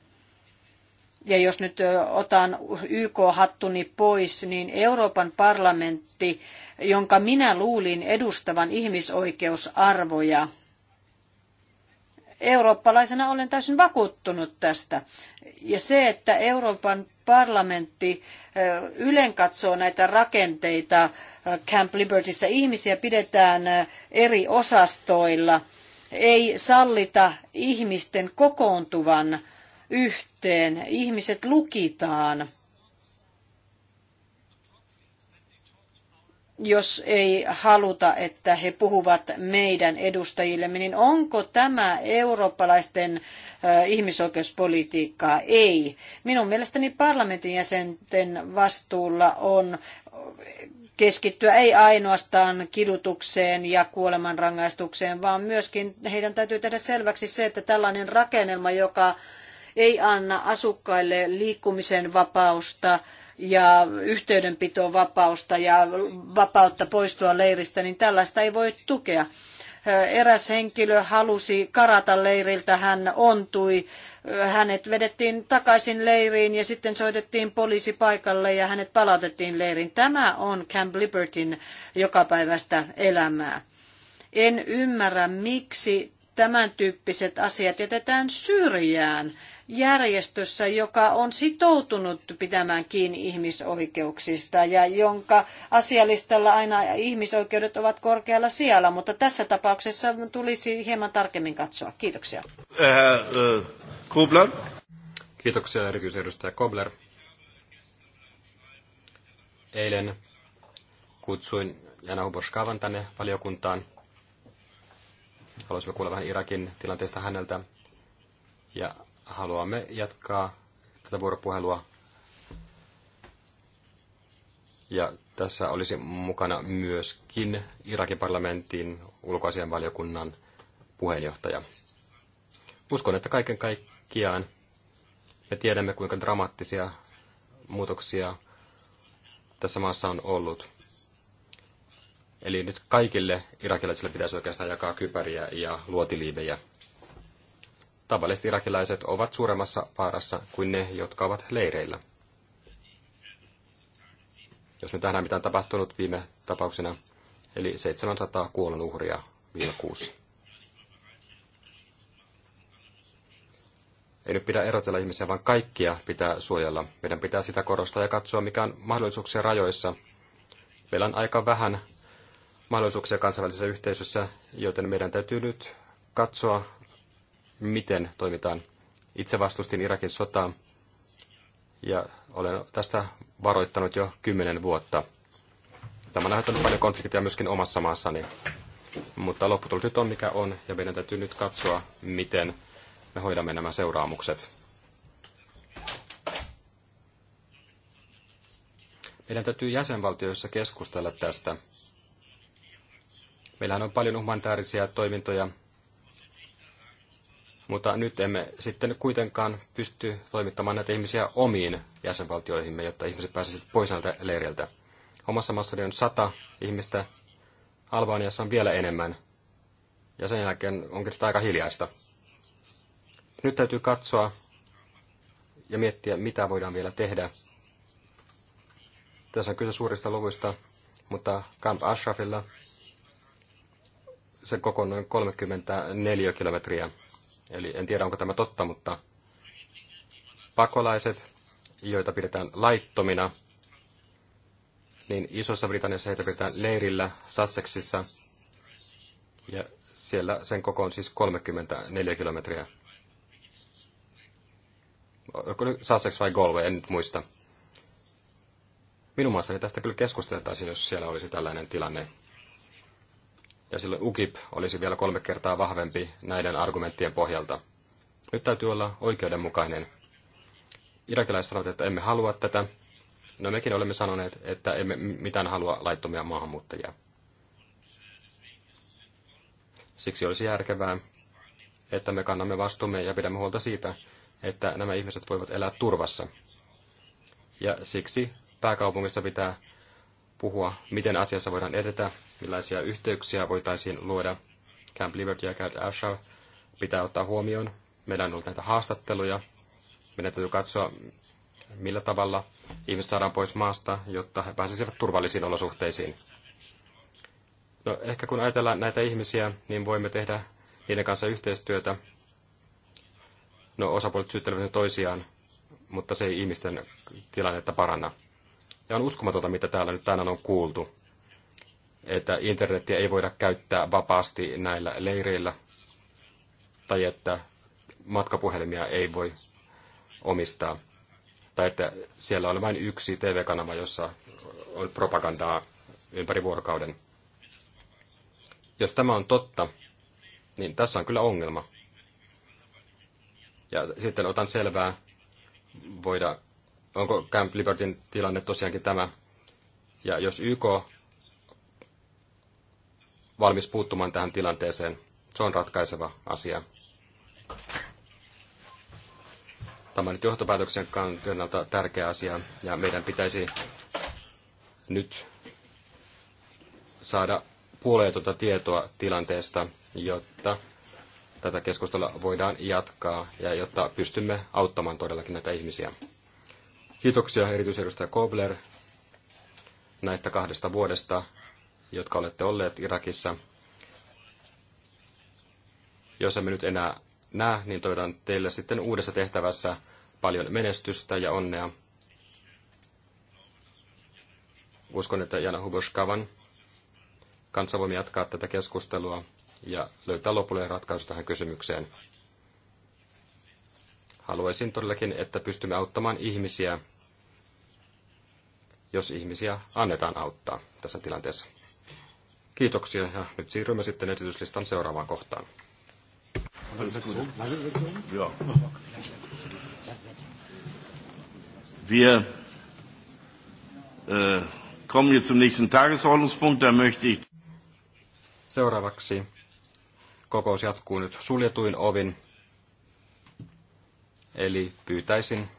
Ja jos nyt otan YK-hattuni pois, niin Euroopan parlamentti, jonka minä luulin edustavan ihmisoikeusarvoja, Eurooppalaisena olen täysin vakuuttunut tästä. Ja se, että Euroopan parlamentti ylenkatsoo näitä rakenteita Camp Libertyssä, ihmisiä pidetään eri osastoilla, ei sallita ihmisten kokoontuvan yhteen, ihmiset lukitaan jos ei haluta, että he puhuvat meidän edustajillemme, niin onko tämä eurooppalaisten ihmisoikeuspolitiikkaa? Ei. Minun mielestäni parlamentin jäsenten vastuulla on keskittyä ei ainoastaan kidutukseen ja kuolemanrangaistukseen, vaan myöskin heidän täytyy tehdä selväksi se, että tällainen rakennelma, joka ei anna asukkaille liikkumisen vapausta, ja yhteydenpitovapausta ja vapautta poistua leiristä, niin tällaista ei voi tukea. Eräs henkilö halusi karata leiriltä, hän ontui, hänet vedettiin takaisin leiriin ja sitten soitettiin poliisi paikalle ja hänet palautettiin leiriin. Tämä on Camp Libertyn jokapäiväistä elämää. En ymmärrä, miksi tämän tyyppiset asiat jätetään syrjään järjestössä, joka on sitoutunut pitämään kiinni ihmisoikeuksista ja jonka asialistalla aina ihmisoikeudet ovat korkealla sijalla, mutta tässä tapauksessa tulisi hieman tarkemmin katsoa. Kiitoksia. Ää, äh, äh, Kiitoksia erityisedustaja Kobler. Eilen kutsuin Jana Huboskavan tänne valiokuntaan. Haluaisimme kuulla vähän Irakin tilanteesta häneltä. Ja haluamme jatkaa tätä vuoropuhelua. Ja tässä olisi mukana myöskin Irakin parlamentin ulkoasianvaliokunnan puheenjohtaja. Uskon, että kaiken kaikkiaan me tiedämme, kuinka dramaattisia muutoksia tässä maassa on ollut. Eli nyt kaikille irakilaisille pitäisi oikeastaan jakaa kypäriä ja luotiliivejä tavalliset irakilaiset ovat suuremmassa vaarassa kuin ne, jotka ovat leireillä. Jos nyt nähdään, mitä on tapahtunut viime tapauksena, eli 700 kuolonuhria viime kuussa. Ei nyt pidä erotella ihmisiä, vaan kaikkia pitää suojella. Meidän pitää sitä korostaa ja katsoa, mikä on mahdollisuuksia rajoissa. Meillä on aika vähän mahdollisuuksia kansainvälisessä yhteisössä, joten meidän täytyy nyt katsoa miten toimitaan. Itse vastustin Irakin sotaa ja olen tästä varoittanut jo kymmenen vuotta. Tämä on aiheuttanut paljon konflikteja myöskin omassa maassani. Mutta lopputulos nyt on mikä on, ja meidän täytyy nyt katsoa, miten me hoidamme nämä seuraamukset. Meidän täytyy jäsenvaltioissa keskustella tästä. Meillähän on paljon humanitaarisia toimintoja, mutta nyt emme sitten kuitenkaan pysty toimittamaan näitä ihmisiä omiin jäsenvaltioihimme, jotta ihmiset pääsisivät pois näiltä leiriltä. Omassa maassani on sata ihmistä, Albaniassa on vielä enemmän, ja sen jälkeen onkin sitä aika hiljaista. Nyt täytyy katsoa ja miettiä, mitä voidaan vielä tehdä. Tässä on kyse suurista luvuista, mutta Camp Ashrafilla sen koko noin 34 kilometriä Eli en tiedä, onko tämä totta, mutta pakolaiset, joita pidetään laittomina, niin Isossa Britanniassa heitä pidetään leirillä Sasseksissa, ja siellä sen koko on siis 34 kilometriä. Sussex vai Galway, en nyt muista. Minun maassani tästä kyllä keskusteltaisiin, jos siellä olisi tällainen tilanne ja silloin UKIP olisi vielä kolme kertaa vahvempi näiden argumenttien pohjalta. Nyt täytyy olla oikeudenmukainen. Irakilaiset sanovat, että emme halua tätä. No mekin olemme sanoneet, että emme mitään halua laittomia maahanmuuttajia. Siksi olisi järkevää, että me kannamme vastuumme ja pidämme huolta siitä, että nämä ihmiset voivat elää turvassa. Ja siksi pääkaupungissa pitää puhua, miten asiassa voidaan edetä, millaisia yhteyksiä voitaisiin luoda. Camp Liberty ja Camp Ashraf pitää ottaa huomioon. Meillä on ollut näitä haastatteluja. Meidän täytyy katsoa, millä tavalla ihmiset saadaan pois maasta, jotta he pääsisivät turvallisiin olosuhteisiin. No, ehkä kun ajatellaan näitä ihmisiä, niin voimme tehdä niiden kanssa yhteistyötä. No, osapuolet syyttelevät toisiaan, mutta se ei ihmisten tilannetta paranna. Ja on uskomatonta, mitä täällä nyt tänään on kuultu, että internetiä ei voida käyttää vapaasti näillä leireillä, tai että matkapuhelimia ei voi omistaa, tai että siellä on vain yksi TV-kanava, jossa on propagandaa ympäri vuorokauden. Jos tämä on totta, niin tässä on kyllä ongelma. Ja sitten otan selvää, voida, onko Camp Libertyn tilanne tosiaankin tämä. Ja jos YK valmis puuttumaan tähän tilanteeseen, se on ratkaiseva asia. Tämä on nyt johtopäätöksen kannalta tärkeä asia, ja meidän pitäisi nyt saada puolueetonta tietoa tilanteesta, jotta tätä keskustelua voidaan jatkaa ja jotta pystymme auttamaan todellakin näitä ihmisiä. Kiitoksia erityisedustaja Kobler näistä kahdesta vuodesta, jotka olette olleet Irakissa. Jos emme nyt enää näe, niin toivotan teille sitten uudessa tehtävässä paljon menestystä ja onnea. Uskon, että Jana Hubushkavan kanssa voimme jatkaa tätä keskustelua ja löytää lopullinen ratkaisu tähän kysymykseen. Haluaisin todellakin, että pystymme auttamaan ihmisiä, jos ihmisiä annetaan auttaa tässä tilanteessa. Kiitoksia ja nyt siirrymme sitten esityslistan seuraavaan kohtaan. Wir äh, kommen jetzt zum nächsten Tagesordnungspunkt. Da möchte ich Seuraavaksi kokous jatkuu nyt suljetuin ovin. Eli pyytäisin